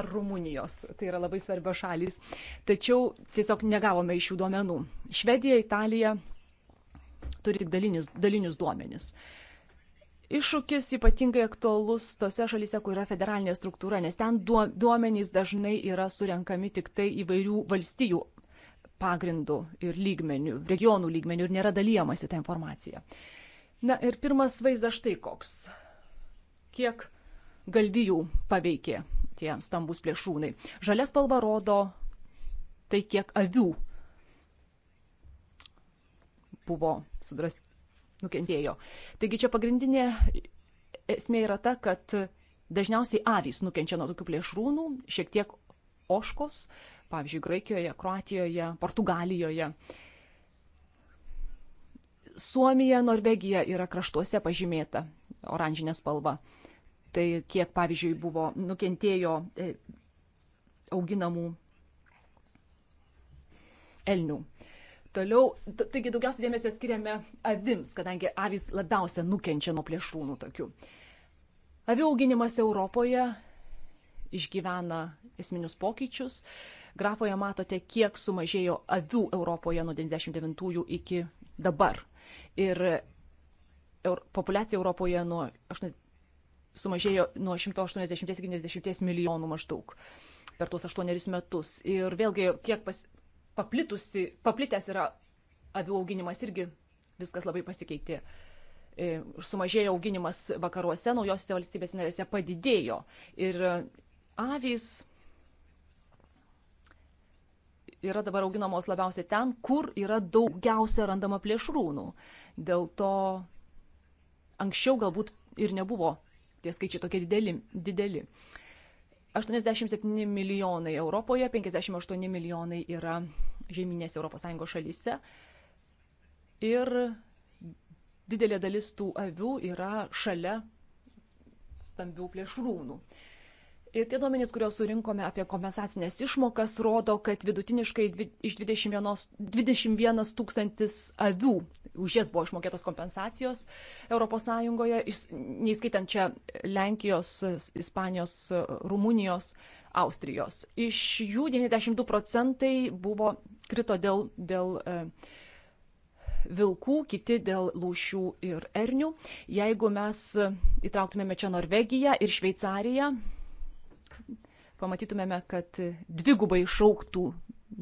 S2: ar Rumunijos. Tai yra labai svarbios šalys. Tačiau tiesiog negavome iš jų duomenų. Švedija, Italija turi tik dalinius, dalinius duomenis. Uh, iššūkis ypatingai aktualus tose šalyse, kur yra federalinė struktūra, nes ten duomenys dažnai yra surenkami tik tai įvairių valstijų pagrindų ir lygmenių, regionų lygmenių ir nėra dalyjamasi tą informaciją. Na ir pirmas vaizdas štai koks. Kiek galvijų paveikė tie stambus plėšrūnai. Žalia spalva rodo tai, kiek avių buvo sudraskyta nukentėjo. Taigi čia pagrindinė esmė yra ta, kad dažniausiai avys nukenčia nuo tokių plėšrūnų, šiek tiek oškos, pavyzdžiui, Graikijoje, Kroatijoje, Portugalijoje. Suomija, Norvegija yra kraštuose pažymėta oranžinė spalva. Tai kiek, pavyzdžiui, buvo nukentėjo e, auginamų elnių toliau. Taigi daugiausiai dėmesio skiriame avims, kadangi avys labiausia nukenčia nuo plėšrūnų tokių. Avių auginimas Europoje išgyvena esminius pokyčius. Grafoje matote, kiek sumažėjo avių Europoje nuo 99-ųjų iki dabar. Ir populiacija Europoje nuo 8, sumažėjo nuo 180 iki 90 milijonų maždaug per tuos aštuonerius metus. Ir vėlgi, kiek pas, paplitusi, paplitęs yra avių auginimas irgi viskas labai pasikeitė. E, sumažėjo auginimas vakaruose, naujosiose valstybės narėse padidėjo. Ir e, avys yra dabar auginamos labiausiai ten, kur yra daugiausia randama plėšrūnų. Dėl to anksčiau galbūt ir nebuvo tie skaičiai tokie dideli. dideli. Uh, 87 milijonai Europoje, 58 milijonai yra žemynės ES šalyse. Ir didelė dalis tų avių yra šalia stambių plėšrūnų. Uh, Ir tie duomenys, kuriuos surinkome apie kompensacinės išmokas, rodo, kad vidutiniškai iš 21, 21 tūkstantis avių už jas buvo išmokėtos kompensacijos ES, neįskaitant čia Lenkijos, Ispanijos, Rumunijos, Austrijos. Iš jų 92 procentai buvo krito dėl, dėl e, vilkų, kiti dėl lūšių ir ernių. Jeigu mes įtrauktumėme čia Norvegiją ir Šveicariją, pamatytumėme, kad dvigubai šauktų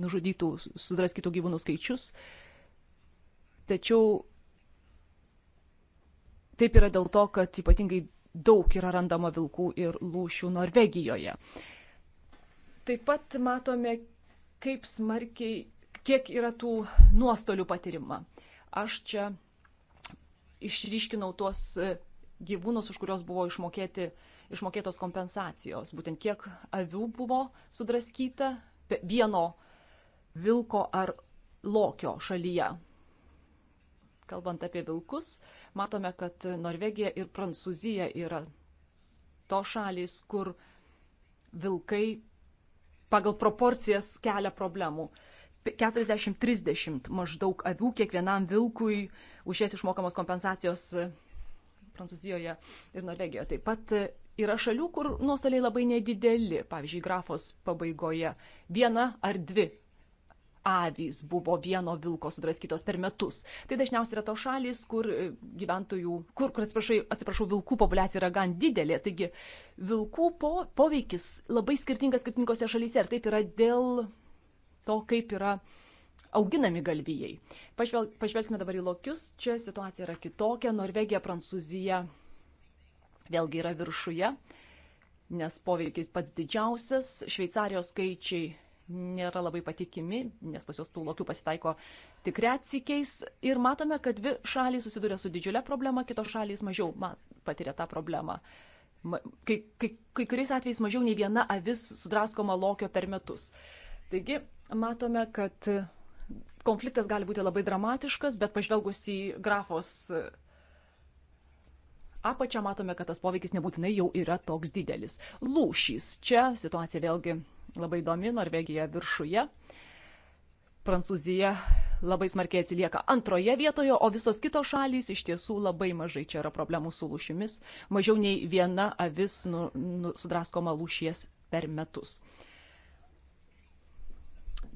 S2: nužudytų, sudraskytų gyvūnų skaičius. Tačiau taip yra dėl to, kad ypatingai daug yra randama vilkų ir lūšių Norvegijoje. Taip pat matome, kaip smarkiai, kiek yra tų nuostolių patirima. Aš čia išryškinau tuos gyvūnus, už kurios buvo išmokėti uh, išmokėtos kompensacijos. Būtent kiek avių buvo sudraskyta vieno vilko ar lokio šalyje. Kalbant apie vilkus, matome, kad Norvegija ir Prancūzija yra to šalis, kur vilkai pagal proporcijas kelia problemų. 40-30 maždaug avių kiekvienam vilkui už jas išmokamos kompensacijos Prancūzijoje ir Norvegijoje. Taip pat e, yra šalių, kur nuostoliai labai nedideli. Pavyzdžiui, grafos pabaigoje viena ar dvi avys buvo vieno vilko sudraskytos per metus. Tai dažniausiai yra tos šalys, kur e, gyventojų, kur, kur atsiprašau, atsiprašau, vilkų populiacija yra gan didelė. Taigi vilkų po, poveikis labai skirtingas skirtingose šalyse. Ir taip yra dėl to, kaip yra uh, auginami galvijai. Pažvel, pažvelgsime dabar į lokius. Čia situacija yra kitokia. Norvegija, Prancūzija vėlgi yra viršuje, nes poveikis pats didžiausias. Šveicarijos skaičiai nėra labai patikimi, nes pas juos tų lokių pasitaiko tik retsikiais. Ir matome, kad dvi šalys susiduria su didžiulė problema, kitos šalys mažiau mat, patiria tą problemą. Kai, kai, kai kuriais atvejais mažiau nei viena avis sudraskoma lokio per metus. Taigi matome, kad konfliktas gali būti labai dramatiškas, bet pažvelgus į grafos apačią matome, kad tas poveikis nebūtinai jau yra toks didelis. Lūšys. Čia situacija vėlgi labai įdomi, Norvegija viršuje. Prancūzija labai smarkiai atsilieka antroje vietoje, o visos kitos šalys iš tiesų labai mažai čia yra problemų su lūšimis. Mažiau nei viena avis nu, nu, sudraskoma lūšies per metus. Uh,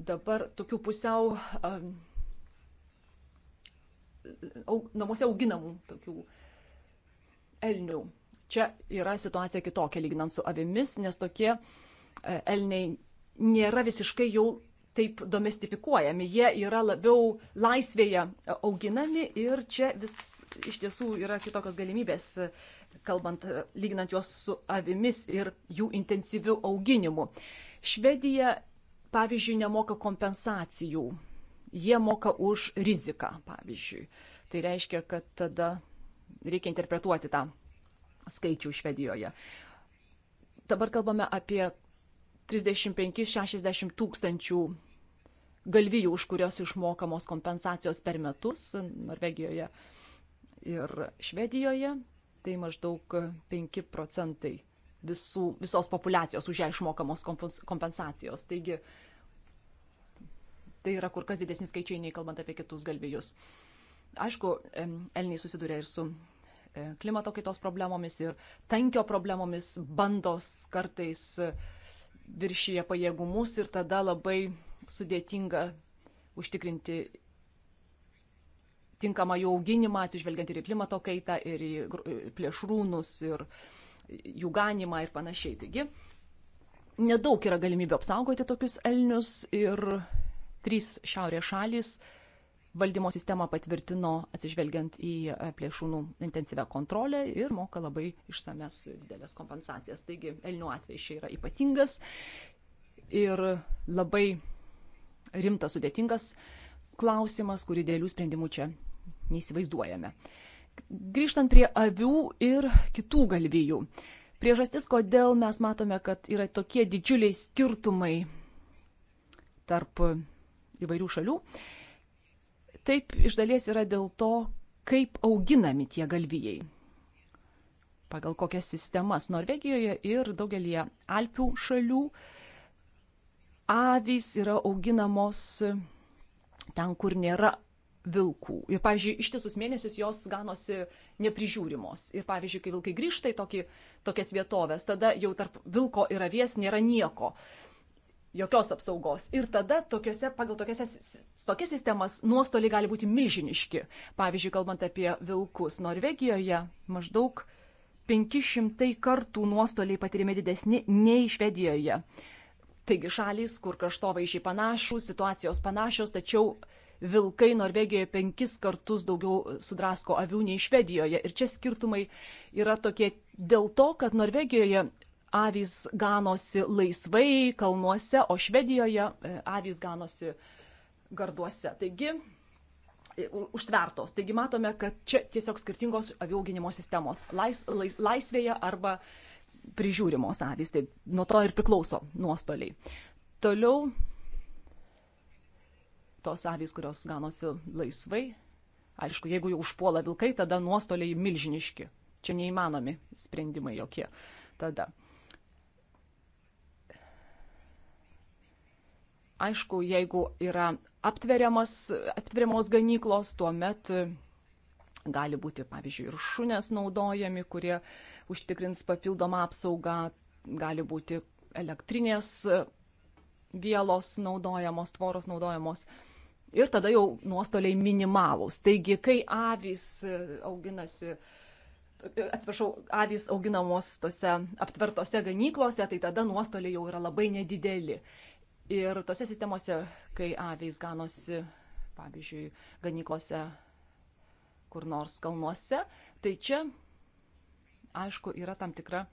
S2: dabar tokių pusiau um, namuose auginamų tokių elnių. Čia yra situacija kitokia lyginant su avimis, nes tokie e, elniai nėra visiškai jau taip domestifikuojami, jie yra labiau laisvėje auginami ir čia vis iš tiesų yra kitokios galimybės, e, kalbant, e, lyginant juos su avimis ir jų intensyviu auginimu. Švedija pavyzdžiui, nemoka kompensacijų. Jie moka už riziką, pavyzdžiui. Tai reiškia, kad tada reikia interpretuoti tą skaičių Švedijoje. Dabar kalbame apie 35-60 tūkstančių galvijų, už kurios išmokamos kompensacijos per metus Norvegijoje ir Švedijoje. Tai maždaug 5 procentai visų, visos populacijos už ją išmokamos kompensacijos. Taigi tai yra kur kas didesni skaičiai nei kalbant apie kitus galvijus. Aišku, elniai susiduria ir su e, klimato kaitos problemomis ir tankio problemomis, bandos kartais viršyje pajėgumus ir tada labai sudėtinga užtikrinti tinkamą jų auginimą, atsižvelgiant ir į klimato kaitą, ir į plėšrūnus, ir jų ganimą ir panašiai. Taigi, nedaug yra galimybių apsaugoti tokius elnius ir trys šiaurės šalys valdymo sistemą patvirtino atsižvelgiant į e, plėšūnų intensyvę kontrolę ir moka labai išsames didelės kompensacijas. Taigi elnių atvejs čia yra ypatingas ir labai rimtas, sudėtingas klausimas, kurį dėlių sprendimų čia neįsivaizduojame. Grįžtant prie avių ir kitų galvijų. Priežastis, kodėl mes matome, kad yra tokie didžiuliai skirtumai tarp įvairių šalių, taip iš dalies yra dėl to, kaip auginami tie galvijai. Pagal kokias sistemas Norvegijoje ir daugelie Alpių šalių avys yra auginamos ten, kur nėra vilkų. Ir, pavyzdžiui, ištisus mėnesius jos ganosi neprižiūrimos. Ir, pavyzdžiui, kai vilkai grįžta į tokį, tokias vietovės, tada jau tarp vilko ir avies nėra nieko, jokios apsaugos. Ir tada tokiose, pagal tokiose, tokias sistemas nuostoliai gali būti milžiniški. Pavyzdžiui, kalbant apie vilkus, Norvegijoje maždaug 500 kartų nuostoliai patiriami didesni nei Švedijoje. Taigi šalis, kur kraštovaizdžiai panašus, situacijos panašios, tačiau vilkai Norvegijoje penkis kartus daugiau sudrasko avių nei Švedijoje. Ir čia skirtumai yra tokie dėl to, kad Norvegijoje avys ganosi laisvai kalnuose, o Švedijoje e, avys ganosi garduose. Taigi, e, užtvertos. Taigi matome, kad čia tiesiog skirtingos avių auginimo sistemos lais, lais, laisvėje arba prižiūrimos avys. Tai nuo to ir priklauso nuostoliai. Toliau tos avys, kurios ganosi laisvai. Aišku, jeigu jau užpuola vilkai, tada nuostoliai milžiniški. Čia neįmanomi sprendimai jokie tada. Aišku, jeigu yra aptveriamos ganyklos, tuomet gali būti, pavyzdžiui, ir šunės naudojami, kurie užtikrins papildomą apsaugą, gali būti elektrinės vielos naudojamos, tvoros naudojamos. Uh, ir tada jau nuostoliai minimalūs. Taigi, kai avys e, auginasi, e, atsiprašau, avys auginamos tose aptvertose ganyklose, tai tada nuostoliai jau yra labai nedideli. Ir tose sistemose, kai avys ganosi, pavyzdžiui, ganyklose kur nors kalnuose, tai čia, aišku, yra tam tikra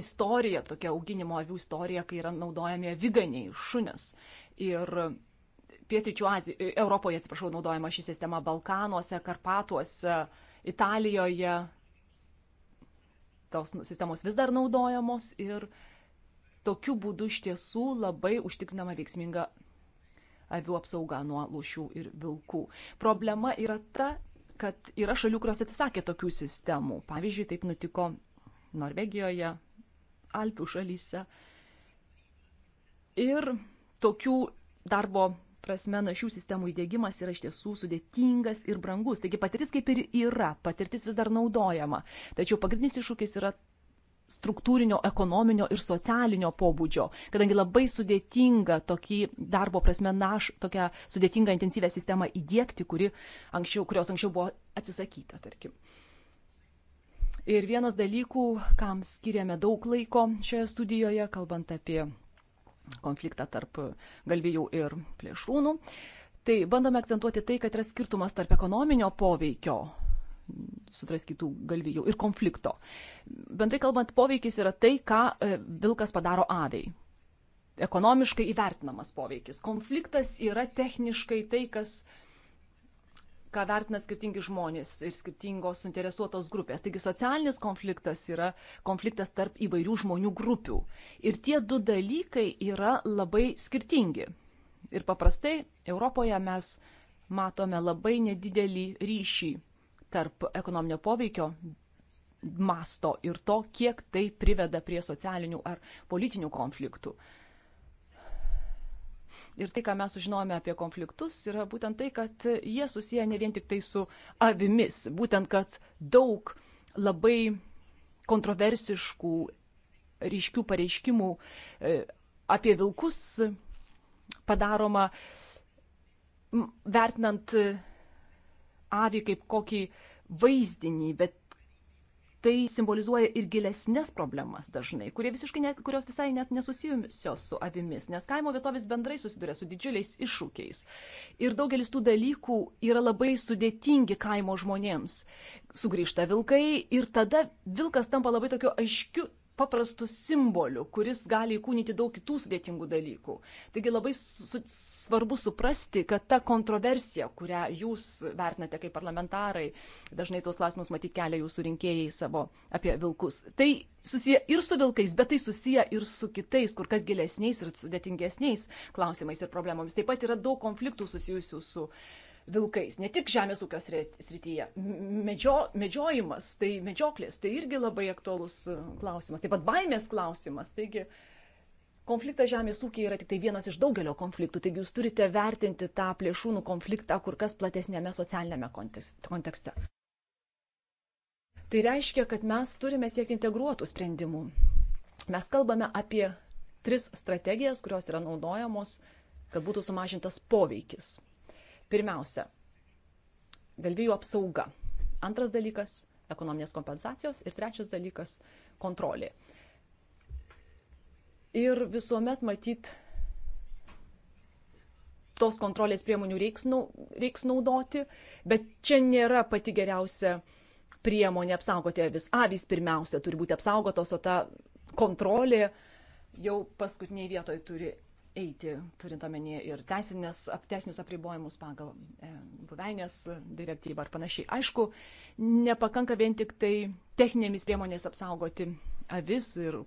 S2: istorija, tokia auginimo avių istorija, kai yra naudojami aviganiai, šunės. Ir Pietričių Azijoje, Europoje, atsiprašau, naudojama ši sistema Balkanuose, Karpatuose, Italijoje. Tos nu, sistemos vis dar naudojamos ir tokiu būdu iš tiesų labai užtikrinama veiksminga avių apsauga nuo lūšių ir vilkų. Problema yra ta, kad yra šalių, kurios atsisakė tokių sistemų. Pavyzdžiui, taip nutiko Norvegijoje, Alpių šalyse. Ir tokių darbo prasme našių sistemų įdėgymas yra iš tiesų sudėtingas ir brangus. Taigi patirtis kaip ir yra, patirtis vis dar naudojama. Tačiau pagrindinis iššūkis yra struktūrinio, ekonominio ir socialinio pobūdžio, kadangi labai sudėtinga tokį darbo prasme naš, tokią sudėtingą intensyvę sistemą įdėkti, kuri anksčiau, kurios anksčiau buvo atsisakyta, tarkim. Ir vienas dalykų, kam skiriame daug laiko šioje studijoje, kalbant apie konfliktą tarp galvijų ir plėšrūnų. Tai bandome akcentuoti tai, kad yra skirtumas tarp ekonominio poveikio sudraskytų galvijų ir konflikto. Bendrai kalbant, poveikis yra tai, ką e, vilkas padaro aviai. Ekonomiškai įvertinamas poveikis. Konfliktas yra techniškai tai, kas uh, ką vertina skirtingi žmonės ir skirtingos suinteresuotos grupės. Taigi socialinis konfliktas yra konfliktas tarp įvairių žmonių grupių. Ir tie du dalykai yra labai skirtingi. Ir paprastai Europoje mes matome labai nedidelį ryšį tarp ekonominio poveikio masto ir to, kiek tai priveda prie socialinių ar politinių konfliktų. Ir tai, ką mes sužinojome apie konfliktus, yra būtent tai, kad jie susiję ne vien tik tai su avimis, būtent kad daug labai kontroversiškų, ryškių pareiškimų e, apie vilkus padaroma, vertinant e, avį kaip kokį vaizdinį, bet tai simbolizuoja ir gilesnės problemas dažnai, visiškai net, kurios visai net nesusijusios su avimis, nes kaimo vietovės bendrai susiduria su didžiuliais iššūkiais. Ir daugelis tų dalykų yra labai sudėtingi kaimo žmonėms. Sugryžta vilkai ir tada vilkas tampa labai tokiu aiškiu paprastu simboliu, kuris gali įkūnyti daug kitų sudėtingų dalykų. Taigi labai su, svarbu suprasti, kad ta kontroversija, kurią jūs vertinate kaip parlamentarai, dažnai tuos klausimus matyti kelia jūsų rinkėjai savo apie vilkus. Tai susiję ir su vilkais, bet tai susiję ir su kitais, kur kas gilesniais ir sudėtingesniais klausimais ir problemomis. Taip pat yra daug konfliktų susijusių su vilkais, ne tik žemės ūkio srityje. Medžio, medžiojimas, tai medžioklės, tai irgi labai aktuolus e, klausimas, taip pat baimės klausimas. Taigi, konfliktas žemės ūkiai yra tik tai vienas iš daugelio konfliktų, taigi jūs turite vertinti tą plėšūnų konfliktą kur kas platesnėme socialinėme kontekste. Tai reiškia, kad mes turime siekti integruotų sprendimų. Mes kalbame apie tris strategijas, kurios yra naudojamos, kad būtų sumažintas poveikis Pirmiausia, galvijų apsauga. Antras dalykas - ekonominės kompensacijos. Ir trečias dalykas - kontrolė. Ir visuomet matyt, tos kontrolės priemonių reiks, nau, reiks naudoti, bet čia nėra pati geriausia priemonė apsaugoti avis. Avis pirmiausia turi būti apsaugotos, o ta kontrolė jau paskutiniai vietoj turi eiti, turint omenyje ir teisinės, teisinius apribojimus pagal e, buveinės direktyvą ar panašiai. Aišku, nepakanka vien tik tai techninėmis priemonės apsaugoti avis ir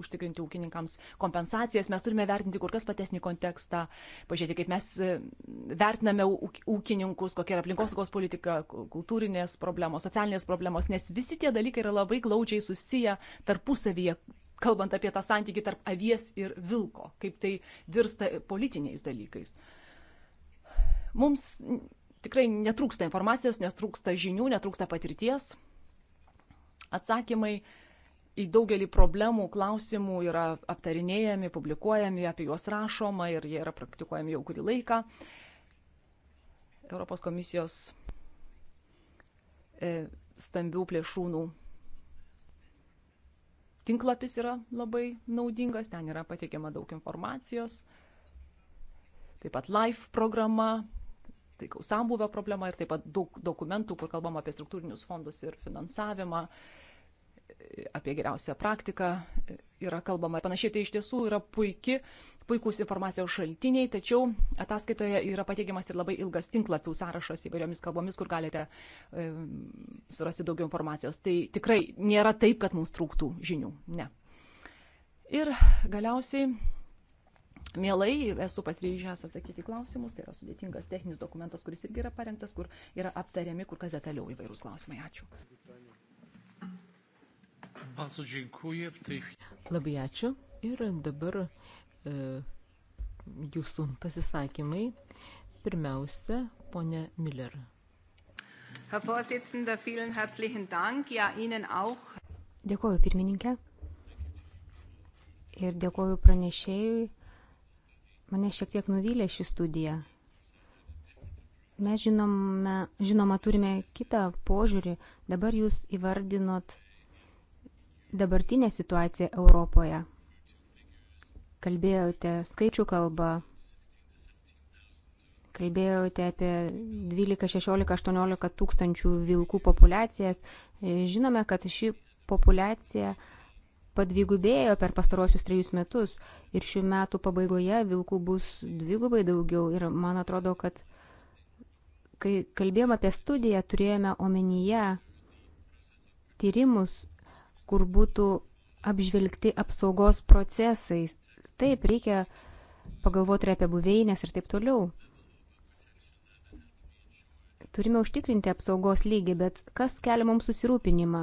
S2: užtikrinti ūkininkams kompensacijas. Mes turime vertinti kur kas platesnį kontekstą, pažiūrėti, kaip mes e, vertiname ūkininkus, kokia yra aplinkosaugos politika, kultūrinės problemos, socialinės problemos, nes visi tie dalykai yra labai glaudžiai susiję tarpusavyje, kalbant apie tą santykį tarp avies ir vilko, kaip tai virsta politiniais dalykais. Mums tikrai netrūksta informacijos, netrūksta žinių, netrūksta patirties. Atsakymai į daugelį problemų, klausimų yra aptarinėjami, publikuojami, apie juos rašoma ir jie yra praktikuojami jau kurį laiką. Europos komisijos e, stambių plėšrūnų tinklapis yra labai naudingas, ten yra pateikiama daug informacijos. Taip pat live programa, taikaus sambuvio problema ir taip pat daug dokumentų, kur kalbama apie struktūrinius fondus ir finansavimą apie geriausią praktiką yra kalbama ir panašiai. Tai iš tiesų yra puiki, puikūs informacijos šaltiniai, tačiau ataskaitoje yra pateikiamas ir labai ilgas tinklapių sąrašas įvairiomis kalbomis, kur galite e, surasti daugiau informacijos. Tai tikrai nėra taip, kad mums trūktų žinių. Ne. Ir galiausiai Mielai esu pasiryžęs atsakyti klausimus, tai yra sudėtingas techninis dokumentas, kuris irgi yra parengtas, kur yra aptariami kur kas detaliau įvairūs klausimai. Ačiū.
S3: Labai
S1: ačiū. Ir dabar e, jūsų pasisakymai. Pirmiausia, ponė Miller.
S5: Herr Vorsitzender, vielen herzlichen Dank. Ja, Ihnen auch. Dėkuoju pirmininkė. Ir dėkuoju pranešėjui. Mane šiek tiek nuvylė ši studija. Mes žinome, žinoma turime kitą požiūrį. Dabar jūs įvardinot dabartinė situacija Europoje. Kalbėjote skaičių kalbą, kalbėjote apie 12, 16, 18 tūkstančių vilkų populiacijas. Žinome, kad ši populiacija padvigubėjo per pastarosius trejus metus ir šių metų pabaigoje vilkų bus dvigubai daugiau ir man atrodo, kad kai kalbėjom apie studiją, turėjome omenyje tyrimus kur būtų apžvelgti apsaugos procesai. Taip, reikia pagalvoti ir apie buveinės ir taip toliau. Turime užtikrinti apsaugos lygį, bet kas kelia mums susirūpinimą?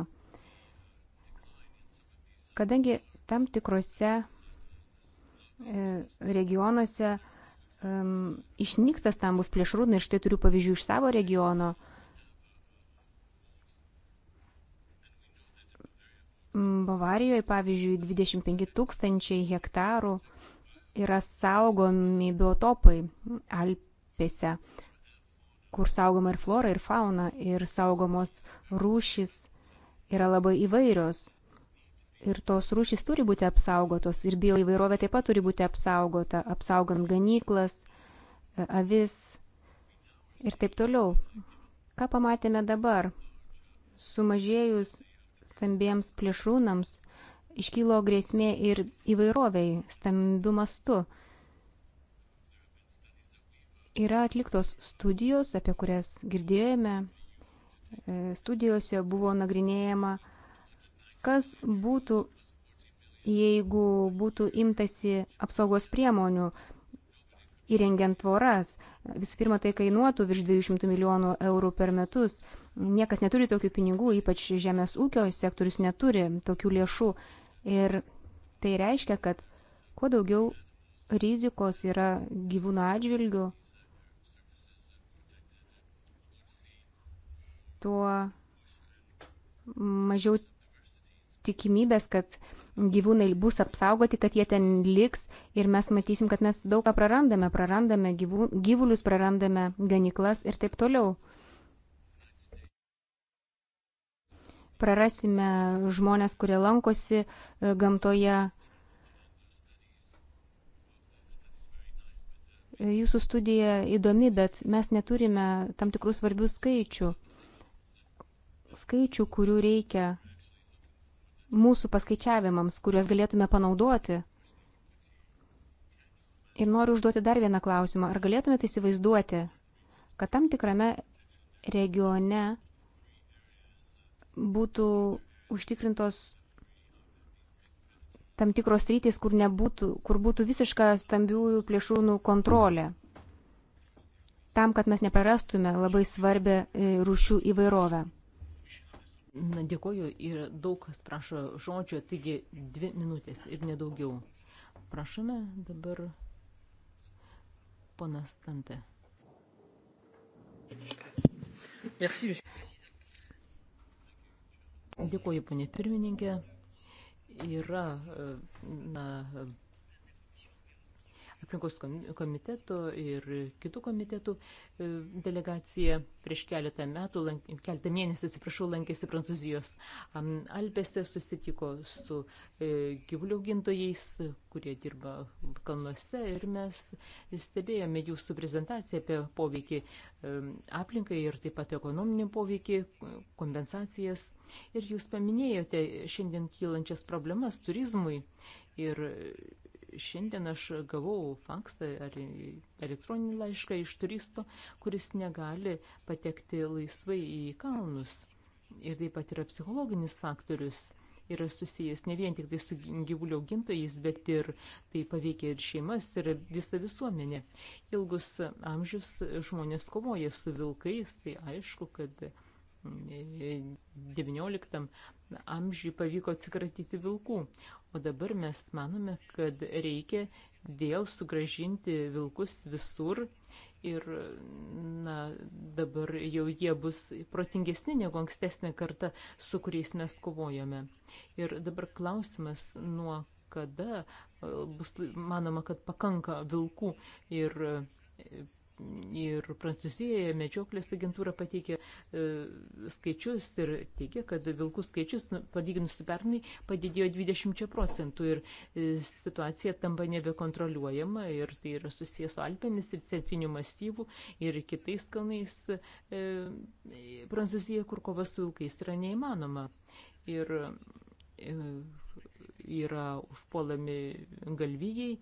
S5: Kadangi tam tikrose e, regionuose um, išnyktas tam bus plėšrūnai, štai turiu pavyzdžių iš savo regiono, uh, Bavarijoje, pavyzdžiui, 25 tūkstančiai hektarų yra saugomi biotopai Alpėse, kur saugoma ir flora, ir fauna, ir saugomos rūšys yra labai įvairios. Ir tos rūšys turi būti apsaugotos, ir bioįvairovė taip pat turi būti apsaugota, apsaugant ganyklas, avis ir taip toliau. Ką pamatėme dabar? Sumažėjus stambiems plėšrūnams iškylo grėsmė ir įvairoviai stambių mastų. Yra atliktos studijos, apie kurias girdėjome. E, studijose buvo nagrinėjama, kas būtų, jeigu būtų imtasi apsaugos priemonių įrengiant tvoras. Visų pirma, tai kainuotų virš 200 milijonų eurų per metus. Niekas neturi tokių pinigų, ypač žemės ūkio sektorius neturi tokių lėšų. Ir tai reiškia, kad kuo daugiau rizikos yra gyvūno atžvilgių, tuo mažiau tikimybės, kad gyvūnai bus apsaugoti, kad jie ten liks ir mes matysim, kad mes daug ką prarandame, prarandame gyvū, gyvulius, prarandame ganiklas ir taip toliau. prarasime žmonės, kurie lankosi e, gamtoje. E, jūsų studija įdomi, bet mes neturime tam tikrų svarbių skaičių. Skaičių, kurių reikia mūsų paskaičiavimams, kuriuos galėtume panaudoti. Ir noriu užduoti dar vieną klausimą. Ar galėtumėte įsivaizduoti, kad tam tikrame regione būtų užtikrintos tam tikros rytis, kur, nebūtų, kur būtų visiška stambiųjų plėšrūnų kontrolė. Tam, kad mes neprarastume labai svarbę e, rūšių įvairovę.
S1: Na, dėkoju ir daug kas prašo žodžio, taigi dvi minutės ir nedaugiau. Prašome dabar ponas Tante. Merci. Dėkuoju, ponė pirmininkė. Yra e, na, aplinkos komiteto ir kitų komitetų e, delegacija prieš keletą metų, keletą mėnesį, atsiprašau, lankėsi Prancūzijos Alpėse, susitiko su e, gyvulių augintojais, kurie dirba kalnuose ir mes stebėjome jūsų prezentaciją apie poveikį e, aplinkai ir taip pat ekonominį poveikį, kompensacijas. Ir jūs paminėjote šiandien kylančias problemas turizmui ir šiandien aš gavau faksą ar elektroninį laišką iš turisto, kuris negali patekti laisvai į kalnus. Ir taip pat yra psichologinis faktorius yra susijęs ne vien tik tai su gyvulių augintojais, bet ir tai paveikia ir šeimas, ir visą visuomenę. Ilgus amžius žmonės kovoja su vilkais, tai aišku, kad 19 mm, amžiui pavyko atsikratyti vilkų, o dabar mes manome, kad reikia vėl sugražinti vilkus visur ir na, dabar jau jie bus protingesni negu ankstesnė karta, su kuriais mes kovojame. Ir dabar klausimas, nuo kada e, bus manoma, kad pakanka vilkų ir ir Prancūzijoje medžioklės agentūra pateikė e, skaičius ir teigia, kad vilkų skaičius, nu, palyginus su pernai, padidėjo 20 procentų ir e, situacija tampa nebekontroliuojama ir tai yra susijęs su Alpėmis ir centriniu masyvu ir kitais kalnais e, Prancūzijoje, kur kova su vilkais yra neįmanoma. Ir e, yra užpuolami galvijai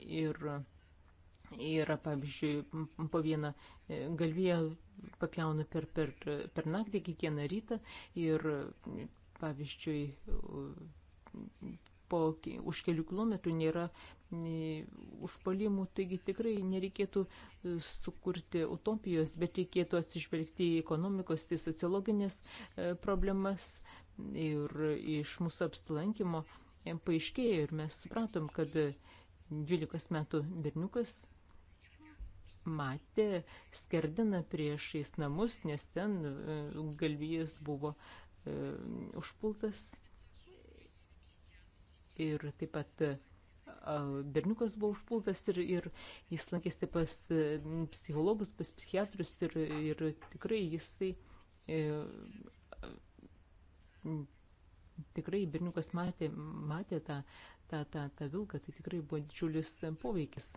S1: ir yra, pavyzdžiui, po vieną e, galviją papjauna per, per, per naktį, kiekvieną rytą ir, pavyzdžiui, po, už kelių kilometrų nėra e, užpalimų, taigi tikrai nereikėtų e, sukurti utopijos, bet reikėtų atsižvelgti į ekonomikos, į sociologinės problemas ir iš mūsų apsilankimo paaiškėjo ir mes supratom, kad 12 metų berniukas matė skerdiną priešais namus, nes ten e, galvijas buvo e, užpultas. Ir taip pat e, berniukas buvo užpultas ir, ir jis lankėsi pas psichologus, pas psichiatrus ir, ir tikrai jisai tikrai berniukas matė, matė tą, tą, tą, tą vilką, tai tikrai buvo didžiulis poveikis.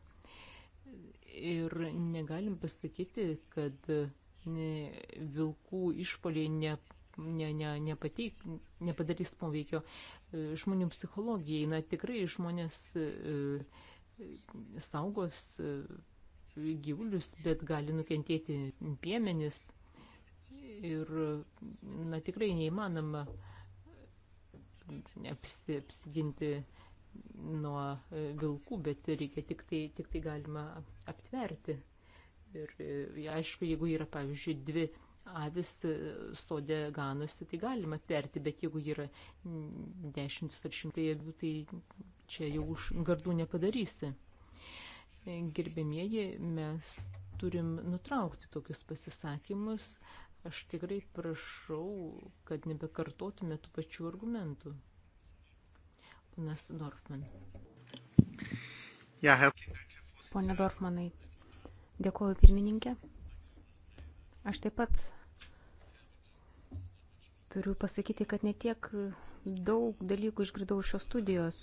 S1: Ir negalim pasakyti, kad vilkų išpoliai ne, ne, ne, nepateik, nepadarys poveikio e, žmonių psichologijai. Na, tikrai žmonės e, saugos e, gyvulius, bet gali nukentėti piemenis. Ir, na, tikrai neįmanoma apsi, apsiginti nuo e, vilkų, bet reikia tik tai, tik tai galima aptverti. Ir e, aišku, jeigu yra, pavyzdžiui, dvi avis e, sode ganosi, tai galima atverti, bet jeigu yra dešimtis ar šimtai avių, tai čia jau už gardų nepadarysi. Gerbėmieji, mes turim nutraukti tokius pasisakymus. Aš tikrai prašau, kad nebekartotume tų pačių argumentų. Panas Dorfman.
S5: Ja, Pone Dorfmanai, dėkuoju pirmininkė. Aš taip pat turiu pasakyti, kad netiek daug dalykų išgirdau iš šios studijos.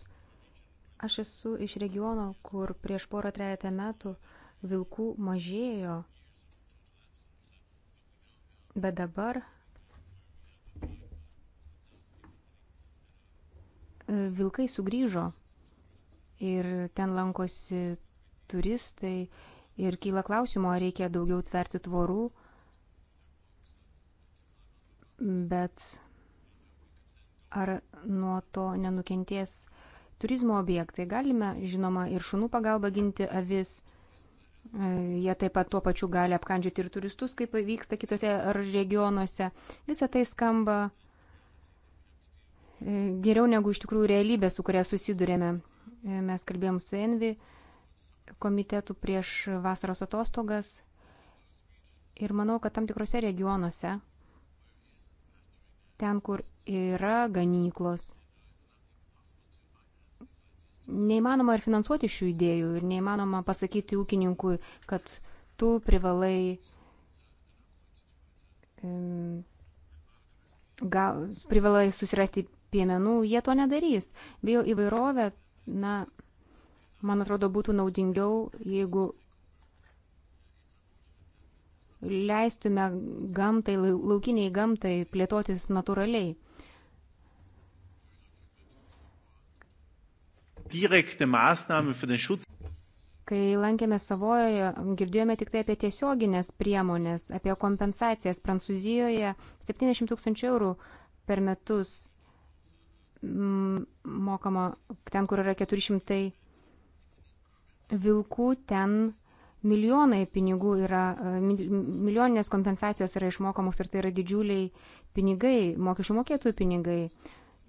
S5: Aš esu iš regiono, kur prieš porą trejata metų vilkų mažėjo, bet dabar vilkai sugrįžo ir ten lankosi turistai ir kyla klausimo, ar reikia daugiau tverti tvorų, bet ar nuo to nenukentės turizmo objektai. Galime, žinoma, ir šunų pagalba ginti avis. Jie taip pat tuo pačiu gali apkandžioti ir turistus, kaip vyksta kitose regionuose. Visą tai skamba uh, geriau negu iš tikrųjų realybė, su kuria susidurėme. Mes kalbėjom su Envi komitetu prieš vasaros atostogas ir manau, kad tam tikrose regionuose, ten, kur yra ganyklos, neįmanoma ir finansuoti šių idėjų ir neįmanoma pasakyti ūkininkui, kad tu privalai um, gal, privalai susirasti piemenų, jie to nedarys. Bio įvairovė, na, man atrodo, būtų naudingiau, jeigu leistume gamtai, laukiniai gamtai plėtotis natūraliai.
S3: Direkte Maßnahmen für den Schutz.
S5: Kai lankėme Savojoje, girdėjome tik tai apie tiesioginės priemonės, apie kompensacijas. Prancūzijoje 70 tūkstančių eurų per metus mokama, ten, kur yra 400 vilkų, ten milijonai pinigų yra, e, milijoninės kompensacijos yra išmokamos ir tai yra didžiuliai pinigai, mokesčių mokėtojų pinigai.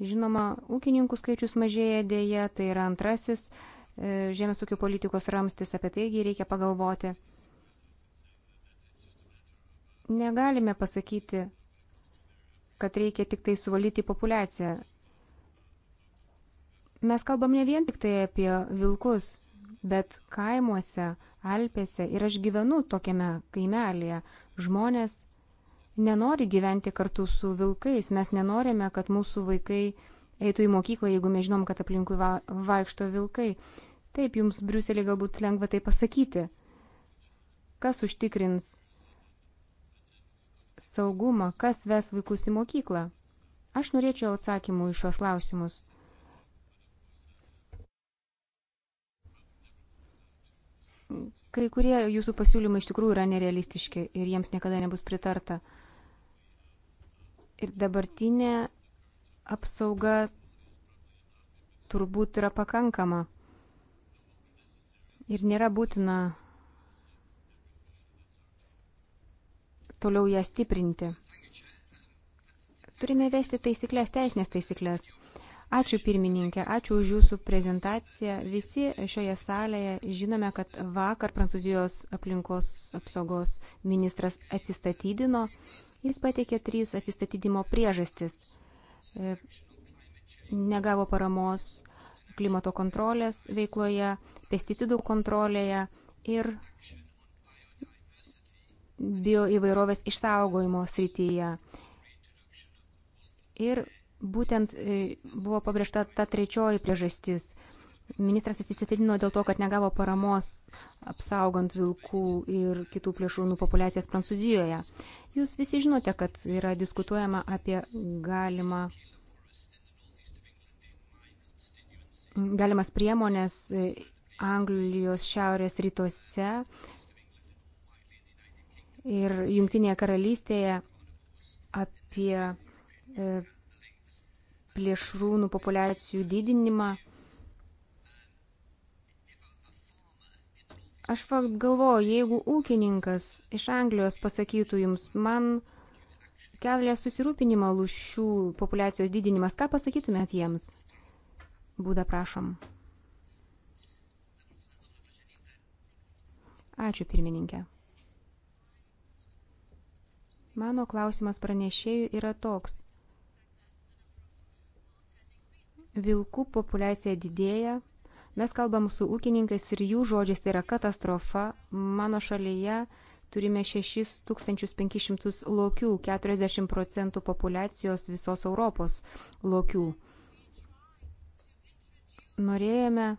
S5: Žinoma, ūkininkų skaičius mažėja dėje, tai yra antrasis e, žemės ūkio politikos ramstis, apie taigi reikia pagalvoti. Negalime pasakyti, kad reikia tik tai suvalyti populiaciją mes kalbam ne vien tik tai apie vilkus, bet kaimuose, Alpėse ir aš gyvenu tokiame kaimelėje. Žmonės nenori gyventi kartu su vilkais, mes nenorime, kad mūsų vaikai eitų į mokyklą, jeigu mes žinom, kad aplinkui va, vaikšto vilkai. Taip, jums Briuselį galbūt lengva tai pasakyti. Kas užtikrins saugumą, kas ves vaikus į mokyklą? Aš norėčiau atsakymų iš šios klausimus. Kai kurie jūsų pasiūlymai iš tikrųjų yra nerealistiški ir jiems niekada nebus pritarta. Ir dabartinė apsauga turbūt yra pakankama. Ir nėra būtina toliau ją stiprinti. Turime vesti taisyklės, teisinės taisyklės. Ačiū pirmininkė, ačiū už jūsų prezentaciją. Visi šioje salėje žinome, kad vakar Prancūzijos aplinkos apsaugos ministras atsistatydino. Jis pateikė trys atsistatydimo priežastis. Negavo paramos klimato kontrolės veikloje, pesticidų kontrolėje ir bioįvairovės išsaugojimo srityje. Ir būtent e, buvo pabrėžta ta trečioji priežastis. Ministras atsisitidino dėl to, kad negavo paramos apsaugant vilkų ir kitų plėšrūnų populiacijas Prancūzijoje. Jūs visi žinote, kad yra diskutuojama apie galimą, galimas priemonės e, Anglijos šiaurės rytuose ir Junktinėje karalystėje apie e, plėšrūnų populiacijų didinimą. Aš galvoju, jeigu ūkininkas iš Anglijos pasakytų jums, man kelia susirūpinimą lūšių populiacijos didinimas, ką pasakytumėt jiems? Būda prašom. Ačiū pirmininkė. Mano klausimas pranešėjų yra toks. vilkų populiacija didėja. Mes kalbam su ūkininkais ir jų žodžiais tai yra katastrofa. Mano šalyje turime 6500 lokių, 40 procentų populiacijos visos Europos lokių. Norėjome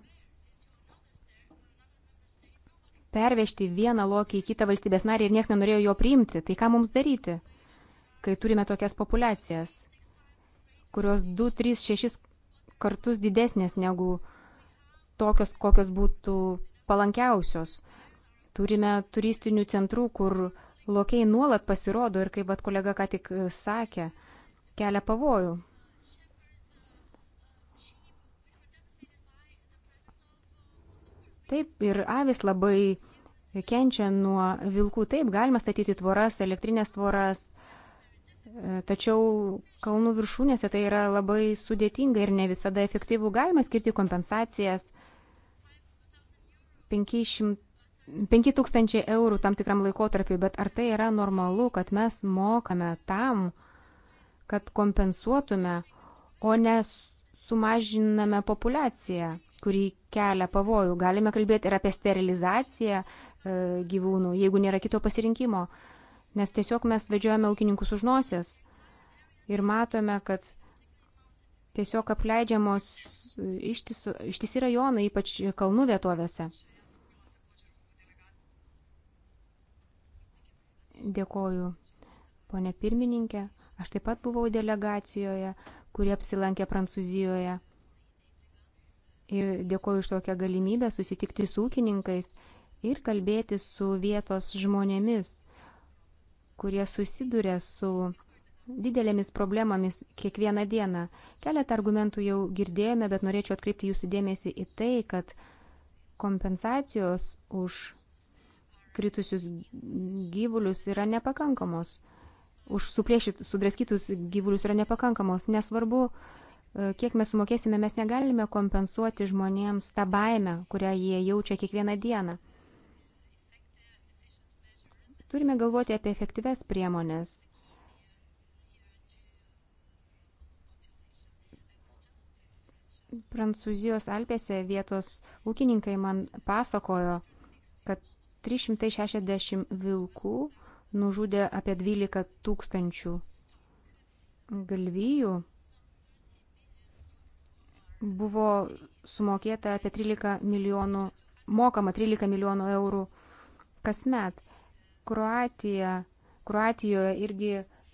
S5: pervežti vieną lokį į kitą valstybės narį ir niekas nenorėjo jo priimti. Tai ką mums daryti, kai turime tokias populiacijas? kurios 2, 3, 6 kartus didesnės negu tokios, kokios būtų palankiausios. Turime turistinių centrų, kur lokiai nuolat pasirodo ir kaip vat kolega ką tik e, sakė, kelia pavojų. Taip, ir avis labai kenčia nuo vilkų. Taip, galima statyti tvoras, elektrinės tvoras, Tačiau kalnų viršūnėse tai yra labai sudėtinga ir ne visada efektyvų galima skirti kompensacijas. 500, 5000 eurų tam tikram laikotarpiu, bet ar tai yra normalu, kad mes mokame tam, kad kompensuotume, o ne sumažiname populiaciją, kuri kelia pavojų. Galime kalbėti ir apie sterilizaciją e, gyvūnų, jeigu nėra kito pasirinkimo nes tiesiog mes vedžiojame ūkininkus už nosies ir matome, kad tiesiog apleidžiamos ištisi rajonai, ypač kalnų vietovėse. Dėkoju, ponė pirmininkė. Aš taip pat buvau delegacijoje, kurie apsilankė Prancūzijoje. Ir dėkoju už tokią galimybę susitikti su ūkininkais ir kalbėti su vietos žmonėmis kurie susiduria su didelėmis problemomis kiekvieną dieną. Keletą argumentų jau girdėjome, bet norėčiau atkreipti jūsų dėmesį į tai, kad kompensacijos už kritusius gyvulius yra nepakankamos. Už suplėšyt, sudraskytus gyvulius yra nepakankamos. Nesvarbu, e, kiek mes sumokėsime, mes negalime kompensuoti žmonėms tą baimę, kurią jie jaučia kiekvieną dieną. Turime galvoti apie efektyves priemonės. Prancūzijos Alpėse vietos ūkininkai man pasakojo, kad 360 vilkų nužudė apie 12 tūkstančių galvijų buvo sumokėta apie 13 milijonų, mokama 13 milijonų eurų kasmet. Kroatija. Kroatijoje irgi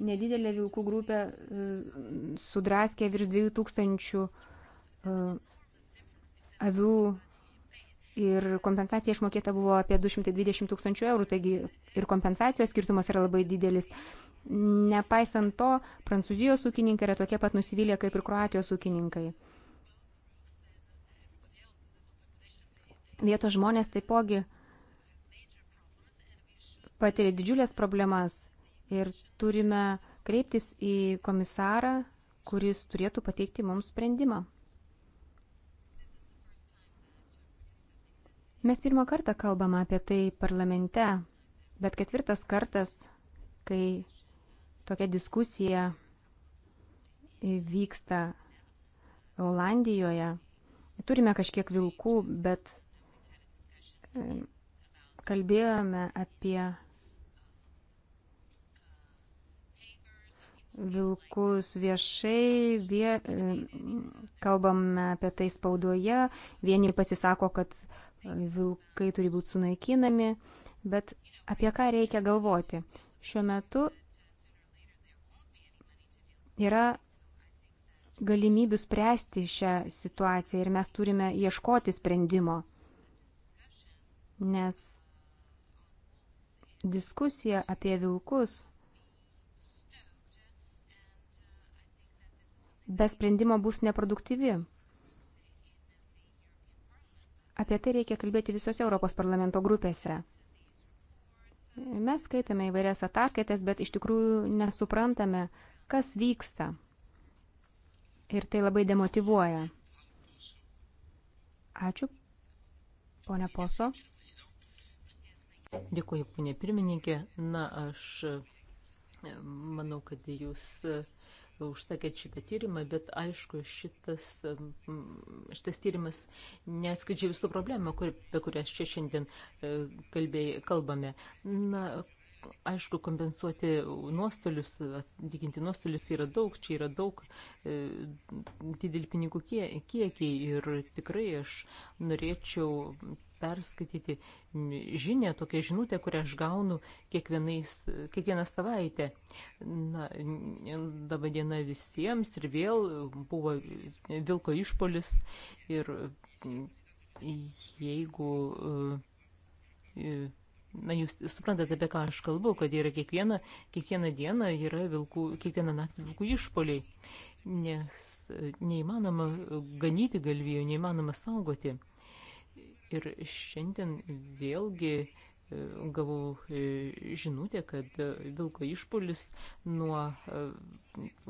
S5: nedidelė vilkų grupė e, sudraskė virš 2000 e, avių ir kompensacija išmokėta buvo apie 220 tūkstančių eurų, taigi ir kompensacijos skirtumas yra labai didelis. Nepaisant to, prancūzijos ūkininkai yra tokie pat nusivylę kaip ir kroatijos ūkininkai. Vietos žmonės taipogi uh, patiria didžiulės problemas ir turime kreiptis į komisarą, kuris turėtų pateikti mums sprendimą. Mes pirmą kartą kalbame apie tai parlamente, bet ketvirtas kartas, kai tokia diskusija vyksta Olandijoje, turime kažkiek vilkų, bet kalbėjome apie vilkus viešai, vie, e, kalbame apie tai spaudoje, vieni pasisako, kad vilkai turi būti sunaikinami, bet apie ką reikia galvoti. Šiuo metu yra galimybių spręsti šią situaciją ir mes turime ieškoti sprendimo, nes diskusija apie vilkus be sprendimo bus neproduktyvi. Apie tai reikia kalbėti visose Europos parlamento grupėse. Mes skaitome įvairias ataskaitas, bet iš tikrųjų nesuprantame, kas vyksta. Ir tai labai demotivuoja. Ačiū, ponia Poso.
S1: Dėkuoju, ponia pirmininkė. Na, aš manau, kad jūs užsakėt šitą tyrimą, bet aišku, šitas, mm, šitas tyrimas neatskidžia visų problemų, kur, apie kurias čia šiandien e, kalbėj, kalbame. Na, aišku, kompensuoti nuostolius, atlyginti nuostolius tai yra daug, čia yra daug e, didelį pinigų kiekiai ir tikrai aš norėčiau perskaityti žinę, tokią žinutę, kurią aš gaunu kiekvieną savaitę. Na, dabar diena visiems ir vėl buvo vilko išpolis ir jeigu na, jūs suprantate, apie ką aš kalbu, kad yra kiekviena, kiekviena diena yra vilkų, kiekvieną naktį vilkų išpoliai, nes neįmanoma ganyti galvijų, neįmanoma saugoti. Ir šiandien vėlgi e, gavau e, žinutę, kad e, vilko išpolis nuo,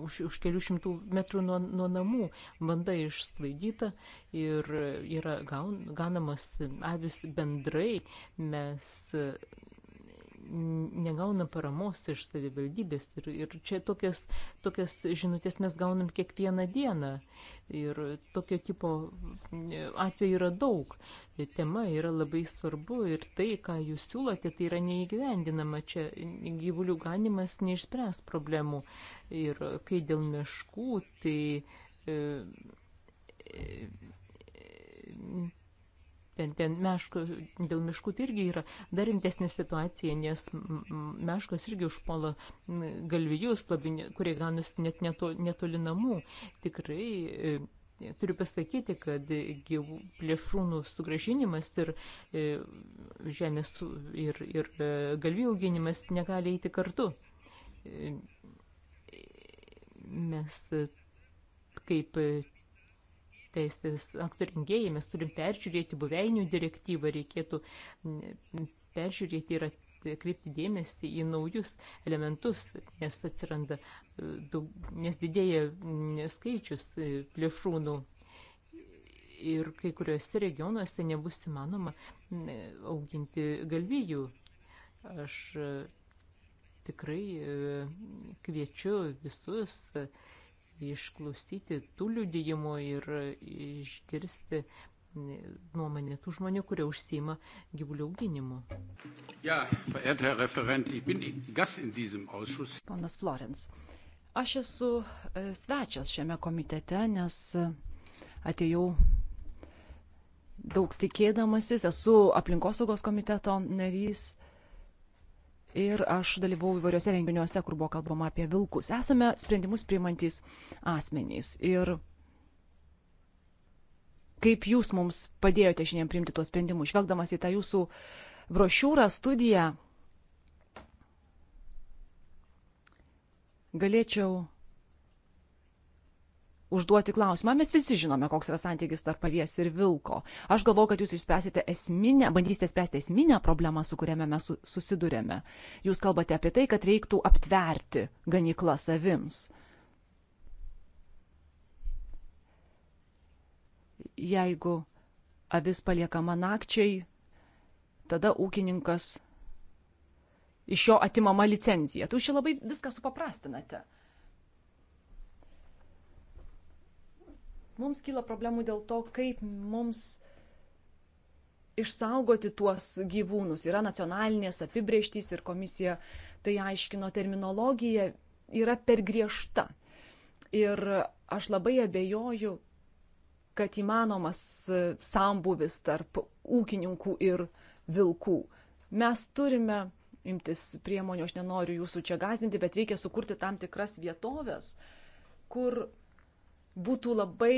S1: už, už kelių šimtų metrų nuo, nuo namų banda išsklaidyta ir yra gaun, ganamas avis bendrai. Mes negauna paramos iš savivaldybės. Ir, ir čia tokias, tokias žinutės mes gaunam kiekvieną dieną. Ir tokio tipo e, atveju yra daug. Tema yra labai svarbu ir tai, ką jūs siūlote, tai yra neįgyvendinama. Čia gyvulių ganimas neišspręs problemų. Ir kai dėl meškų, tai. E, e, bent, bent meškų, dėl miškų tai irgi yra dar rimtesnė situacija, nes meškos irgi užpuola galvijus, labai, kurie ganosi net neto, netoli namų. Tikrai e, turiu pasakyti, kad gyvų plėšrūnų sugražinimas ir e, žemės ir, ir e, galvijų auginimas negali eiti kartu. Mes kaip teisės aktų rengėjai, mes turim peržiūrėti buveinių direktyvą, reikėtų peržiūrėti ir kreipti dėmesį į naujus elementus, nes atsiranda, e, daug, nes didėja skaičius e, plėšrūnų. Ir kai kuriuose regionuose nebus įmanoma auginti galvijų. Aš e, tikrai kviečiu visus uh, išklausyti tų liudijimų ir išgirsti nuomonė tų žmonių, kurie užsima gyvulių auginimu.
S3: Ja,
S2: Ponas Florens, aš esu e, svečias šiame komitete, nes e, atėjau daug tikėdamasis, esu aplinkosaugos komiteto narys ir aš dalyvau įvairiuose renginiuose, kur buvo kalbama apie vilkus. Esame sprendimus priimantis asmenys ir kaip jūs mums padėjote šiandien priimti tuos sprendimus, žvelgdamas į tą jūsų brošiūrą, studiją, galėčiau užduoti klausimą. Mes visi žinome, koks yra santykis tarp avies ir vilko. Aš galvau, kad jūs išspręsite esminę, bandysite spręsti esminę problemą, su kuria mes susidurėme. Jūs kalbate apie tai, kad reiktų aptverti ganyklas avims. Jeigu avis paliekama nakčiai, tada ūkininkas iš jo atimama licencija. Tu čia labai viską supaprastinate. Mums kyla problemų dėl to, kaip mums išsaugoti tuos gyvūnus. Yra nacionalinės apibrieštys ir komisija tai aiškino terminologija yra per griežta. Ir aš labai abejoju, kad įmanomas sambuvis tarp ūkininkų ir vilkų. Mes turime imtis priemonių, aš nenoriu jūsų čia gazdinti, bet reikia sukurti tam tikras vietovės, kur būtų labai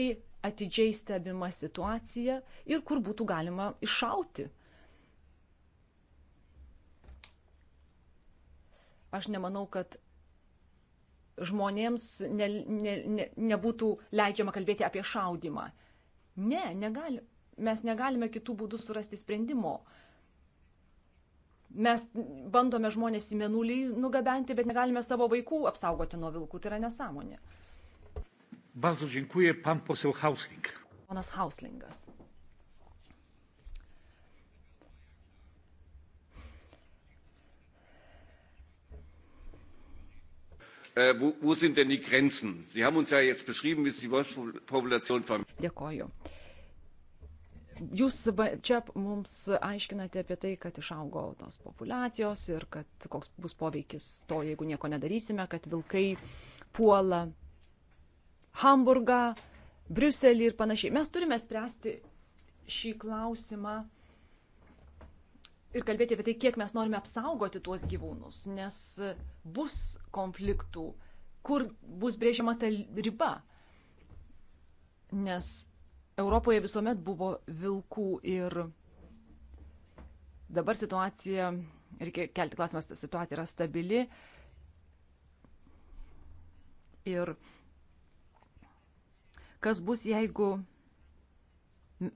S2: atidžiai stebima situacija ir kur būtų galima iššauti. Aš nemanau, kad žmonėms ne, ne, ne, nebūtų leidžiama kalbėti apie šaudimą. Ne, negali, mes negalime kitų būdų surasti sprendimo. Mes bandome žmonės į menulį nugabenti, bet negalime savo vaikų apsaugoti nuo vilkų. Tai yra nesąmonė.
S3: Bardzo dziękuję. Pan poseł Hausling.
S2: Ponas Hauslingas.
S3: Äh, wo, wo sind denn die Grenzen? Sie haben uns ja jetzt beschrieben, wie Sie die Wolfspopulation vermeiden.
S2: Dėkoju. Jūs čia mums aiškinate apie tai, kad išaugo tos populacijos ir kad koks bus poveikis to, jeigu nieko nedarysime, kad vilkai puola Hamburgą, Briuselį ir panašiai. Mes turime spręsti šį klausimą ir kalbėti apie tai, kiek mes norime apsaugoti tuos gyvūnus, nes bus konfliktų, kur bus brėžiama ta riba. Nes Europoje visuomet buvo vilkų ir dabar situacija, reikia kelti klausimas, situacija yra stabili. Ir kas bus, jeigu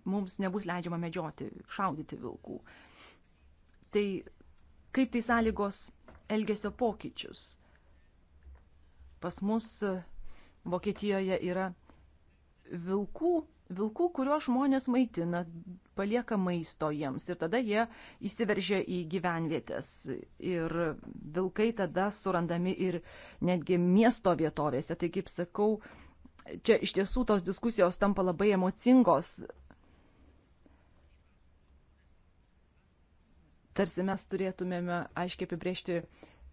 S2: mums nebus leidžiama medžioti, šaudyti vilkų. Tai kaip tai sąlygos elgesio pokyčius. Pas mus e, Vokietijoje yra vilkų, vilkų, kuriuo žmonės maitina, palieka maisto jiems ir tada jie įsiveržia į gyvenvietės. Ir vilkai tada surandami ir netgi miesto vietovėse. Tai kaip sakau, uh, čia iš tiesų tos diskusijos tampa labai emocingos. Tarsi mes turėtumėme aiškiai apibriežti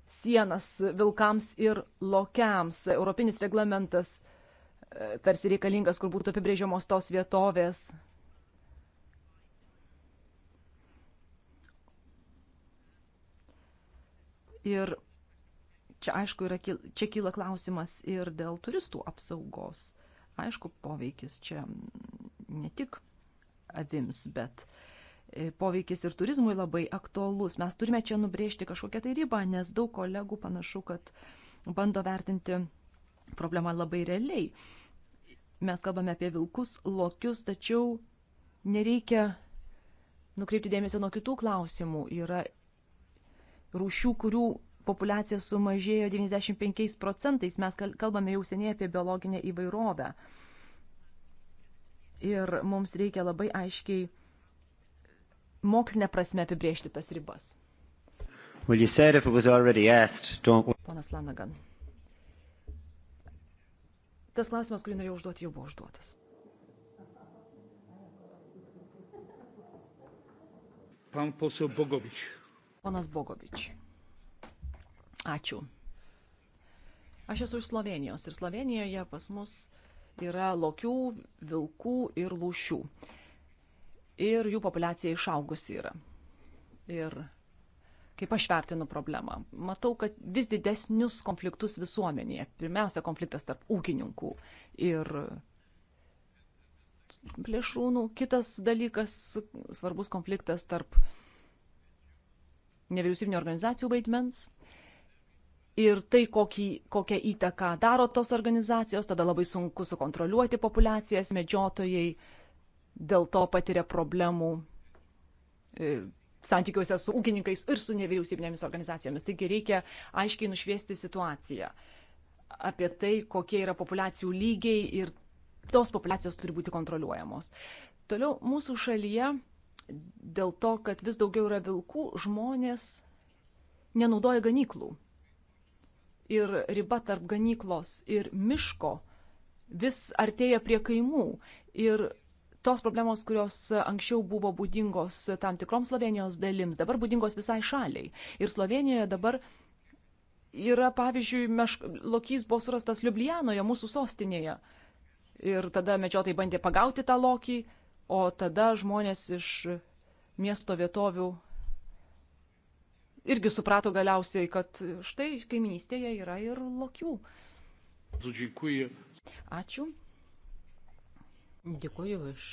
S2: sienas vilkams ir lokiams. Europinis reglamentas e, tarsi reikalingas, kur būtų apibrėžiamos tos vietovės. Ir Čia aišku, yra, čia kyla klausimas ir dėl turistų apsaugos. Aišku, poveikis čia ne tik avims, bet e, poveikis ir turizmui labai aktuolus. Mes turime čia nubrėžti kažkokią tai ribą, nes daug kolegų panašu, kad bando vertinti problemą labai realiai. Mes kalbame apie vilkus, lokius, tačiau nereikia nukreipti dėmesio nuo kitų klausimų. Yra rūšių, kurių populiacija sumažėjo 95 procentais. Mes kalbame jau seniai apie biologinę įvairovę. Ir mums reikia labai aiškiai mokslinę prasme apibriežti tas ribas.
S4: Well, you said if it was already asked, don't...
S2: Ponas Lanagan. Tas klausimas, kurį norėjau užduoti, jau buvo
S3: užduotas. Pan poseł Bogovič.
S2: Ponas Bogovič. Ačiū. Aš esu iš Slovenijos ir Slovenijoje pas mus yra lokių, vilkų ir lūšių. Ir jų populiacija išaugusi yra. Ir kaip aš vertinu problemą, matau, kad vis didesnius konfliktus visuomenėje. Pirmiausia, konfliktas tarp ūkininkų ir plėšrūnų. Kitas dalykas, svarbus konfliktas tarp nevyriausybinio organizacijų vaidmens ir tai, kokį, kokią įtaką daro tos organizacijos, tada labai sunku sukontroliuoti populiacijas, medžiotojai dėl to patiria problemų e, santykiuose su ūkininkais ir su nevyriausybinėmis organizacijomis. Taigi reikia aiškiai nušviesti situaciją apie tai, kokie yra populiacijų lygiai ir tos populiacijos turi būti kontroliuojamos. Toliau mūsų šalyje dėl to, kad vis daugiau yra vilkų, žmonės nenaudoja ganyklų ir riba tarp ganyklos ir miško vis artėja prie kaimų. Ir tos problemos, kurios anksčiau buvo būdingos tam tikroms Slovenijos dalims, dabar būdingos visai šaliai. Ir Slovenijoje dabar yra, pavyzdžiui, meš... lokys buvo surastas Ljubljanoje, mūsų sostinėje. Ir tada medžiotojai bandė pagauti tą lokį, o tada žmonės iš miesto vietovių irgi suprato galiausiai, kad štai
S1: kaiminystėje yra ir lokių. Ačiū. Dėkuoju, aš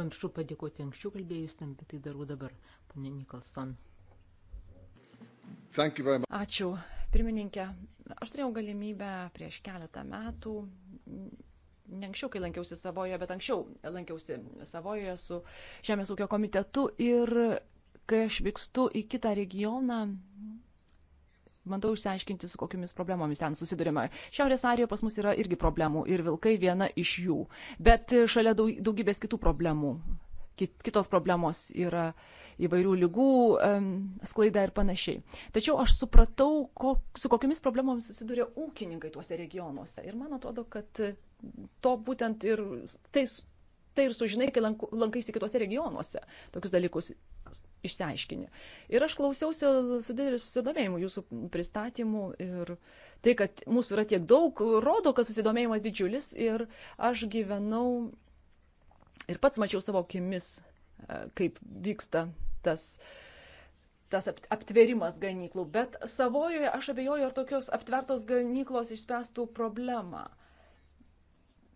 S1: pamiršau padėkoti anksčiau kalbėjusiam, bet tai darau dabar, ponė Nikolson. Ačiū,
S2: pirmininkė. Aš turėjau galimybę prieš keletą metų, ne anksčiau, kai lankiausi Savojoje, bet anksčiau lankiausi Savojoje su Žemės ūkio komitetu ir kai aš vykstu į kitą regioną, bandau išsiaiškinti, su kokiamis problemomis ten susidurime. Šiaurės Arijoje pas mus yra irgi problemų ir vilkai viena iš jų, bet e, šalia daugybės kitų problemų. Kitos problemos yra įvairių lygų, sklaida ir panašiai. Tačiau aš supratau, ko, su kokiamis problemomis susiduria ūkininkai tuose regionuose. Ir man atrodo, kad e, to būtent ir tai, tai ir sužinai, kai lankaisi kitose regionuose. Tokius dalykus išsiaiškini. Ir aš klausiausi su dideliu susidomėjimu jūsų pristatymų ir tai, kad mūsų yra tiek daug, rodo, kad susidomėjimas didžiulis ir aš gyvenau ir pats mačiau savo akimis, e, kaip vyksta tas tas aptverimas ganyklų, bet savojoje aš abejoju, ar tokios aptvertos ganyklos išspręstų problemą. Uh,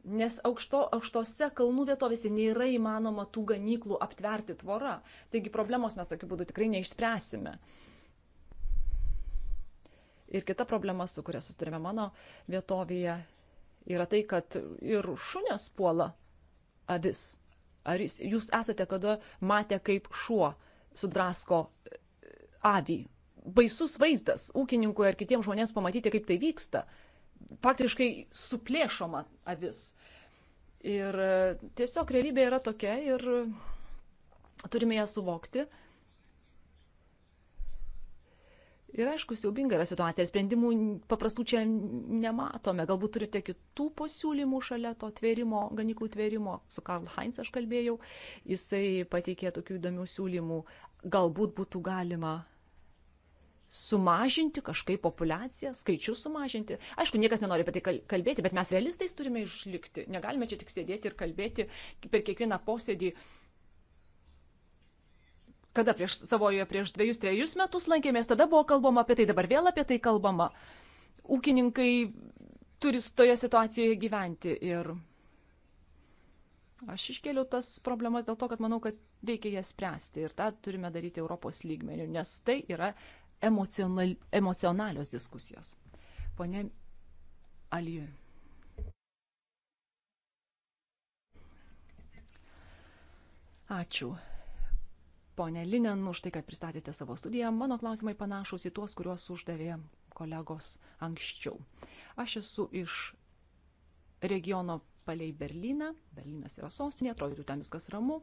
S2: nes aukšto, aukštose kalnų vietovėse nėra įmanoma tų ganyklų aptverti tvora. Taigi problemos mes tokiu būdu tikrai neišspręsime. Ir kita problema, su kuria susitarėme mano vietovėje, yra tai, kad ir šunės puola avis. Ar jūs esate kada matę, kaip šuo sudrasko e, avį? Baisus vaizdas ūkininkui ar kitiems žmonėms pamatyti, kaip tai vyksta faktiškai suplėšoma avis. Ir e, tiesiog realybė yra tokia ir turime ją suvokti. Ir aišku, siaubinga yra situacija ir sprendimų paprastų čia nematome. Galbūt turite kitų pasiūlymų šalia to tvėrimo, ganyklų tvėrimo. Su Karl Heinz aš kalbėjau, jisai pateikė tokių įdomių siūlymų. Galbūt būtų galima sumažinti kažkaip populiaciją, skaičius sumažinti. Aišku, niekas nenori apie tai kalbėti, bet mes realistais turime išlikti. Negalime čia tik sėdėti ir kalbėti per kiekvieną posėdį. Kada prieš savoje, prieš dviejus, trejus metus lankėmės, tada buvo kalbama apie tai, dabar vėl apie tai kalbama. Ūkininkai turi toje situacijoje gyventi ir Aš iškėliau tas problemas dėl to, kad manau, kad reikia jas spręsti ir tą turime daryti Europos lygmenių, nes tai yra emocional, emocionalios diskusijos. Pone Aliu. Ačiū. Pone Linen, už tai, kad pristatėte savo studiją, mano klausimai panašus į tuos, kuriuos uždavė kolegos anksčiau. Aš esu iš regiono palei Berliną, Berlinas yra sostinė, atrodytų ten viskas ramu,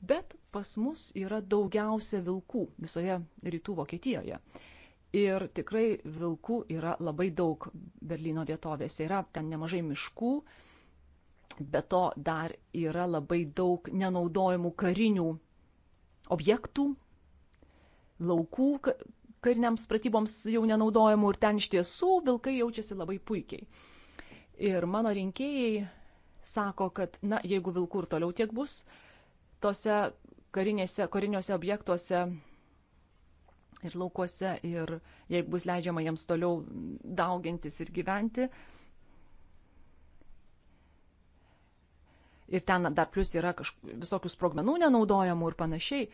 S2: bet pas mus yra daugiausia vilkų visoje rytų Vokietijoje. Ir tikrai vilkų yra labai daug Berlyno vietovėse. Yra ten nemažai miškų, bet to dar yra labai daug nenaudojimų karinių objektų, laukų kariniams pratyboms jau nenaudojimų ir ten iš tiesų vilkai jaučiasi labai puikiai. Ir mano rinkėjai sako, kad, na, jeigu vilkų ir toliau tiek bus, uh, tose karinėse, kariniuose objektuose ir laukuose ir jeigu bus leidžiama jiems toliau daugintis ir gyventi. Ir ten dar plus yra visokių sprogmenų nenaudojamų ir panašiai.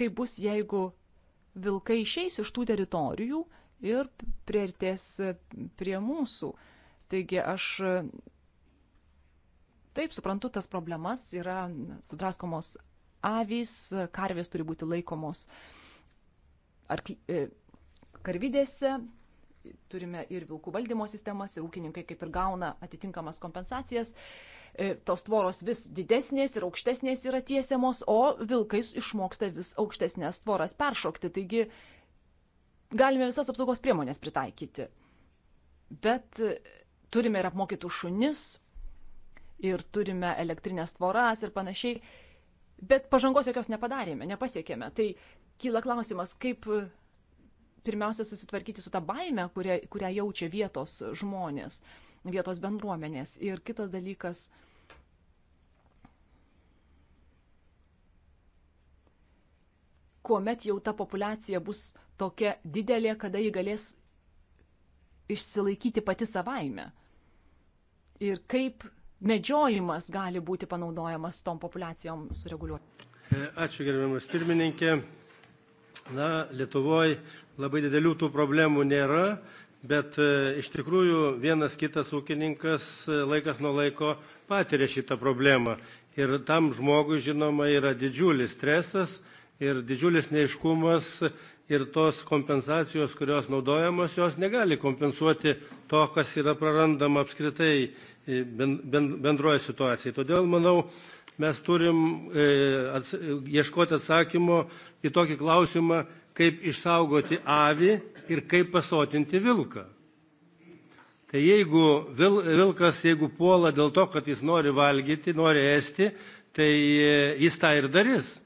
S2: Kaip bus, jeigu vilkai išeis iš tų teritorijų ir prieartės prie mūsų. Taigi aš Taip, suprantu, tas problemas yra sudraskomos avys, karvės turi būti laikomos ar e, karvidėse, turime ir vilkų valdymo sistemas, ir ūkininkai kaip ir gauna atitinkamas kompensacijas. E, tos tvoros vis didesnės ir aukštesnės yra tiesiamos, o vilkais išmoksta vis aukštesnės tvoras peršokti. Taigi galime visas apsaugos priemonės pritaikyti. Bet e, turime ir apmokytų šunis, ir turime elektrinės tvoras ir panašiai, bet pažangos jokios nepadarėme, nepasiekėme. Tai kyla klausimas, kaip e, pirmiausia susitvarkyti su tą baime, kurią, kurią jaučia vietos žmonės, vietos bendruomenės. Ir kitas dalykas. kuomet jau ta populiacija bus tokia didelė, kada ji galės išsilaikyti pati savaime. Ir kaip medžiojimas gali būti panaudojamas tom populiacijom sureguliuoti.
S3: E, ačiū gerbiamas pirmininkė. Na, Lietuvoje labai didelių tų problemų nėra, bet e, iš tikrųjų vienas kitas ūkininkas e, laikas nuo laiko patiria šitą problemą. Ir tam žmogui, žinoma, yra didžiulis stresas ir didžiulis neiškumas ir tos kompensacijos, kurios naudojamos, jos negali kompensuoti to, kas yra prarandama apskritai e, bendroje situacijoje. Todėl, manau, mes turim e, ieškoti atsakymo į tokį klausimą, kaip išsaugoti avį ir kaip pasotinti vilką. Tai jeigu vil, vilkas, jeigu puola dėl to, kad jis nori valgyti, nori ėsti, tai e, jis tą ir darys.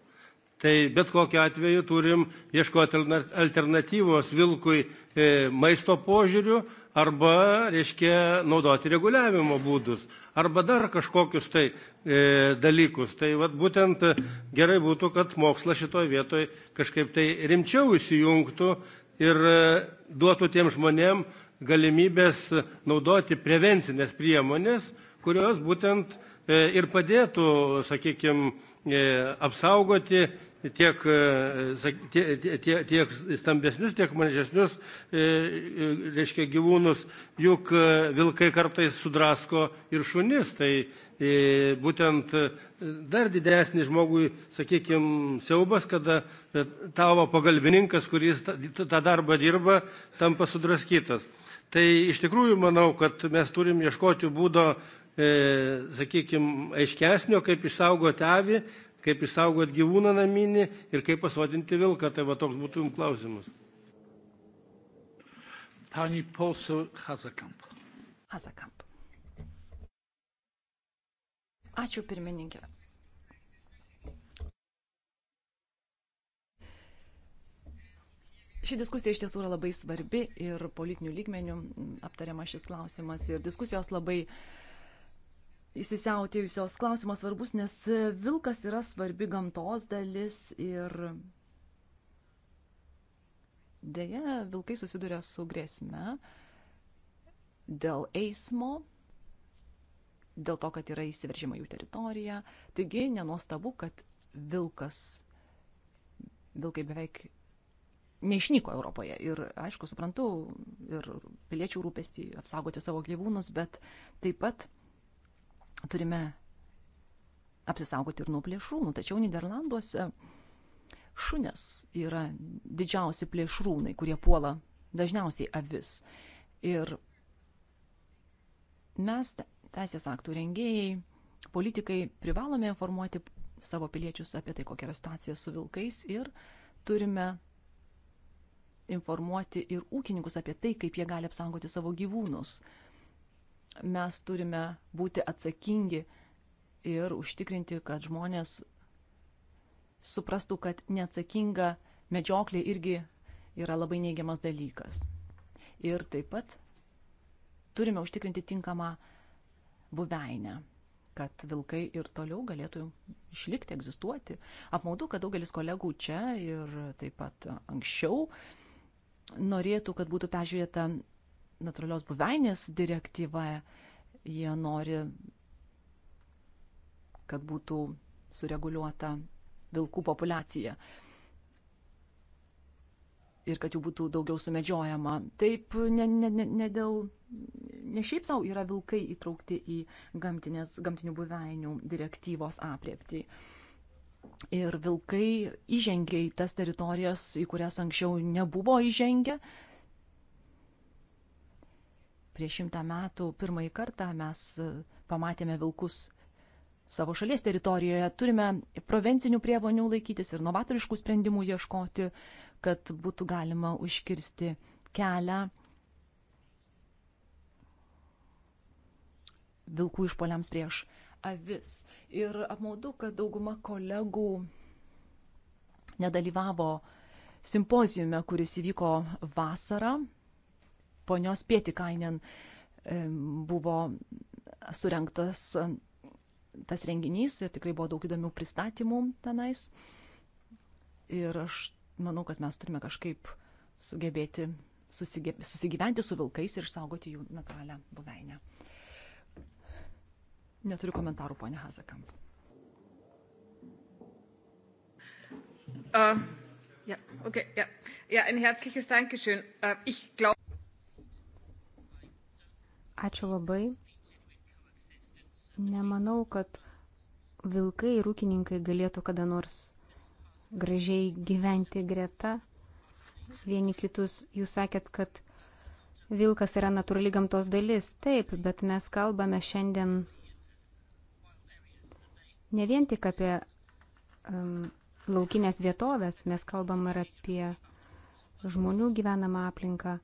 S3: Tai bet kokiu atveju turim ieškoti alternatyvos vilkui e, maisto požiūriu arba, reiškia, naudoti reguliavimo būdus arba dar kažkokius tai e, dalykus. Tai vat, būtent gerai būtų, kad mokslas šitoje vietoje kažkaip tai rimčiau įsijungtų ir e, duotų tiem žmonėm galimybės naudoti prevencinės priemonės, kurios būtent e, ir padėtų, sakykime, apsaugoti tiek, e, tiek, tiek stambesnius, tiek mažesnius, e, e, reiškia, gyvūnus, juk vilkai kartais sudrasko ir šunis, tai būtent dar didesnis žmogui, sakykime, siaubas, kada tavo pagalbininkas, kuris tą darbą dirba, tampa sudraskytas. Tai iš tikrųjų manau, kad mes turim ieškoti būdo, sakykime, aiškesnio, kaip išsaugoti avį, kaip išsaugot gyvūną naminį ir kaip pasodinti vilką. Tai va toks būtų jums klausimas. Pani poseł Hazekamp.
S2: Hazekamp. Ačiū pirmininkė. Ši diskusija iš tiesų yra labai svarbi ir politinių lygmenių aptariama šis klausimas ir diskusijos labai uh, įsisiautėjusios. Klausimas svarbus, nes vilkas yra svarbi gamtos dalis ir dėja vilkai susiduria su grėsme dėl eismo, dėl to, kad yra įsiveržima jų teritorija. Taigi nenuostabu, kad vilkas, vilkai beveik neišnyko Europoje. Ir aišku, suprantu ir piliečių rūpestį apsaugoti savo gyvūnus, bet taip pat turime apsisaugoti ir nuo plėšrūnų. Tačiau Niderlanduose šunės yra didžiausi plėšrūnai, kurie puola dažniausiai avis. Ir mes, teisės aktų rengėjai, politikai, privalome informuoti savo piliečius apie tai, kokia yra situacija su vilkais ir turime informuoti ir ūkininkus apie tai, kaip jie gali apsaugoti savo gyvūnus mes turime būti atsakingi ir užtikrinti, kad žmonės suprastų, kad neatsakinga medžioklė irgi yra labai neigiamas dalykas. Ir taip pat turime užtikrinti tinkamą buveinę, kad vilkai ir toliau galėtų išlikti, egzistuoti. Apmaudu, kad daugelis kolegų čia ir taip pat anksčiau norėtų, kad būtų peržiūrėta natūralios buveinės direktyva. Jie nori, kad būtų sureguliuota vilkų populiacija ir kad jų būtų daugiau sumedžiojama. Taip, ne, ne, ne, ne dėl, ne šiaip savo yra vilkai įtraukti į gamtinės, gamtinių buveinių direktyvos apriepti. Ir vilkai įžengia į tas teritorijas, į kurias anksčiau nebuvo įžengę Prieš šimtą metų pirmąjį kartą mes e, pamatėme vilkus savo šalies teritorijoje. Turime provencinių prievonių laikytis ir novatoriškų sprendimų ieškoti, kad būtų galima užkirsti kelią vilkų išpoliams prieš avis. Ir apmaudu, kad dauguma kolegų nedalyvavo simpozijume, kuris įvyko vasarą ponios Pietikainen e, buvo surinktas e, tas renginys ir tikrai buvo daug įdomių pristatymų tenais. Ir aš manau, kad mes turime kažkaip sugebėti susigyventi su vilkais ir išsaugoti jų natūralią buveinę. Neturiu komentarų, ponė Hazakamp.
S5: Uh, äh,
S3: ja, okay, ja.
S5: ja, ein herzliches Dankeschön. Uh, ich glaube. Ačiū labai. Nemanau, kad vilkai ir ūkininkai galėtų kada nors gražiai gyventi greta vieni kitus. Jūs sakėt, kad vilkas yra natūrali gamtos dalis. Taip, bet mes kalbame šiandien ne vien tik apie um, laukinės vietovės, mes kalbam ir apie žmonių gyvenamą aplinką.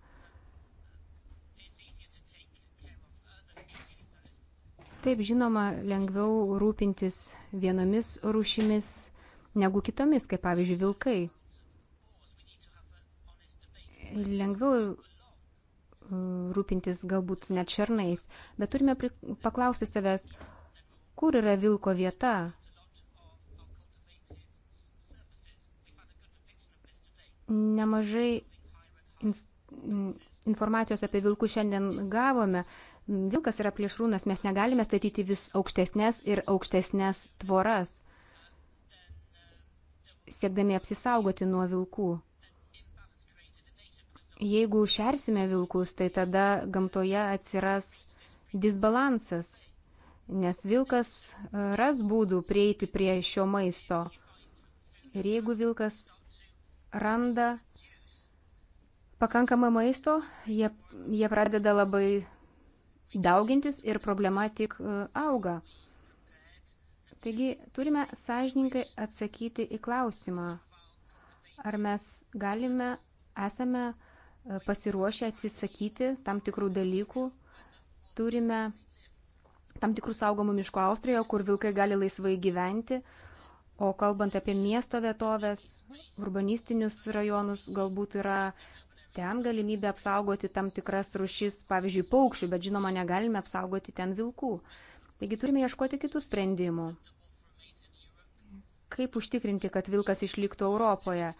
S5: Taip, žinoma, lengviau rūpintis vienomis rūšimis negu kitomis, kaip pavyzdžiui vilkai. Lengviau e, rūpintis galbūt net šernais, bet turime paklausti savęs, kur yra vilko vieta. Nemažai informacijos apie vilkų šiandien gavome, Vilkas yra plėšrūnas, mes negalime statyti vis aukštesnės ir aukštesnės tvoras, siekdami apsisaugoti nuo vilkų. Jeigu šersime vilkus, tai tada gamtoje atsiras disbalansas, nes vilkas e, ras būdų prieiti prie šio maisto. Ir jeigu vilkas randa pakankamą maisto, jie, jie pradeda labai daugintis ir problema tik e, auga. Taigi turime sąžininkai atsakyti į klausimą, ar mes galime, esame e, pasiruošę atsisakyti tam tikrų dalykų, turime tam tikrų saugomų miškų Austrijoje, kur vilkai gali laisvai gyventi, o kalbant apie miesto vietovės, urbanistinius rajonus, galbūt yra ten galimybė apsaugoti tam tikras rušis, pavyzdžiui, paukščių, bet žinoma, negalime apsaugoti ten vilkų. Taigi turime ieškoti kitų sprendimų. Kaip užtikrinti, kad vilkas išliktų Europoje?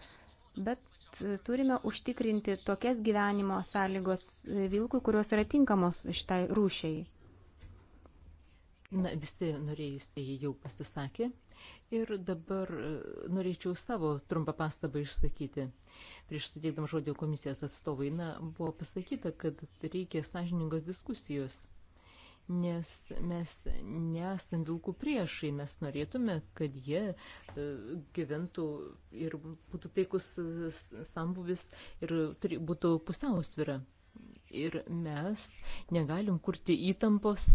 S5: Bet e, turime užtikrinti tokias gyvenimo sąlygos e, vilkui, kurios yra tinkamos šitai rūšiai.
S1: Na, visi norėjusieji jau pasisakė ir dabar e, norėčiau savo trumpą pastabą išsakyti. Uh, prieš suteikdam žodį komisijos atstovai, na, buvo pasakyta, kad reikia sąžiningos diskusijos, nes mes nesam vilkų priešai, mes norėtume, kad jie e, gyventų ir būtų taikus sambuvis ir būtų pusiausvira. Ir mes negalim kurti įtampos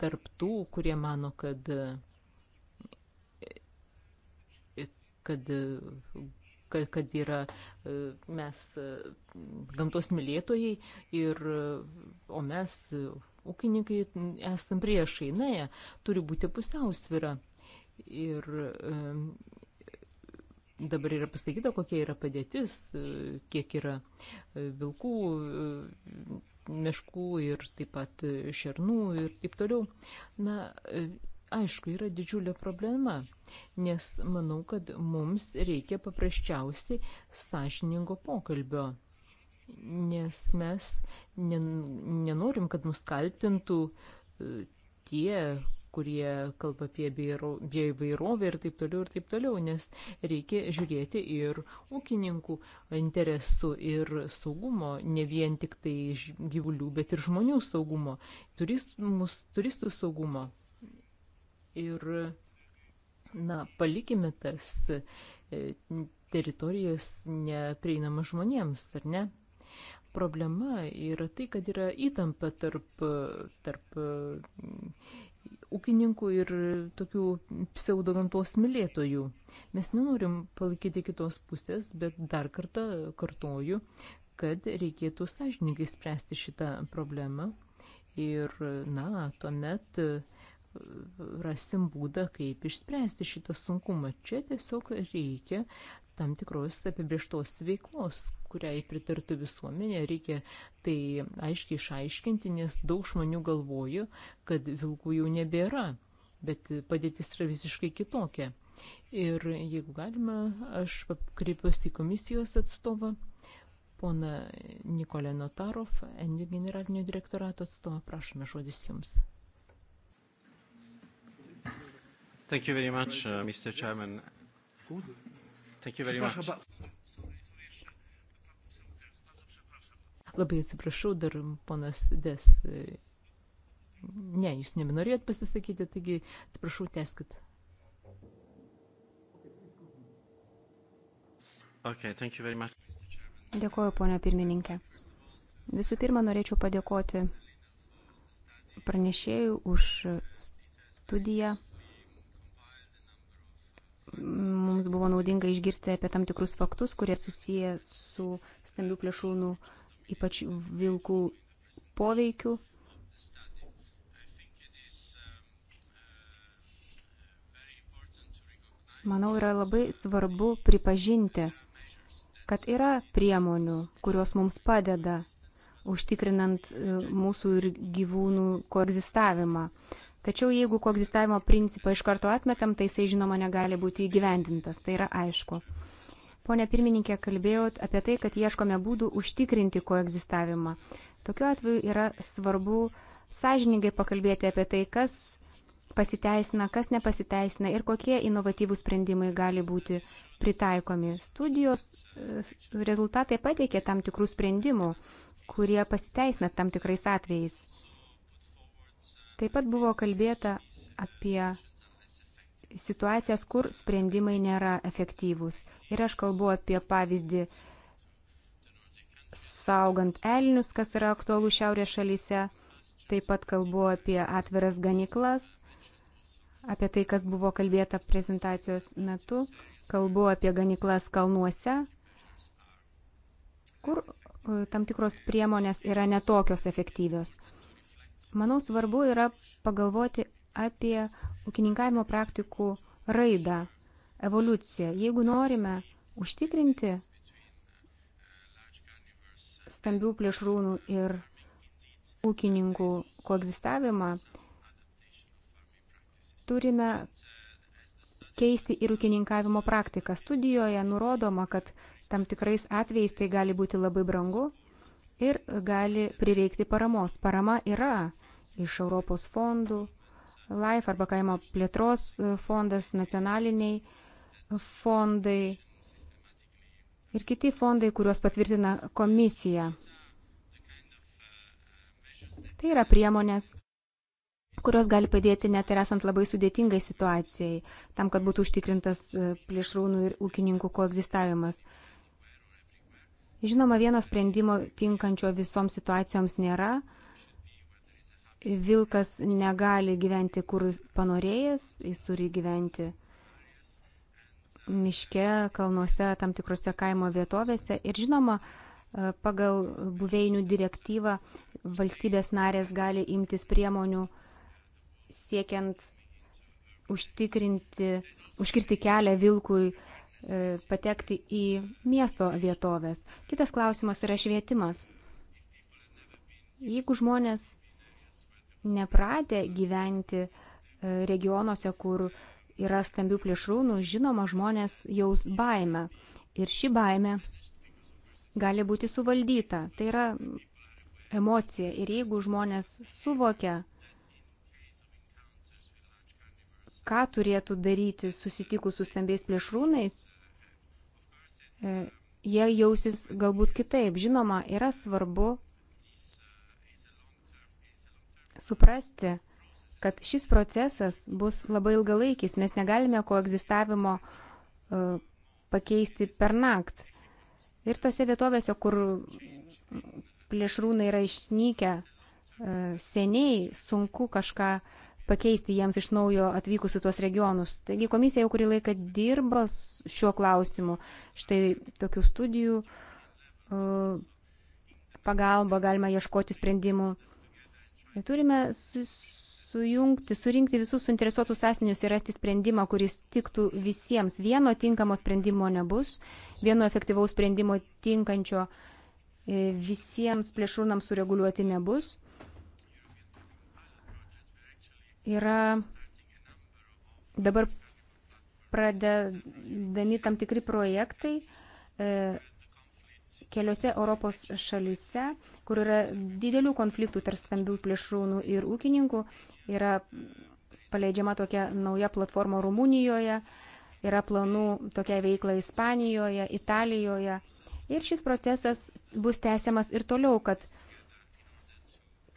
S1: tarp tų, kurie mano, kad e, kad kad, kad yra e, mes e, gamtos mylėtojai, ir, e, o mes, ūkininkai, esam priešai. Na, ja, turi būti pusiausvira. Ir dabar yra pasakyta, kokia yra padėtis, kiek yra vilkų, meškų ir taip pat šernų ir taip toliau. Na, aišku, yra didžiulė problema, nes manau, kad mums reikia paprasčiausiai sąžiningo pokalbio, nes mes nenorim, kad nuskaltintų e, tie, kurie kalba apie bioįvairovę ir taip toliau ir taip toliau, nes reikia žiūrėti ir ūkininkų interesų ir saugumo, ne vien tik tai gyvulių, bet ir žmonių saugumo, turistų, turistų saugumo. Ir, na, palikime tas e, teritorijas neprieinama žmonėms, ar ne? Problema yra tai, kad yra įtampa tarp, tarp e, ūkininkų ir tokių pseudo gamtos mylėtojų. Mes nenorim palaikyti kitos pusės, bet dar kartą kartoju, kad reikėtų sąžininkai spręsti šitą problemą. Ir, na, tuomet uh, rasim būdą, kaip išspręsti šitą sunkumą. Čia tiesiog reikia tam tikros apibrieštos veiklos, kuriai pritartų visuomenė, reikia tai aiškiai išaiškinti, nes daug žmonių galvoju, kad vilkų jau nebėra, bet padėtis yra visiškai kitokia. Ir jeigu galima, aš kreipiuosi į komisijos atstovą, pona Nikolė Notarov, NV generalinio direktorato atstovą,
S3: prašome žodis jums. Thank you very much, uh, Mr. Chairman. Thank you very much.
S1: Labai atsiprašau, dar ponas Des. E, ne, jūs nebenorėjot pasisakyti, taigi atsiprašau, teskit.
S3: Okay, thank you very much.
S5: Dėkuoju, ponia pirmininkė. Visų pirma, norėčiau padėkoti pranešėjų už studiją mums buvo naudinga išgirsti apie tam tikrus faktus, kurie susiję su stambių plėšrūnų, ypač vilkų poveikiu. Manau, yra labai svarbu pripažinti, kad yra priemonių, kurios mums padeda užtikrinant e, mūsų ir gyvūnų koegzistavimą. Tačiau jeigu koegzistavimo principą iš karto atmetam, tai jisai žinoma negali būti įgyvendintas, tai yra aišku. Pone pirmininkė, kalbėjot apie tai, kad ieškome būdų užtikrinti koegzistavimą. Tokiu atveju yra svarbu sąžiningai pakalbėti apie tai, kas pasiteisina, kas nepasiteisina ir kokie inovatyvūs sprendimai gali būti pritaikomi. Studijos e, rezultatai pateikė tam tikrų sprendimų, kurie pasiteisina tam tikrais atvejais. Taip pat buvo kalbėta apie situacijas, kur sprendimai nėra efektyvūs. Ir aš kalbu apie pavyzdį saugant elnius, kas yra aktualu šiaurės šalyse. Taip pat kalbu apie atviras ganiklas, apie tai, kas buvo kalbėta prezentacijos metu. Kalbu apie ganiklas kalnuose, kur e, tam tikros priemonės yra netokios efektyvios. Manau, svarbu yra pagalvoti apie ūkininkavimo praktikų raidą, evoliuciją. Jeigu norime užtikrinti stambių plėšrūnų ir ūkininkų koegzistavimą, turime keisti ir ūkininkavimo praktiką. Studijoje nurodoma, kad tam tikrais atvejais tai gali būti labai brangu, ir gali prireikti paramos. Parama yra iš Europos fondų, LIFE arba kaimo plėtros e, fondas, nacionaliniai fondai ir kiti fondai, kuriuos patvirtina komisija. Tai yra priemonės, kurios gali padėti net ir esant labai sudėtingai situacijai, tam, kad būtų užtikrintas e, plėšrūnų ir ūkininkų koegzistavimas. egzistavimas. Žinoma, vieno sprendimo tinkančio visoms situacijoms nėra. Vilkas negali gyventi, kur panorėjęs, jis turi gyventi miške, kalnuose, tam tikrose kaimo vietovėse. Ir žinoma, pagal buveinių direktyvą valstybės narės gali imtis priemonių siekiant užtikrinti, užkirsti kelią vilkui E, patekti į miesto vietovės. Kitas klausimas yra švietimas. Jeigu žmonės nepratę gyventi e, regionuose, kur yra stambių plėšrūnų, žinoma, žmonės jaus baimę. Ir ši baimė gali būti suvaldyta. Tai yra emocija. Ir jeigu žmonės suvokia, ką turėtų daryti susitikus su stambiais plėšrūnais, E, jie jausis galbūt kitaip. Žinoma, yra svarbu suprasti, kad šis procesas bus labai ilgalaikis. Mes negalime koegzistavimo e, pakeisti per naktį. Ir tose vietovėse, kur plėšrūnai yra išnykę e, seniai, sunku kažką uh, pakeisti jiems iš naujo atvykusių tuos regionus. Taigi komisija jau kurį laiką dirba šiuo klausimu. Štai tokių studijų e, pagalba galima ieškoti sprendimų. Turime sujungti, surinkti visus suinteresuotus asmenius ir rasti sprendimą, kuris tiktų visiems. Vieno tinkamo sprendimo nebus, vieno efektyvaus sprendimo tinkančio e, visiems plėšrūnams sureguliuoti nebus yra dabar pradedami tam tikri projektai e, keliose Europos šalyse, kur yra didelių konfliktų tarp stambių plėšrūnų ir ūkininkų, yra paleidžiama tokia nauja platforma Rumunijoje, yra planų tokia veikla Ispanijoje, Italijoje. Ir šis procesas bus tęsiamas ir toliau, kad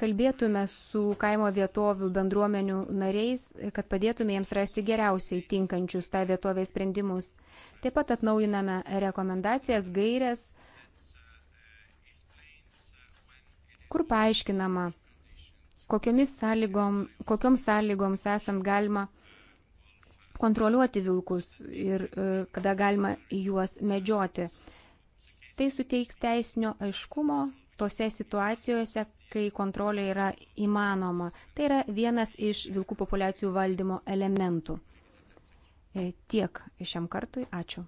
S5: kalbėtume su kaimo vietovių bendruomenių nariais, kad padėtume jiems rasti geriausiai tinkančius tą tai vietovę sprendimus. Taip pat atnaujiname rekomendacijas, gairias, kur paaiškinama, kokiomis sąlygom, kokioms sąlygoms esant galima kontroliuoti vilkus ir e, kada galima juos medžioti. Tai suteiks teisinio aiškumo tose situacijose, kai kontrolė yra įmanoma. Tai yra vienas iš vilkų populiacijų valdymo elementų. E, tiek šiam kartui. Ačiū.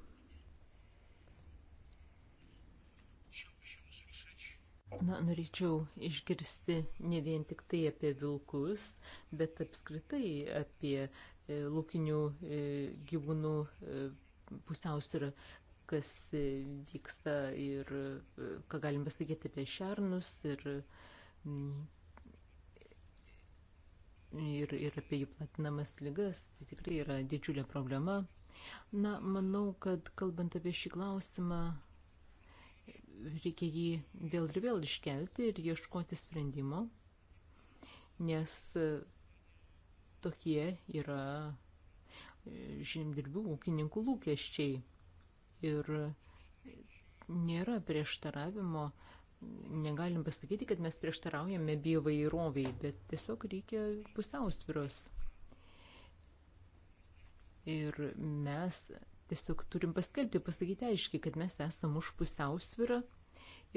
S1: Na, norėčiau išgirsti ne vien tik tai apie vilkus, bet apskritai apie e, laukinių e, gyvūnų pusiausvyrą, kas vyksta ir ką galim pasakyti apie šernus ir uh, Mm. ir, ir apie jų platinamas lygas, tai tikrai yra didžiulė problema. Na, manau, kad kalbant apie šį klausimą, reikia jį vėl ir vėl iškelti ir ieškoti sprendimo, nes tokie yra e, žemdirbių ūkininkų lūkesčiai ir nėra prieštaravimo uh, negalim pasakyti, kad mes prieštaraujame bioįvairoviai, bet tiesiog reikia pusiausviros. Ir mes tiesiog turim paskelbti, pasakyti aiškiai, kad mes esam už pusiausvirą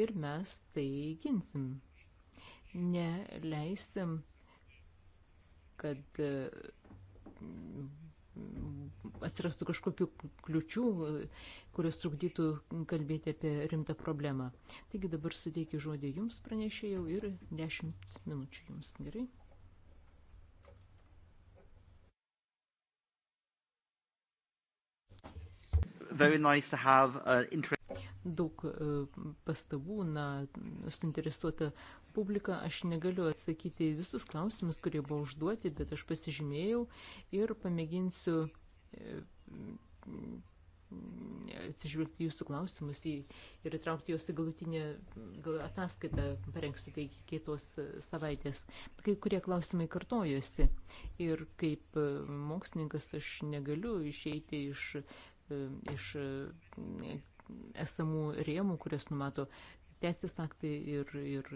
S1: ir mes tai ginsim. Neleisim, kad atsirastų kažkokių kliučių, kurios trukdytų kalbėti apie rimtą problemą. Taigi dabar suteikiu žodį jums pranešėjau ir 10 minučių jums. Gerai?
S6: Very nice to have, uh,
S1: daug uh, pastabų, na, suinteresuota publiką, aš negaliu atsakyti visus klausimus, kurie buvo užduoti, bet aš pasižymėjau ir pamėginsiu e, atsižvelgti jūsų klausimus į, ir įtraukti juos į galutinę gal, ataskaitą, parengsiu tai kitos savaitės. Kai kurie klausimai kartojosi ir kaip e, mokslininkas aš negaliu išeiti iš, e, iš esamų rėmų, kurias numato teisės aktai ir, ir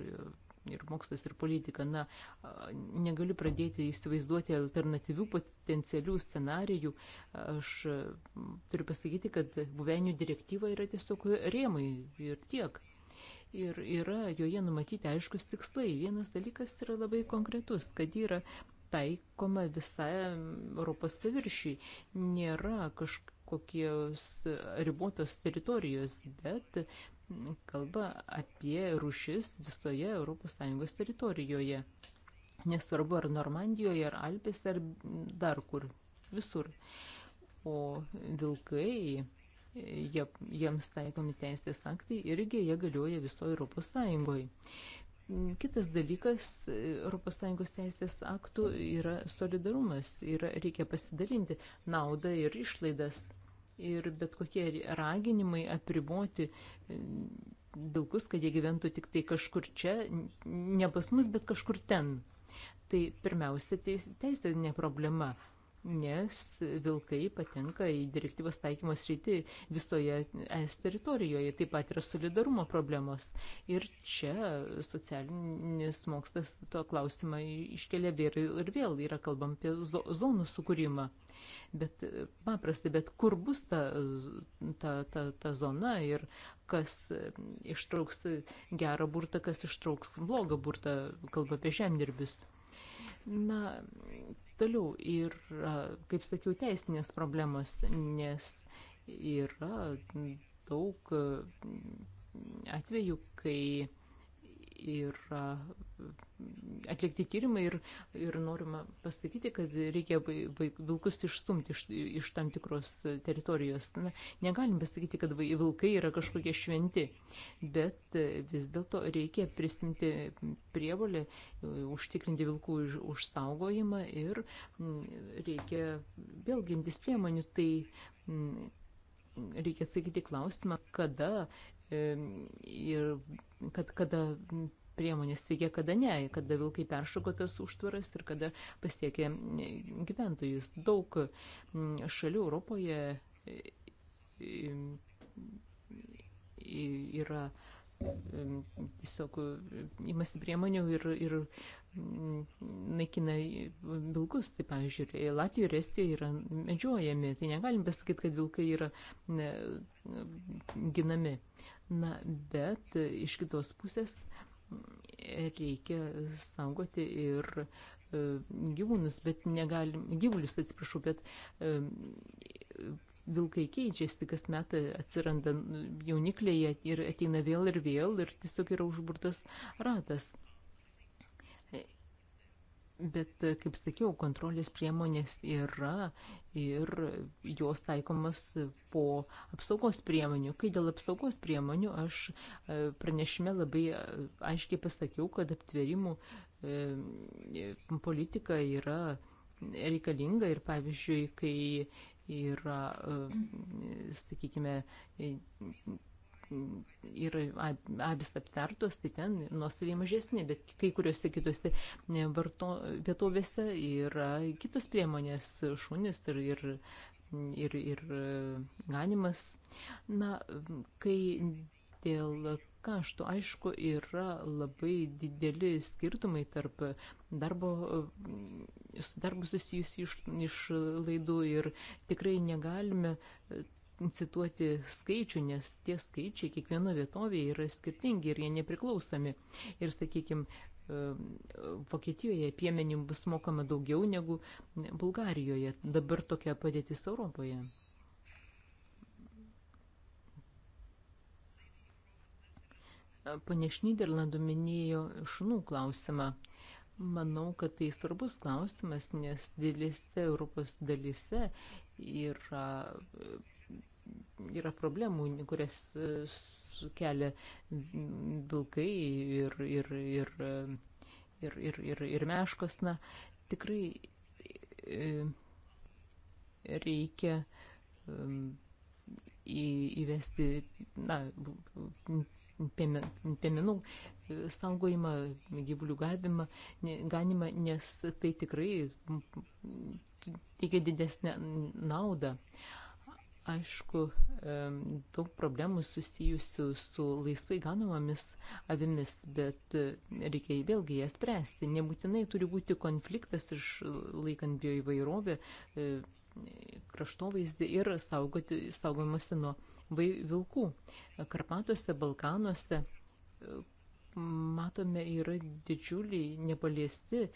S1: ir mokslas, ir politika. Na, negaliu pradėti įsivaizduoti alternatyvių potencialių scenarijų. Aš turiu pasakyti, kad buvenių direktyva yra tiesiog rėmai ir tiek. Ir yra joje numatyti aiškus tikslai. Vienas dalykas yra labai konkretus, kad yra taikoma visai Europos paviršiai. Nėra kažkokios ribotos teritorijos, bet kalba apie rušis visoje ES teritorijoje. Nesvarbu ar Normandijoje, ar Alpėse, ar dar kur, visur. O vilkai, jie, jiems taikomi teisės aktai irgi jie galioja visoje Europos Sąjungoje. Kitas dalykas ES teisės aktų yra solidarumas ir reikia pasidalinti naudą ir išlaidas ir bet kokie raginimai apriboti vilkus, kad jie gyventų tik tai kažkur čia, ne pas mus, bet kažkur ten. Tai pirmiausia teisinė problema, nes vilkai patenka į direktyvos taikymos rytį visoje es teritorijoje, taip pat yra solidarumo problemos. Ir čia socialinis mokslas to klausimą iškelia vėl ir vėl, yra kalbam apie zonų sukūrimą bet paprasta, bet kur bus ta, ta, ta, ta zona ir kas ištrauks gerą burtą, kas ištrauks blogą burtą, kalba apie žemdirbius. Na, toliau ir, kaip sakiau, teisinės problemos, nes yra daug atvejų, kai yra atlikti tyrimai ir, ir norima pasakyti, kad reikia vilkus išstumti iš, iš tam tikros teritorijos. Na, negalim pasakyti, kad vilkai yra kažkokie šventi, bet e, vis dėlto reikia prisimti prievolį, e, užtikrinti vilkų užsaugojimą ir reikia vėlgi imtis priemonių. Tai, reikia atsakyti klausimą, kada ir kad kada priemonės veikia, kada ne, kada vilkai peršoko tas užtvaras ir kada pasiekė gyventojus. Daug šalių Europoje e, e, yra tiesiog imasi priemonių ir, ir naikina vilkus. Tai pavyzdžiui, Latvijoje ir Estijoje yra medžiojami. Tai negalim pasakyti, kad vilkai yra ginami. Na, bet e, iš kitos pusės reikia saugoti ir e, gyvūnus, bet negalim, gyvulius atsiprašau, bet e, vilkai keičiasi, kas metą atsiranda jaunikliai ir ateina vėl ir vėl ir tiesiog yra užburtas ratas. Bet, e, kaip sakiau, kontrolės priemonės yra ir jos taikomas po apsaugos priemonių. Kai dėl apsaugos priemonių aš e, pranešime labai e, aiškiai pasakiau, kad aptverimų politika yra reikalinga ir, pavyzdžiui, kai yra, sakykime, ir abis aptartos, tai ten nuostoliai mažesni, bet kai kuriuose kitose e, varto, vietovėse yra kitos priemonės šunis ir, ir, ir, ir e, ganimas. Na, kai dėl kaštų, aišku, yra labai dideli skirtumai tarp darbo, e, su darbu susijusių išlaidų ir tikrai negalime cituoti skaičių, nes tie skaičiai kiekvieno vietovėje yra skirtingi ir jie nepriklausomi. Ir, sakykime, Vokietijoje piemenim bus mokama daugiau negu Bulgarijoje. Dabar tokia padėtis Europoje. Pane Šnyderlandų minėjo šunų klausimą. Manau, kad tai svarbus klausimas, nes dėlėse Europos dalyse yra yra problemų, kurias e, kelia vilkai ir, ir, ir, e, ir, ir, ir, ir meškos. Na, tikrai e, reikia įvesti, na, piemenų saugojimą, gyvulių gavimą, ganimą, nes tai tikrai teikia didesnę naudą. Uh, aišku, daug problemų susijusių su laisvai ganomomis avimis, bet e, reikia vėlgi jas spręsti. Nebūtinai turi būti konfliktas išlaikant bioįvairovę, e, kraštovaizdį ir saugoti, saugomosi nuo vilkų. Karpatuose, Balkanuose e, matome yra didžiuliai nepaliesti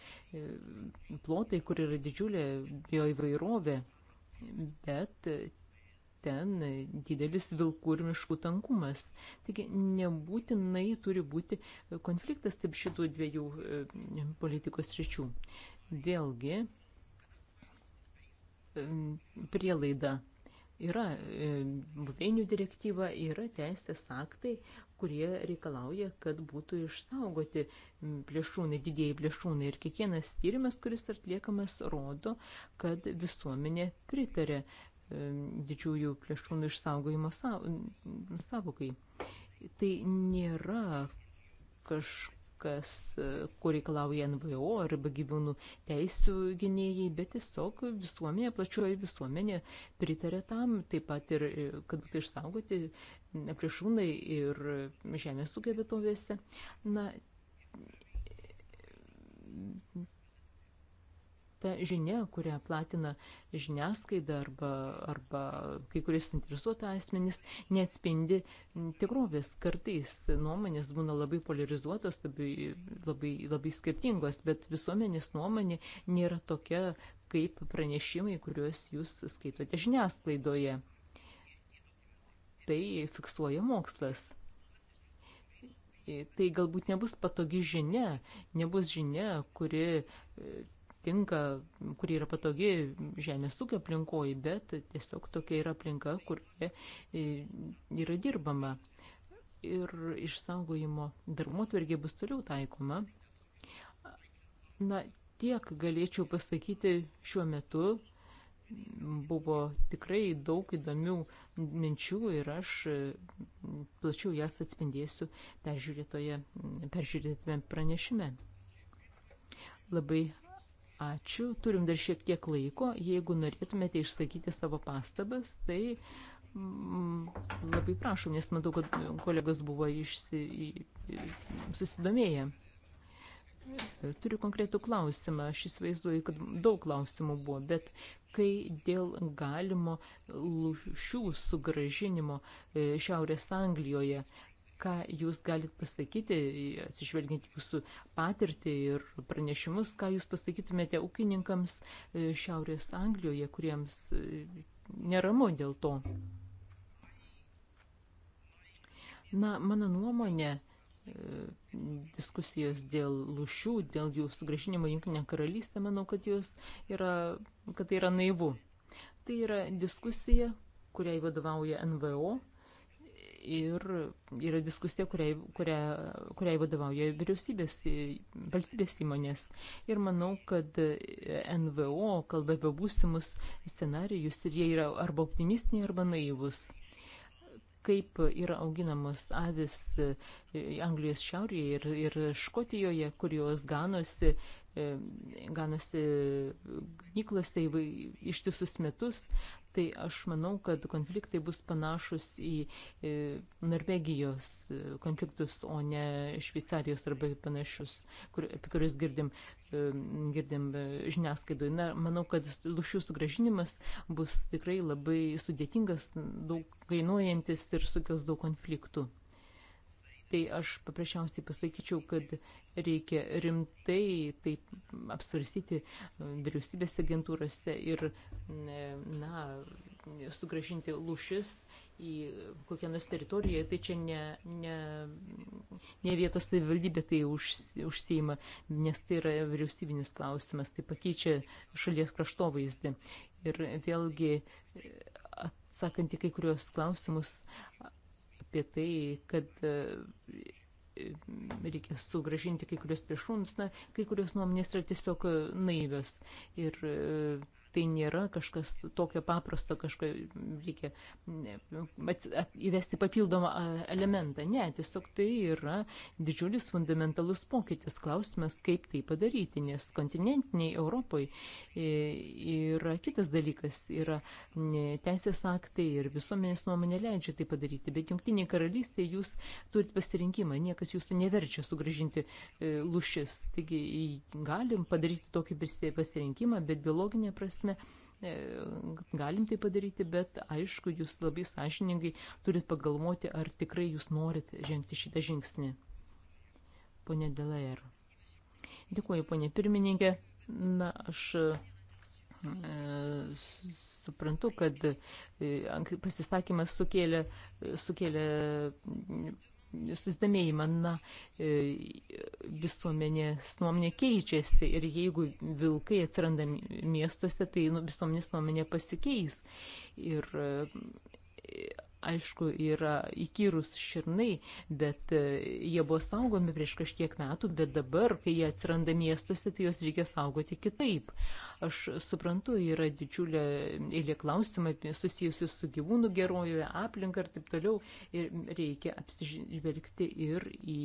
S1: plotai, kur yra didžiulė bioįvairovė bet ten didelis vilkų ir miškų tankumas. Taigi nebūtinai turi būti konfliktas taip šitų dviejų e, politikos ryčių. Vėlgi, e, prielaida yra e, buveinių direktyva, yra teisės aktai, kurie reikalauja, kad būtų išsaugoti plėšrūnai, didėjai plėšrūnai. Ir kiekvienas tyrimas, kuris atliekamas, rodo, kad visuomenė pritarė didžiųjų plėšrūnų išsaugojimo savokai. Tai nėra kažkas, ko reikalauja NVO arba gyvūnų teisų gynėjai, bet tiesiog visuomenė, plačioji visuomenė pritarė tam, taip pat ir, kad būtų išsaugoti plėšrūnai ir žemės ūkio vietovėse. Na, ta žinia, kurią platina žiniasklaida arba, arba kai kuris interesuotų asmenys, neatspindi tikrovės. Kartais nuomonės būna labai polarizuotos, labai, labai, labai skirtingos, bet visuomenės nuomonė nėra tokia kaip pranešimai, kuriuos jūs skaitote žiniasklaidoje. Tai fiksuoja mokslas e, tai galbūt nebus patogi žinia, nebus žinia, kuri tinka, kuri yra patogi žemės ūkio aplinkoji, bet tiesiog tokia yra aplinka, kur e, e, yra dirbama. Ir išsaugojimo darbuotvarkė bus toliau taikoma. Na, tiek galėčiau pasakyti šiuo metu. Buvo tikrai daug įdomių minčių ir aš e, plačiau jas atspindėsiu peržiūrėtame pranešime. Labai Ačiū. Turim dar šiek tiek laiko. Jeigu norėtumėte išsakyti savo pastabas, tai mm, labai prašom, nes matau, kad kolegos buvo išsi, susidomėję. Turiu konkretų klausimą. Aš įsivaizduoju, kad daug klausimų buvo, bet kai dėl galimo lūšių sugražinimo e, Šiaurės Anglijoje, ką jūs galit pasakyti, atsižvelgiant jūsų patirtį ir pranešimus, ką jūs pasakytumėte ūkininkams e, Šiaurės Anglijoje, kuriems e, neramu dėl to. Na, mano nuomonė, e, diskusijos dėl lūšių, dėl jų sugražinimo Junkinė karalystė, manau, kad, yra, kad tai yra naivu. Tai yra diskusija, kuriai vadovauja NVO, ir yra diskusija, kuriai, kuria, kuriai vadovauja vyriausybės, valstybės įmonės. Ir manau, kad NVO kalba apie būsimus scenarijus ir jie yra arba optimistiniai, arba naivus kaip yra auginamos avis Anglijos šiaurėje ir, ir Škotijoje, kur jos ganosi, e, ganosi ganyklose ištisus metus, tai aš manau, kad konfliktai bus panašus į e, Norvegijos e, konfliktus, o ne Šveicarijos arba panašius, kur, apie kuriuos girdim, e, girdim žiniasklaidoje. Na, manau, kad lūšių sugražinimas bus tikrai labai sudėtingas, daug kainuojantis ir sukels daug konfliktų. Tai aš paprasčiausiai pasakyčiau, kad reikia rimtai taip apsvarstyti vyriausybės agentūrose ir, na, sugražinti lūšis į kokią nors teritoriją, tai čia ne, ne, ne vietos savivaldybė tai už, užsieima, nes tai yra vyriausybinis klausimas, tai pakeičia šalies kraštovaizdį. Ir vėlgi, atsakant į kai kurios klausimus apie tai, kad reikia sugražinti kai kurios priešrūnus, na, kai kurios nuomonės yra tiesiog naivios ir e, Tai nėra kažkas tokio paprasto, kažko reikia įvesti papildomą elementą. Ne, tiesiog tai yra didžiulis fundamentalus pokytis. Klausimas, kaip tai padaryti, nes kontinentiniai Europoje e, yra kitas dalykas, yra teisės aktai ir visuomenės nuomonė leidžia tai padaryti, bet jungtiniai karalystėje jūs turite pasirinkimą, niekas jūsų neverčia sugražinti e, lūšis. Taigi galim padaryti tokį pasirinkimą, bet biologinė prasme prasme e, galim tai padaryti, bet aišku, jūs labai sąžiningai turit pagalvoti, ar tikrai jūs norit žengti šitą žingsnį. Pone Delair. Dėkuoju, ponė pirmininkė. Na, aš e, suprantu, kad e, pasisakymas sukėlė, sukėlė susidomėjimą. Na, e, visuomenės nuomonė keičiasi ir jeigu vilkai atsiranda miestuose, tai nu, visuomenės nuomonė pasikeis. Ir e, aišku, yra įkyrus širnai, bet e, jie buvo saugomi prieš kažkiek metų, bet dabar, kai jie atsiranda miestuose, tai juos reikia saugoti kitaip. Aš suprantu, yra didžiulė eilė klausimai susijusių su gyvūnų gerojoje, aplinka ir taip toliau, ir reikia apsižvelgti ir į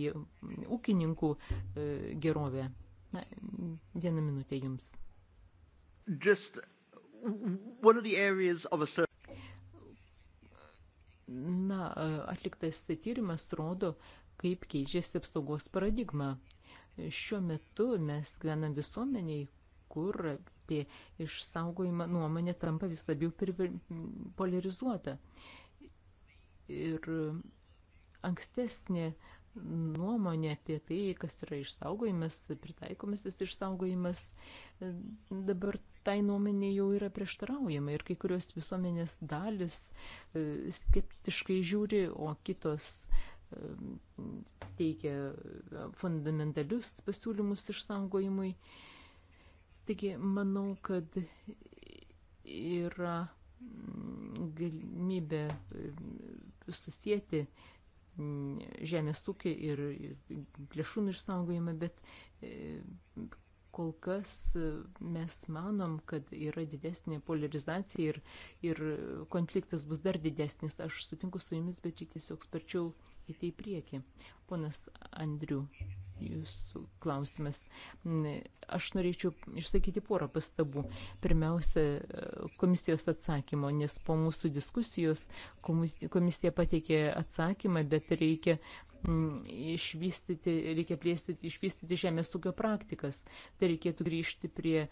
S1: ūkininkų e, gerovę. Na, vieną minutę jums. Just one of the areas of a certain Na, e, atliktas tyrimas rodo, kaip keičiasi apsaugos paradigma. Šiuo metu mes gyvenam visuomeniai, kur apie išsaugojimą nuomonė tampa vis labiau polarizuota. Ir ankstesnė uh, nuomonė apie tai, kas yra išsaugojimas, pritaikomas tas išsaugojimas, dabar tai nuomonė jau yra prieštaraujama ir kai kurios visuomenės dalis e, skeptiškai žiūri, o kitos e, teikia e, fundamentalius pasiūlymus išsaugojimui. Taigi, manau, kad yra galimybė susijęti Mm, žemės ūkį ir plėšūnų išsaugojimą, bet e, kol kas e, mes manom, kad yra didesnė polarizacija ir, ir konfliktas bus dar didesnis. Aš sutinku su jumis, bet reikia tiesiog sparčiau eiti į priekį. Ponas Andriu, jūsų klausimas. Mm, aš norėčiau išsakyti porą pastabų. Pirmiausia, komisijos atsakymo, nes po mūsų diskusijos komisija pateikė atsakymą, bet reikia mm, išvystyti, reikia plėstyti, išvystyti žemės ūkio praktikas. Tai reikėtų grįžti prie e,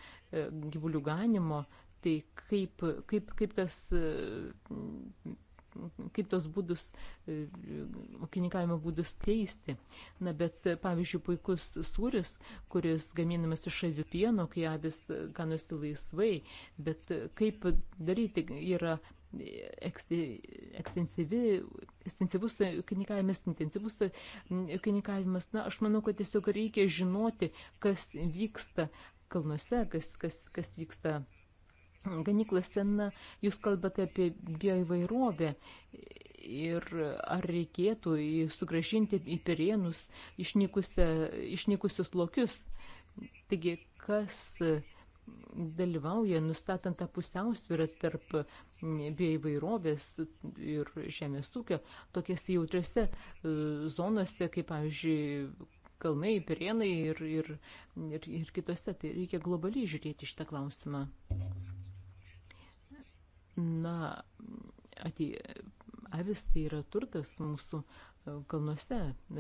S1: gyvulių ganimo, tai kaip, kaip, kaip tas e, kaip tos būdus, e, ūkininkavimo būdus keisti. Na, bet, pavyzdžiui, puikus sūris, kuris gaminamas iš avių pieno, kai avis ganosi laisvai, bet kaip daryti yra ekstensyvus ūkininkavimas, intensyvus ūkininkavimas. Na, aš manau, kad tiesiog reikia žinoti, kas vyksta kalnuose, kas, kas, kas vyksta ganyklose, na, jūs kalbate apie bioįvairovę ir ar reikėtų sugražinti į pirėnus išnykusius lokius. Taigi, kas dalyvauja nustatant tą pusiausvyrą tarp bioįvairovės ir žemės ūkio tokiose jautriose e, zonose, kaip, pavyzdžiui, kalnai, pirėnai ir, ir, ir, ir kitose. Tai reikia globaliai žiūrėti šitą klausimą. Na, atei, avis tai yra turtas mūsų e, kalnuose,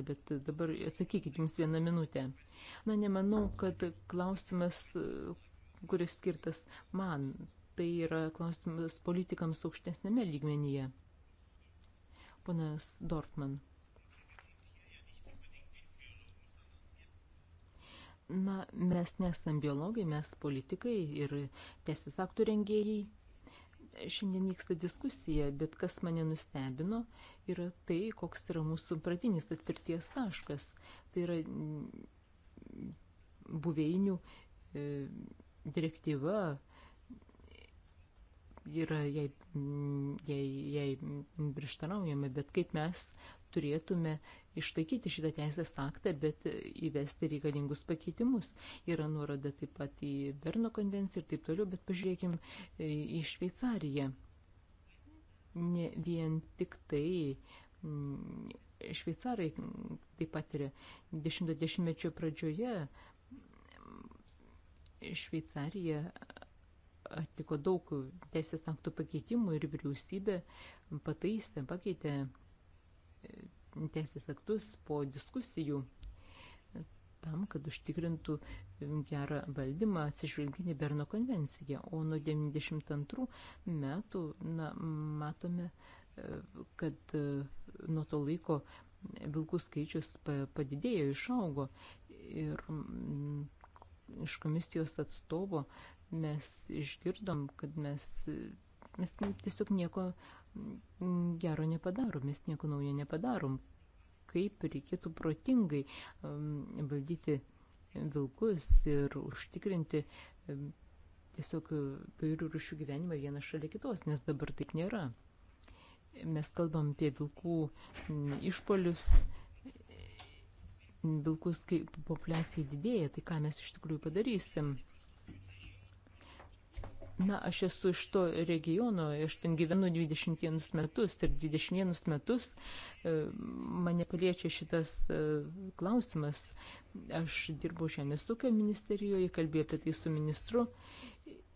S1: bet dabar atsakykit jums vieną minutę. Na, nemanau, kad klausimas, e, kuris skirtas man, tai yra klausimas politikams aukštesnėme lygmenyje. Ponas Dorfman. Na, mes nesam biologai, mes politikai ir teisės aktų rengėjai. Šiandien vyksta diskusija, bet kas mane nustebino, yra tai, koks yra mūsų pradinis atvirties taškas. Tai yra mm, buveinių e, direktyva, yra jai, mm, jai, jai prieštaraujame, bet kaip mes turėtume ištaikyti šitą teisės aktą, bet įvesti reikalingus pakeitimus. Yra nuoroda taip pat į Berno konvenciją ir taip toliau, bet pažiūrėkim e, į Šveicariją. Ne vien tik tai mm, šveicarai taip pat ir 10-mečio pradžioje mm, Šveicarija atliko daug teisės aktų pakeitimų ir vyriausybė pataisė, pakeitė e, teisės aktus po diskusijų tam, kad užtikrintų gerą valdymą atsižvelginį Berno konvenciją. O nuo 92 metų na, matome, e, kad e, nuo to laiko vilkų skaičius padidėjo, išaugo. Ir mm, iš komisijos atstovo mes išgirdom, kad mes, mes tiesiog nieko gero nepadarom, mes nieko naujo nepadarom. Kaip reikėtų protingai um, valdyti vilkus ir užtikrinti um, tiesiog vairių uh, rušių gyvenimą vieną šalia kitos, nes dabar taip nėra. Mes kalbam apie vilkų išpolius, vilkus kaip populiacijai didėja, tai ką mes iš tikrųjų padarysim. Na, aš esu iš to regiono, aš ten gyvenu 21 metus ir 21 metus e, mane paliečia šitas e, klausimas. Aš dirbau Žemės ūkio ministerijoje, kalbėjau apie tai su ministru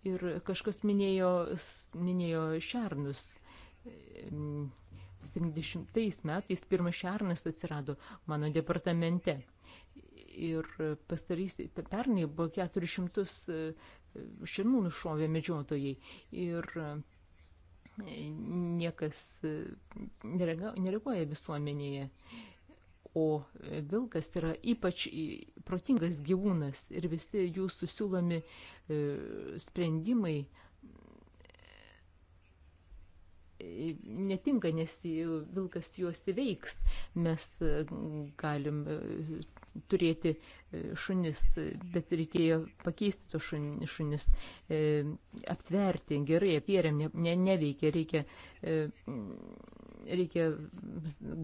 S1: ir kažkas minėjo, minėjo šernus. 70 metais pirmas šernas atsirado mano departamente ir pastarys, pernai buvo 400 širmų nušovė medžiotojai ir e, niekas e, nereaguoja visuomenėje. O e, vilkas yra ypač protingas gyvūnas ir visi jūsų siūlomi sprendimai netinka, nes vilkas juos įveiks. Mes galim turėti e, šunis, bet reikėjo pakeisti tos šunis, e, aptverti, gerai aptvėrėm, ne, ne, neveikia, reikia, e, reikia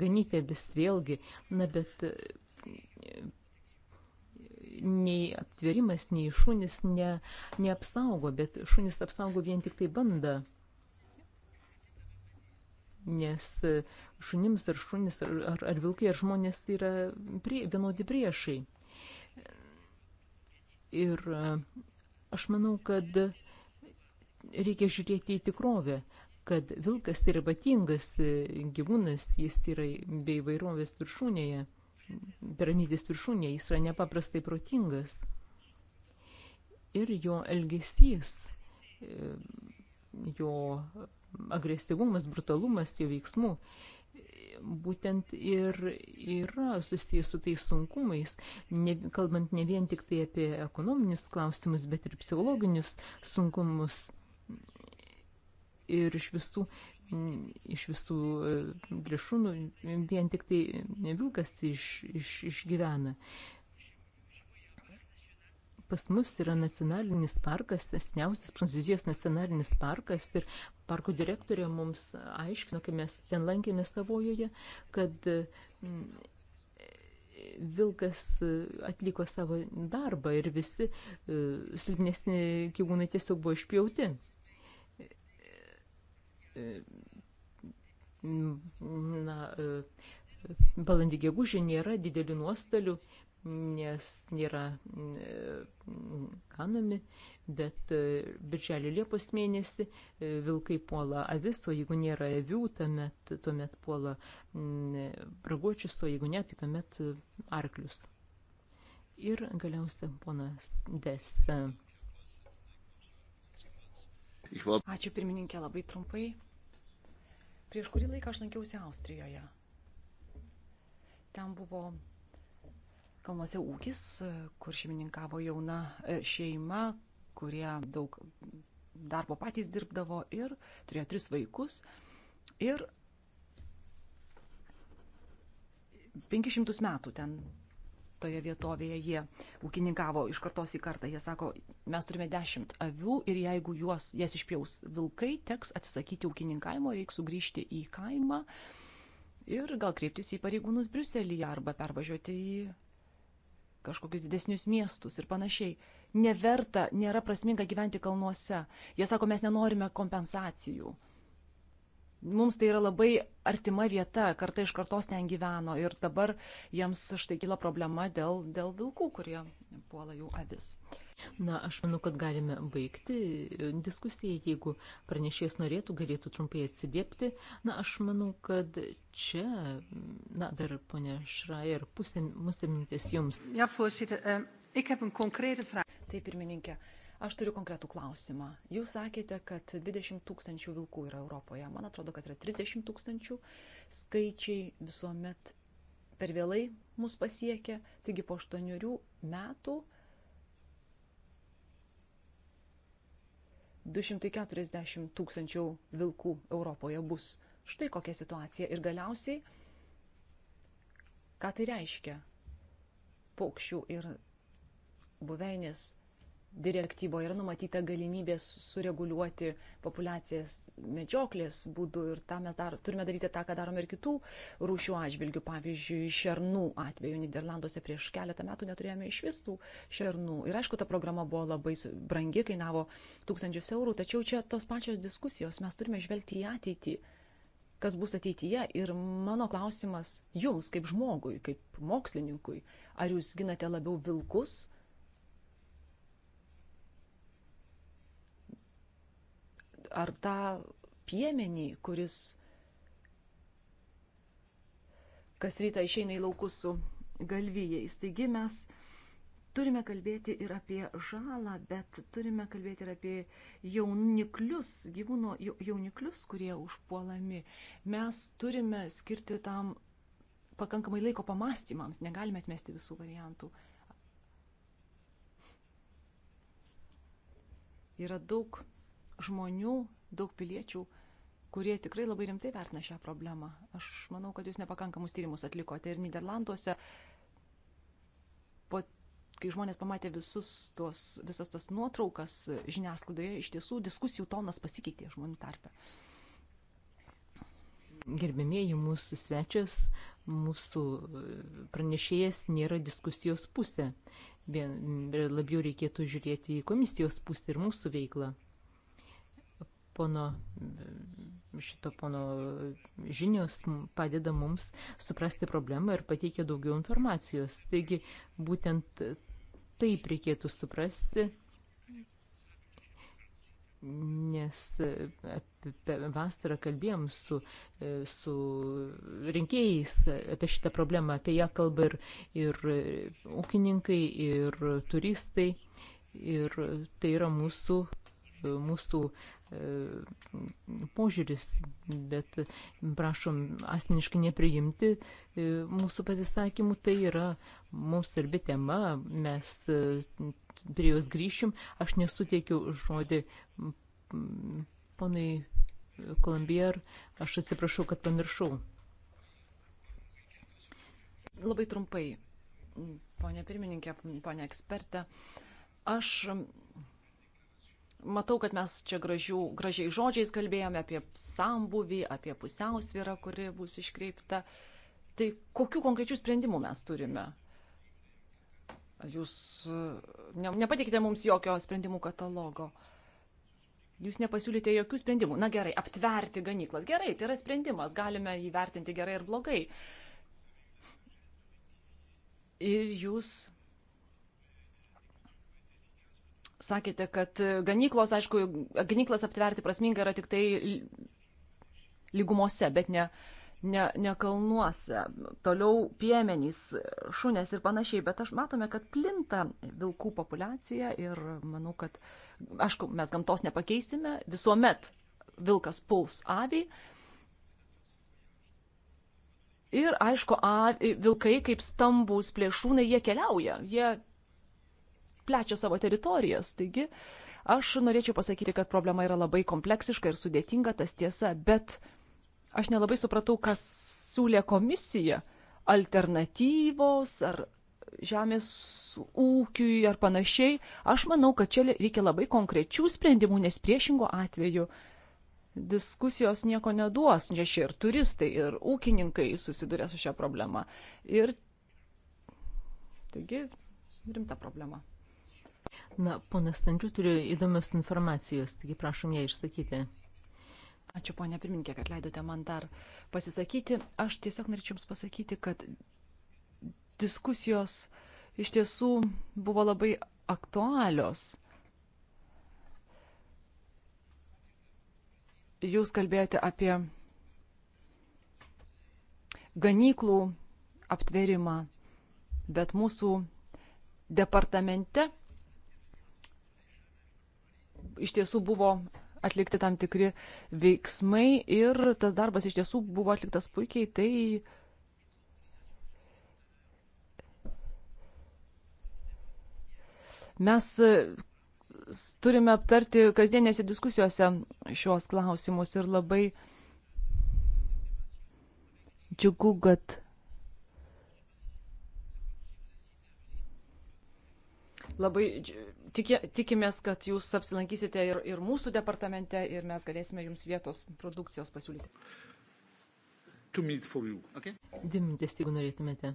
S1: ganyti vis vėlgi, na bet nei aptvėrimas, nei šunis ne, neapsaugo, bet šunis apsaugo vien tik tai banda nes e, šunims ar šunis ar, ar, ar vilkai ar žmonės yra prie, vienodi priešai. Ir e, aš manau, kad reikia žiūrėti į tikrovę, kad vilkas yra ypatingas e, gyvūnas, jis yra bei vairovės viršūnėje, piramidės viršūnėje, jis yra nepaprastai protingas. Ir jo elgesys, jo agresyvumas, brutalumas jo veiksmų būtent ir yra susijęs su tais sunkumais, ne, kalbant ne vien tik tai apie ekonominius klausimus, bet ir psichologinius sunkumus. Ir iš visų, iš visų plėšūnų e, nu, vien tik tai vilkas iš, iš, išgyvena pas mus yra nacionalinis parkas, seniausias Prancūzijos nacionalinis parkas ir parko direktorė mums aiškino, kai mes ten lankėme savojoje, kad mm, vilkas atliko savo darbą ir visi e, silpnesni gyvūnai tiesiog buvo išpjauti. E, mm, na, e, balandį gegužį nėra didelių nuostolių, nes nėra ganami, bet e, birželio Liepos mėnesį e, vilkai puola avis, o jeigu nėra avių, tuomet, tuomet puola raguočius, o jeigu ne, tai tuomet arklius. Ir galiausia ponas Des. Ačiū pirmininkė labai trumpai.
S2: Prieš kurį laiką aš lankiausi Austrijoje. Ten buvo kalnuose ūkis, kur šeimininkavo jauna e, šeima, kurie daug darbo patys dirbdavo ir turėjo tris vaikus. Ir 500 metų ten toje vietovėje jie ūkininkavo iš kartos į kartą. Jie sako, mes turime 10 avių ir jeigu juos, jas išpjaus vilkai, teks atsisakyti ūkininkavimo, reiks sugrįžti į kaimą ir gal kreiptis į pareigūnus Briuselėje arba pervažiuoti į kažkokius didesnius miestus ir panašiai. Neverta, nėra prasminga gyventi kalnuose. Jie sako, mes nenorime kompensacijų. Mums tai yra labai artima vieta, karta iš kartos ten gyveno ir dabar jiems štai
S1: kyla problema dėl, dėl vilkų, kurie puola jų avis. Uh, Na, aš manau, kad galime baigti e, diskusiją, jeigu pranešėjas norėtų, galėtų trumpai atsiliepti. Na, aš manau, kad čia, na, dar ponia Šrajer, pusė, pusė mintis jums.
S2: Ja, eh, Taip, pirmininkė, aš turiu konkretų klausimą. Jūs sakėte, kad 20 tūkstančių vilkų yra Europoje. Man atrodo, kad yra 30 tūkstančių. Skaičiai visuomet per vėlai mus pasiekia. Taigi po 8 metų 240 tūkstančių vilkų Europoje bus. Štai kokia situacija. Ir galiausiai, ką tai reiškia paukščių ir buveinės direktyboje yra numatyta galimybė sureguliuoti populiacijas medžioklės būdu ir tą mes dar, turime daryti tą, ką darome ir kitų rūšių atžvilgių. Pavyzdžiui, šernų atveju Niderlanduose prieš keletą metų neturėjome iš vis tų šernų. Ir aišku, ta programa buvo labai brangi, kainavo tūkstančius eurų, tačiau čia tos pačios diskusijos, mes turime žvelgti į ateitį kas bus ateityje. Ir mano klausimas jums, kaip žmogui, kaip mokslininkui, ar jūs ginate labiau vilkus ar tą piemenį, kuris kas rytą išeina į laukus su galvijais. Taigi mes turime kalbėti ir apie žalą, bet turime kalbėti ir apie jauniklius, gyvūno jauniklius, kurie užpuolami. Mes turime skirti tam pakankamai laiko pamastymams, negalime atmesti visų variantų. Yra daug žmonių, daug piliečių, kurie tikrai labai rimtai vertina šią problemą. Aš manau, kad jūs nepakankamus tyrimus atlikote ir Niderlanduose. Po, kai žmonės pamatė visus tuos, visas tas nuotraukas
S1: žiniasklaidoje, iš tiesų diskusijų tonas pasikeitė žmonių tarpe. Gerbėmėjai mūsų svečias, mūsų e, pranešėjas nėra diskusijos pusė. Vien labiau reikėtų žiūrėti į komisijos pusę ir mūsų veiklą pono, šito pono žinios padeda mums suprasti problemą ir pateikia daugiau informacijos. Taigi būtent taip reikėtų suprasti, nes vasarą kalbėjom su, su rinkėjais apie šitą problemą, apie ją kalba ir, ir ūkininkai, ir turistai, ir tai yra mūsų, mūsų E, požiūris, bet prašom asmeniškai nepriimti e, mūsų pasisakymų, tai yra mums svarbi tema, mes e, prie jos grįšim, aš nesuteikiu žodį ponai Kolumbijar, aš atsiprašau, kad pamiršau.
S2: Labai trumpai, ponė pirmininkė, ponė ekspertė, aš Matau, kad mes čia gražių, gražiai žodžiais kalbėjome apie sambuvį, apie pusiausvyrą, kuri bus iškreipta. Tai kokių konkrečių sprendimų mes turime? Jūs ne, nepatikite mums jokio sprendimų katalogo. Jūs nepasiūlyte jokių sprendimų. Na gerai, aptverti ganyklas. Gerai, tai yra sprendimas. Galime jį vertinti gerai ir blogai. Ir jūs sakėte, kad e, ganyklos, aišku, ganyklas aptverti prasminga yra tik tai lygumose, bet ne, ne, ne kalnuose. Toliau piemenys, šunės ir panašiai, bet aš matome, kad plinta vilkų populiacija ir manau, kad, aišku, mes gamtos nepakeisime, visuomet vilkas puls avį. Ir aišku, a, vilkai kaip stambus plėšūnai, jie keliauja, jie plečia savo teritorijas. Taigi aš norėčiau pasakyti, kad problema yra labai kompleksiška ir sudėtinga, tas tiesa, bet aš nelabai supratau, kas siūlė komisija alternatyvos ar žemės ūkiui ar panašiai. Aš manau, kad čia reikia labai konkrečių sprendimų, nes priešingo atveju diskusijos nieko neduos, nes čia ir turistai, ir ūkininkai susiduria su šia problema. Ir taigi rimta problema.
S1: Na, ponas Andriu, turiu įdomios informacijos, taigi prašom ją išsakyti. Ačiū, ponia pirminkė, kad leidote
S2: man dar pasisakyti. Aš tiesiog norėčiau Jums pasakyti, kad diskusijos iš tiesų buvo labai aktualios. Jūs kalbėjote apie ganyklų aptverimą, bet mūsų departamente iš tiesų buvo atlikti tam tikri veiksmai ir tas darbas iš tiesų buvo atliktas puikiai, tai mes e, turime aptarti kasdienėse diskusijose šios klausimus ir labai džiugu, kad labai džiugu Tikė, tikimės, kad jūs apsilankysite ir, ir mūsų departamente ir mes galėsime jums vietos produkcijos pasiūlyti.
S3: Okay.
S1: Dvi minutės, jeigu norėtumėte.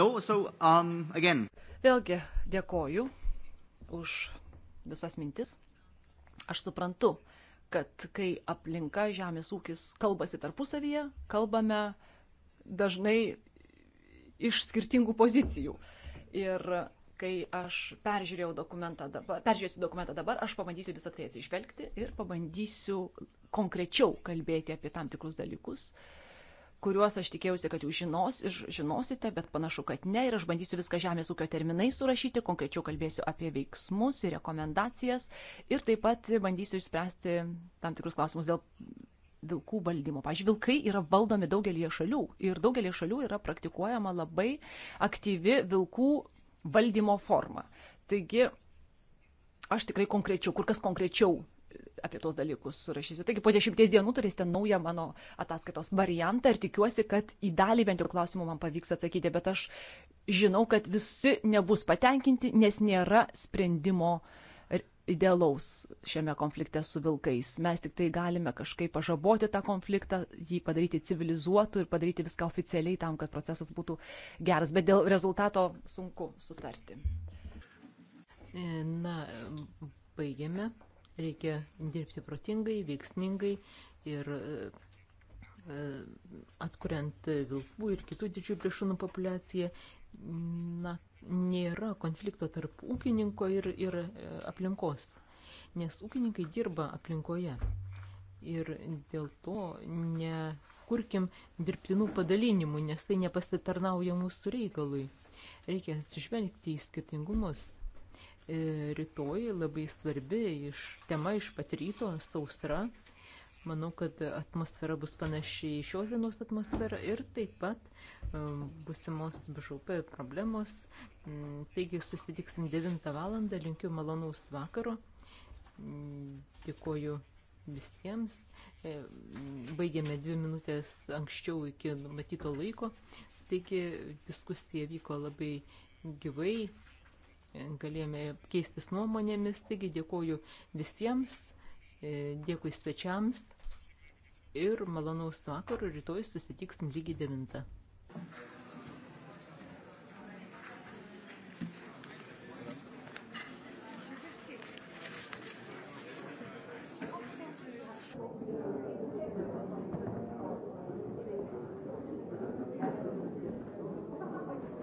S2: No, so, um, again. Vėlgi dėkoju už visas mintis. Aš suprantu, kad kai aplinka, žemės ūkis kalbasi tarpusavyje, kalbame dažnai iš skirtingų pozicijų. Ir kai aš peržiūrėjau dokumentą dabar, peržiūrėsiu dokumentą dabar, aš pabandysiu visą tai atsižvelgti ir pabandysiu konkrečiau kalbėti apie tam tikrus dalykus, kuriuos aš tikėjausi, kad jūs žinos, žinosite, bet panašu, kad ne. Ir aš bandysiu viską žemės ūkio terminai surašyti, konkrečiau kalbėsiu apie veiksmus ir rekomendacijas ir taip pat bandysiu išspręsti tam tikrus klausimus dėl vilkų valdymo. Pavyzdžiui, vilkai yra valdomi daugelie šalių ir daugelie šalių yra praktikuojama labai aktyvi vilkų valdymo formą. Taigi, aš tikrai konkrečiau, kur kas konkrečiau apie tos dalykus surašysiu. Taigi po dešimties dienų turėsite naują mano ataskaitos variantą ir tikiuosi, kad į dalį bent jau klausimų man pavyks atsakyti, bet aš žinau, kad visi nebus patenkinti, nes nėra sprendimo uh, idealaus šiame konflikte su vilkais. Mes tik tai galime kažkaip pažaboti tą konfliktą, jį padaryti civilizuotų ir padaryti viską oficialiai tam, kad procesas būtų geras. Bet dėl rezultato sunku sutarti.
S1: Na, baigiame. Reikia dirbti protingai, veiksmingai ir e, atkuriant vilkų ir kitų didžiųjų plėšrūnų populiaciją. Na, nėra konflikto tarp ūkininko ir, ir e, aplinkos, nes ūkininkai dirba aplinkoje. Ir dėl to nekurkim dirbtinų padalinimų, nes tai nepasitarnauja mūsų reikalui. Reikia atsižvelgti į skirtingumus. E, rytoj labai svarbi iš tema iš patryto sausra Manau, kad atmosfera bus panaši į šios dienos atmosferą ir taip pat um, busimos BŽP problemos. Mm, taigi susitiksim 9 val. linkiu malonaus vakaro. Mm, Dėkuoju visiems. E, Baigėme dvi minutės anksčiau iki matyto laiko. Taigi diskusija vyko labai gyvai, galėjome keistis nuomonėmis, taigi dėkoju visiems. E, dėkui svečiams ir malonaus vakaro, rytoj susitiksim lygiai 9.